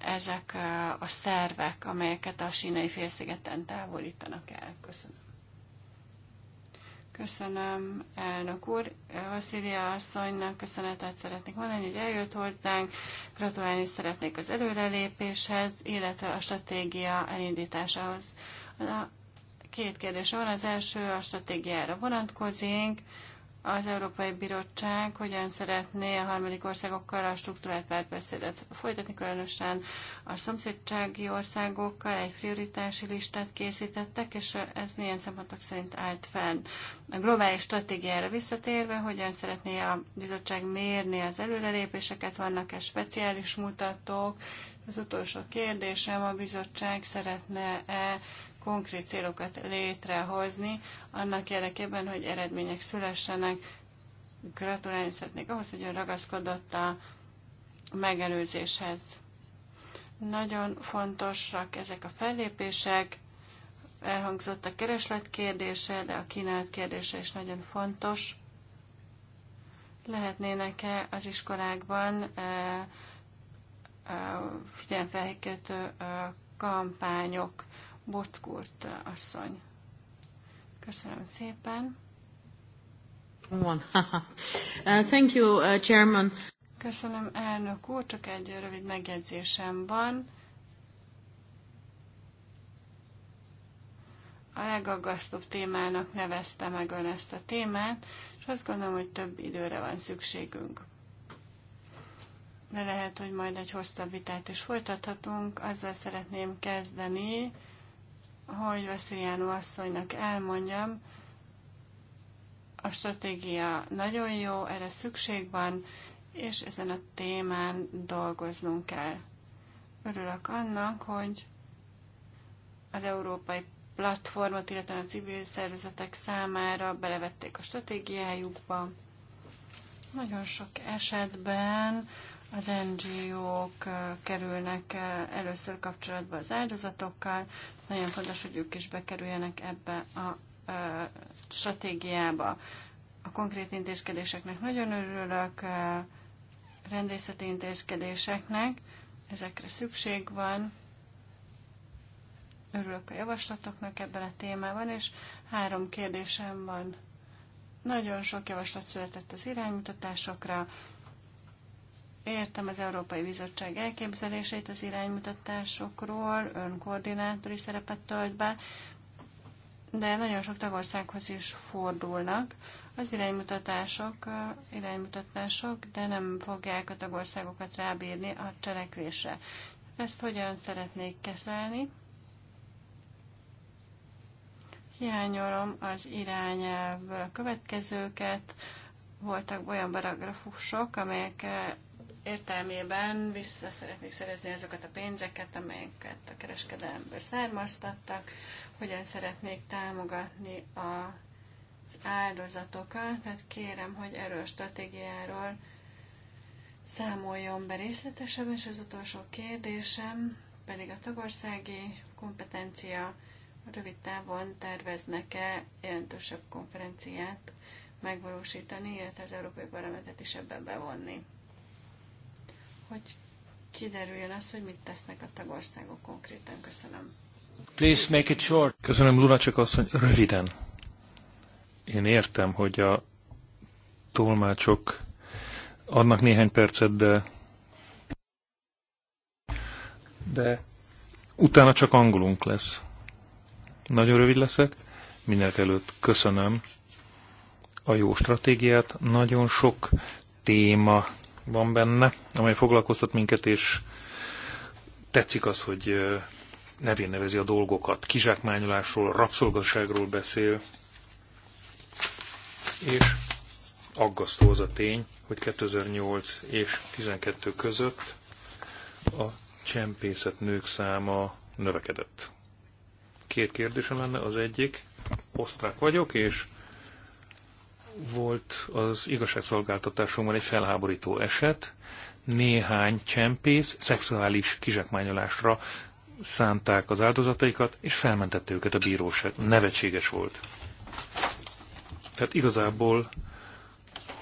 ezek uh, a szervek, amelyeket a sínai félszigeten távolítanak el. Köszönöm. Köszönöm, elnök úr. Vaszília asszonynak köszönetet szeretnék mondani, hogy eljött hozzánk. Gratulálni szeretnék az előrelépéshez, illetve a stratégia elindításához. A két kérdés van. Az első a stratégiára vonatkozik az Európai Bizottság hogyan szeretné a harmadik országokkal a struktúrált párbeszédet folytatni, különösen a szomszédsági országokkal egy prioritási listát készítettek, és ez milyen szempontok szerint állt fenn. A globális stratégiára visszatérve, hogyan szeretné a bizottság mérni az előrelépéseket, vannak-e speciális mutatók, az utolsó kérdésem, a bizottság szeretne-e konkrét célokat létrehozni, annak érdekében, hogy eredmények szülessenek. Gratulálni szeretnék ahhoz, hogy ön ragaszkodott a megelőzéshez. Nagyon fontosak ezek a fellépések, elhangzott a kereslet kérdése, de a kínálat kérdése is nagyon fontos. Lehetnének-e az iskolákban eh, eh, figyelemfelhelykeltő eh, kampányok Bockurt eh, asszony. Köszönöm szépen. <laughs> Uh, thank you, uh, Chairman. Köszönöm, elnök úr. Csak egy rövid megjegyzésem van. a legaggasztóbb témának nevezte meg ön ezt a témát, és azt gondolom, hogy több időre van szükségünk. De lehet, hogy majd egy hosszabb vitát is folytathatunk. Azzal szeretném kezdeni, hogy Veszélyánó asszonynak elmondjam, a stratégia nagyon jó, erre szükség van, és ezen a témán dolgoznunk kell. Örülök annak, hogy az európai platformot, illetve a civil szervezetek számára belevették a stratégiájukba. Nagyon sok esetben az NGO-k kerülnek először kapcsolatba az áldozatokkal, nagyon fontos, hogy ők is bekerüljenek ebbe a stratégiába. A konkrét intézkedéseknek nagyon örülök, rendészeti intézkedéseknek, ezekre szükség van. Örülök a javaslatoknak ebben a témában, és három kérdésem van. Nagyon sok javaslat született az iránymutatásokra, Értem az Európai Bizottság elképzelését az iránymutatásokról, ön koordinátori szerepet tölt be, de nagyon sok tagországhoz is fordulnak. Az iránymutatások, iránymutatások, de nem fogják a tagországokat rábírni a cselekvésre. Hát ezt hogyan szeretnék kezelni? Hiányolom az irányelvből a következőket. Voltak olyan paragrafusok, amelyek értelmében vissza szeretnék szerezni azokat a pénzeket, amelyeket a kereskedelemből származtattak, hogyan szeretnék támogatni az áldozatokat. Tehát kérem, hogy erről a stratégiáról számoljon be részletesebben, és az utolsó kérdésem pedig a tagországi kompetencia rövid távon terveznek-e jelentősebb konferenciát megvalósítani, illetve az Európai Parlamentet is ebben bevonni hogy kiderüljön az, hogy mit tesznek a tagországok konkrétan. Köszönöm. Please make it short. Köszönöm, Luna, csak azt, hogy röviden. Én értem, hogy a tolmácsok adnak néhány percet, de de utána csak angolunk lesz. Nagyon rövid leszek. Mindenek előtt köszönöm a jó stratégiát. Nagyon sok téma van benne, amely foglalkoztat minket, és tetszik az, hogy nevén nevezi a dolgokat. Kizsákmányolásról, rabszolgasságról beszél, és aggasztó az a tény, hogy 2008 és 12 között a csempészet nők száma növekedett. Két kérdésem lenne, az egyik, osztrák vagyok, és volt az igazságszolgáltatásomban egy felháborító eset, néhány csempész szexuális kizsákmányolásra szánták az áldozataikat, és felmentette őket a bíróság. Nevetséges volt. Tehát igazából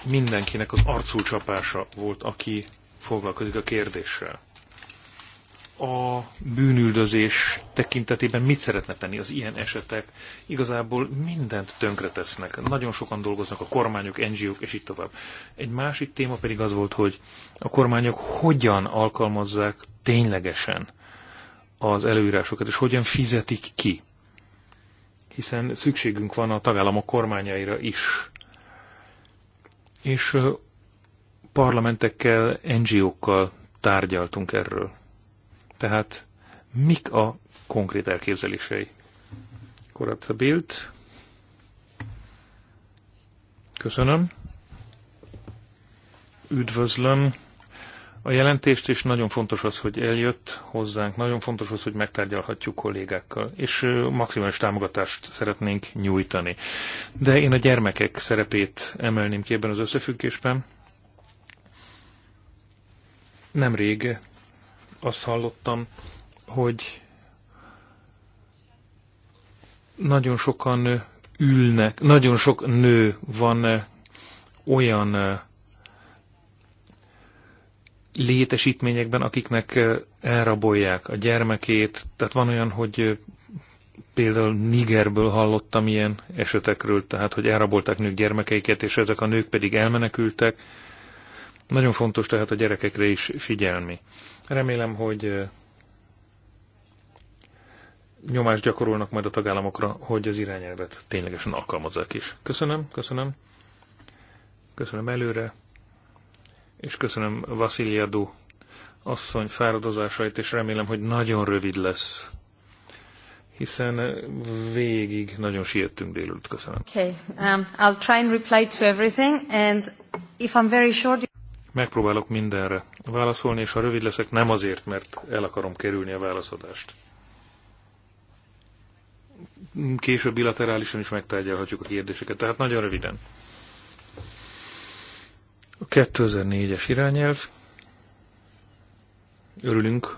mindenkinek az arcú csapása volt, aki foglalkozik a kérdéssel a bűnüldözés tekintetében mit szeretne tenni az ilyen esetek? Igazából mindent tönkretesznek. Nagyon sokan dolgoznak a kormányok, NGO-k, és így tovább. Egy másik téma pedig az volt, hogy a kormányok hogyan alkalmazzák ténylegesen az előírásokat, és hogyan fizetik ki. Hiszen szükségünk van a tagállamok kormányaira is. És parlamentekkel, NGO-kkal tárgyaltunk erről tehát mik a konkrét elképzelései? Koratza Bild. Köszönöm. Üdvözlöm a jelentést, és nagyon fontos az, hogy eljött hozzánk, nagyon fontos az, hogy megtárgyalhatjuk kollégákkal, és maximális támogatást szeretnénk nyújtani. De én a gyermekek szerepét emelném ki ebben az összefüggésben. Nemrég azt hallottam, hogy nagyon sokan ülnek, nagyon sok nő van eh, olyan eh, létesítményekben, akiknek eh, elrabolják a gyermekét. Tehát van olyan, hogy például Nigerből hallottam ilyen esetekről, tehát hogy elrabolták nők gyermekeiket, és ezek a nők pedig elmenekültek. Nagyon fontos tehát a gyerekekre is figyelni. Remélem, hogy nyomást gyakorolnak majd a tagállamokra, hogy az irányelvet ténylegesen alkalmazzák is. Köszönöm, köszönöm. Köszönöm előre, és köszönöm Vasiliadu asszony fáradozásait, és remélem, hogy nagyon rövid lesz, hiszen végig nagyon siettünk délután. Köszönöm. Okay. Um, I'll try and reply to everything, and if I'm very short... Megpróbálok mindenre válaszolni, és ha rövid leszek, nem azért, mert el akarom kerülni a válaszadást. Később bilaterálisan is megtárgyalhatjuk a kérdéseket, tehát nagyon röviden. A 2004-es irányelv. Örülünk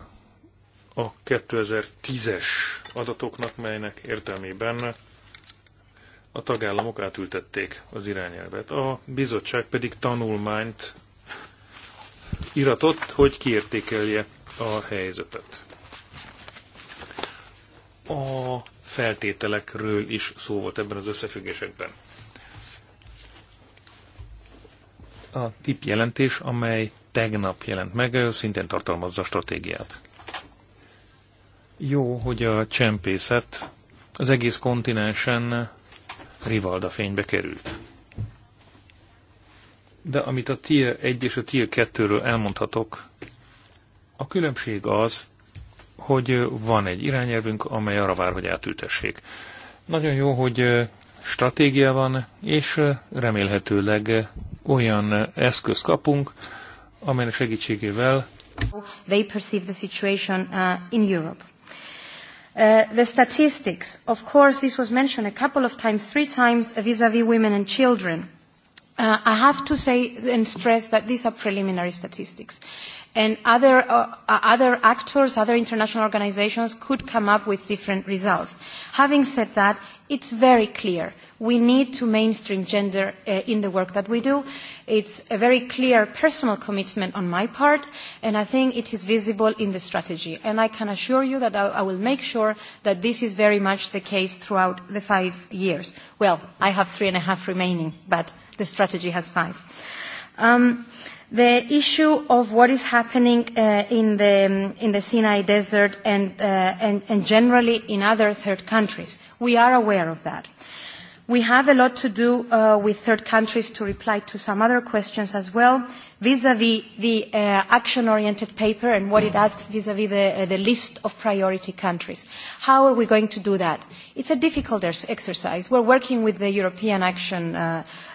a 2010-es adatoknak, melynek értelmében a tagállamok átültették az irányelvet. A bizottság pedig tanulmányt iratot, hogy kiértékelje a helyzetet. A feltételekről is szó volt ebben az összefüggésekben. A TIP jelentés, amely tegnap jelent meg, szintén tartalmazza a stratégiát. Jó, hogy a csempészet az egész kontinensen rivalda fénybe került de amit a Tier 1 és a Tier 2-ről elmondhatok, a különbség az, hogy van egy irányelvünk, amely arra vár, hogy átültessék. Nagyon jó, hogy stratégia van, és remélhetőleg olyan eszköz kapunk, amelynek segítségével they perceive the situation uh, in Europe. Uh, the statistics, of course, this was mentioned a couple of times, three times, vis-à-vis -vis women and children. Uh, I have to say and stress that these are preliminary statistics. And other, uh, uh, other actors, other international organizations could come up with different results. Having said that, it's very clear We need to mainstream gender uh, in the work that we do. It's a very clear personal commitment on my part, and I think it is visible in the strategy. And I can assure you that I, I will make sure that this is very much the case throughout the five years. Well, I have three and a half remaining, but the strategy has five. Um, the issue of what is happening uh, in, the, um, in the Sinai Desert and, uh, and, and generally in other third countries, we are aware of that. We have a lot to do uh, with third countries to reply to some other questions as well, vis-à-vis -vis the uh, action-oriented paper and what it asks vis-à-vis -vis the, uh, the list of priority countries. How are we going to do that? It's a difficult exercise. We're working with the European Action, uh,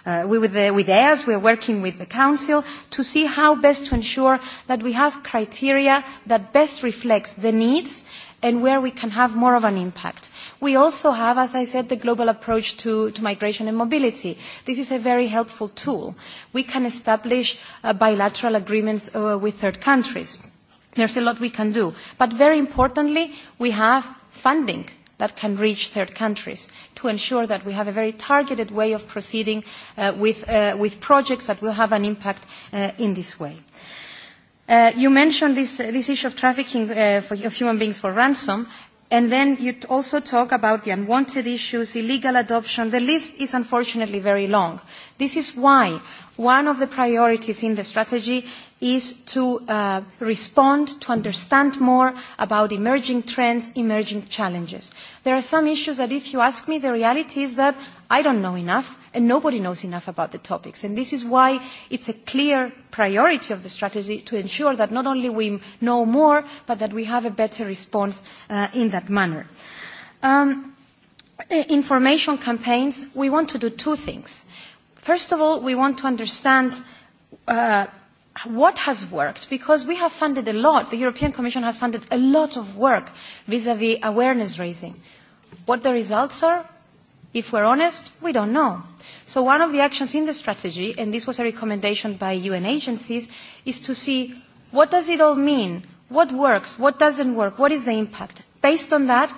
uh, with, the, with EAS, we're working with the Council to see how best to ensure that we have criteria that best reflects the needs and where we can have more of an impact. We also have, as I said, the global approach to, to migration and mobility. This is a very helpful tool. We can establish uh, bilateral agreements uh, with third countries. There's a lot we can do. But very importantly, we have funding that can reach third countries to ensure that we have a very targeted way of proceeding uh, with, uh, with projects that will have an impact uh, in this way. Uh, you mentioned this, uh, this issue of trafficking uh, for, of human beings for ransom. And then you also talk about the unwanted issues, illegal adoption. The list is unfortunately very long. This is why one of the priorities in the strategy is to uh, respond, to understand more about emerging trends, emerging challenges. There are some issues that if you ask me, the reality is that I don't know enough and nobody knows enough about the topics. And this is why it's a clear priority of the strategy to ensure that not only we know more, but that we have a better response uh, in that manner. Um, information campaigns, we want to do two things. First of all, we want to understand uh, what has worked because we have funded a lot the european commission has funded a lot of work vis à vis -vis awareness raising what the results are if we're honest we don't know So one of the actions in the strategy, and this was a recommendation by UN agencies, is to see what does it all mean? What works? What doesn't work? What is the impact? Based on that,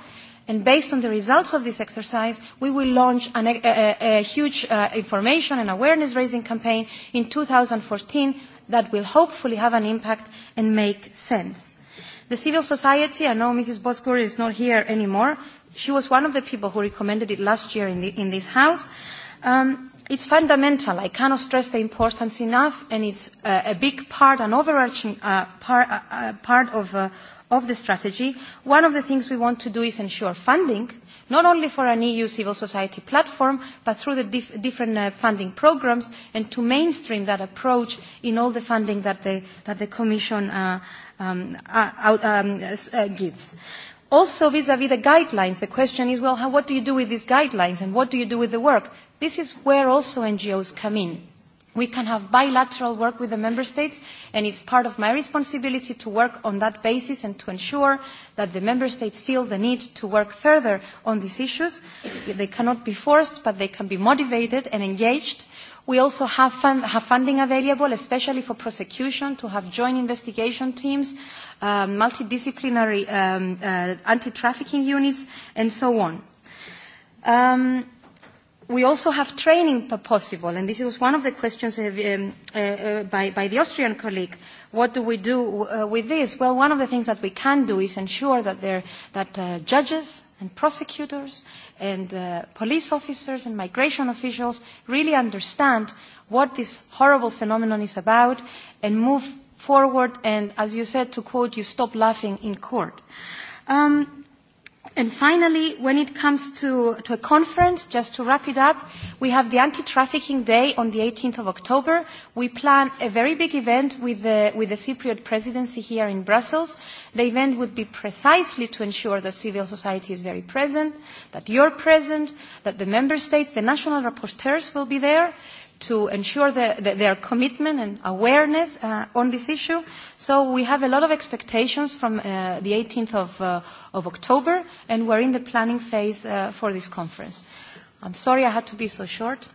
and based on the results of this exercise, we will launch an, a, a, a huge uh, information and awareness-raising campaign in 2014 that will hopefully have an impact and make sense. The civil society, I know Mrs. Bosgur is not here anymore. She was one of the people who recommended it last year in, the, in this house. Um, it's fundamental. I cannot stress the importance enough, and it's uh, a big part, an overarching uh, part, uh, uh, part of, uh, of the strategy. One of the things we want to do is ensure funding, not only for an EU civil society platform, but through the dif different uh, funding programs, and to mainstream that approach in all the funding that the, that the Commission uh, um, uh, out, um, uh, gives. Also, vis-à-vis -vis the guidelines, the question is, well, how, what do you do with these guidelines, and what do you do with the work? This is where also NGOs come in. We can have bilateral work with the member states, and it's part of my responsibility to work on that basis and to ensure that the member states feel the need to work further on these issues. They cannot be forced, but they can be motivated and engaged. We also have, fund, have funding available, especially for prosecution, to have joint investigation teams, uh, multidisciplinary um, uh, anti-trafficking units, and so on. Um, we also have training possible, and this was one of the questions um, uh, uh, by, by the Austrian colleague. What do we do uh, with this? Well, one of the things that we can do is ensure that, there, that uh, judges and prosecutors and uh, police officers and migration officials really understand what this horrible phenomenon is about and move forward and, as you said, to quote, you stop laughing in court. Um, And finally, when it comes to, to a conference, just to wrap it up, we have the Anti-Trafficking Day on the 18th of October. We plan a very big event with the, with the Cypriot presidency here in Brussels. The event would be precisely to ensure that civil society is very present, that you're present, that the member states, the national rapporteurs will be there, to ensure the, the, their commitment and awareness uh, on this issue. So we have a lot of expectations from uh, the 18th of, uh, of October, and we're in the planning phase uh, for this conference. I'm sorry I had to be so short.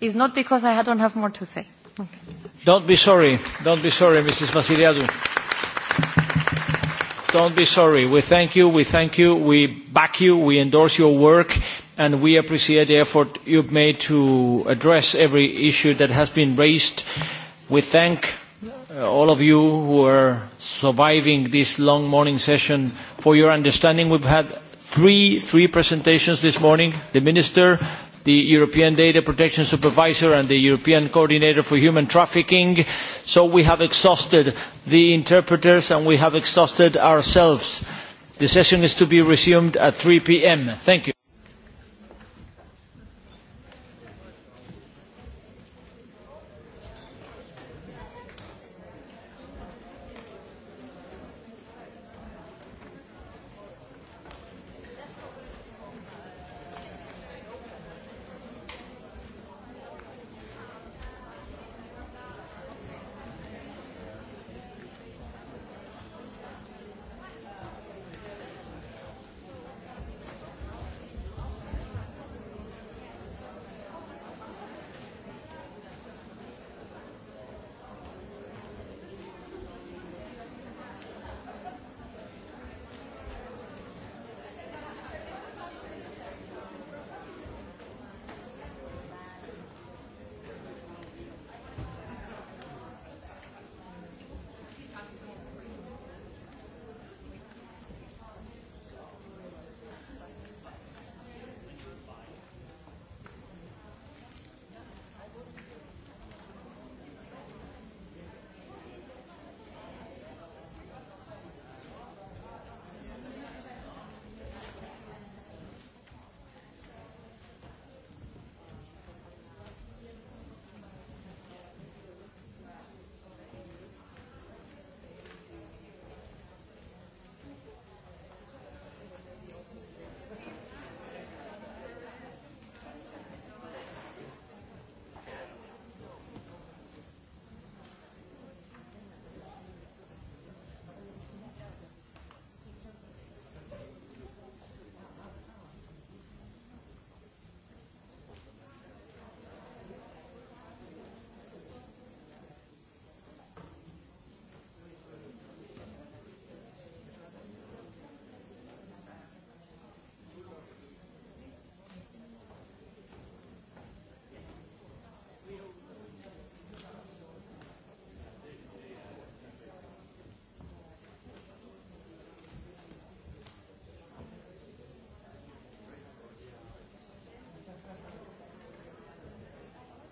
It's not because I don't have more to say. Okay. Don't be sorry. Don't be sorry, Mrs. Vasiliadou. Don't be sorry. We thank you. We thank you. We back you. We endorse your work and we appreciate the effort you've made to address every issue that has been raised. We thank uh, all of you who are surviving this long morning session for your understanding. We've had three, three presentations this morning, the Minister, the European Data Protection Supervisor and the European Coordinator for Human Trafficking. So we have exhausted the interpreters and we have exhausted ourselves. The session is to be resumed at 3 p.m. Thank you.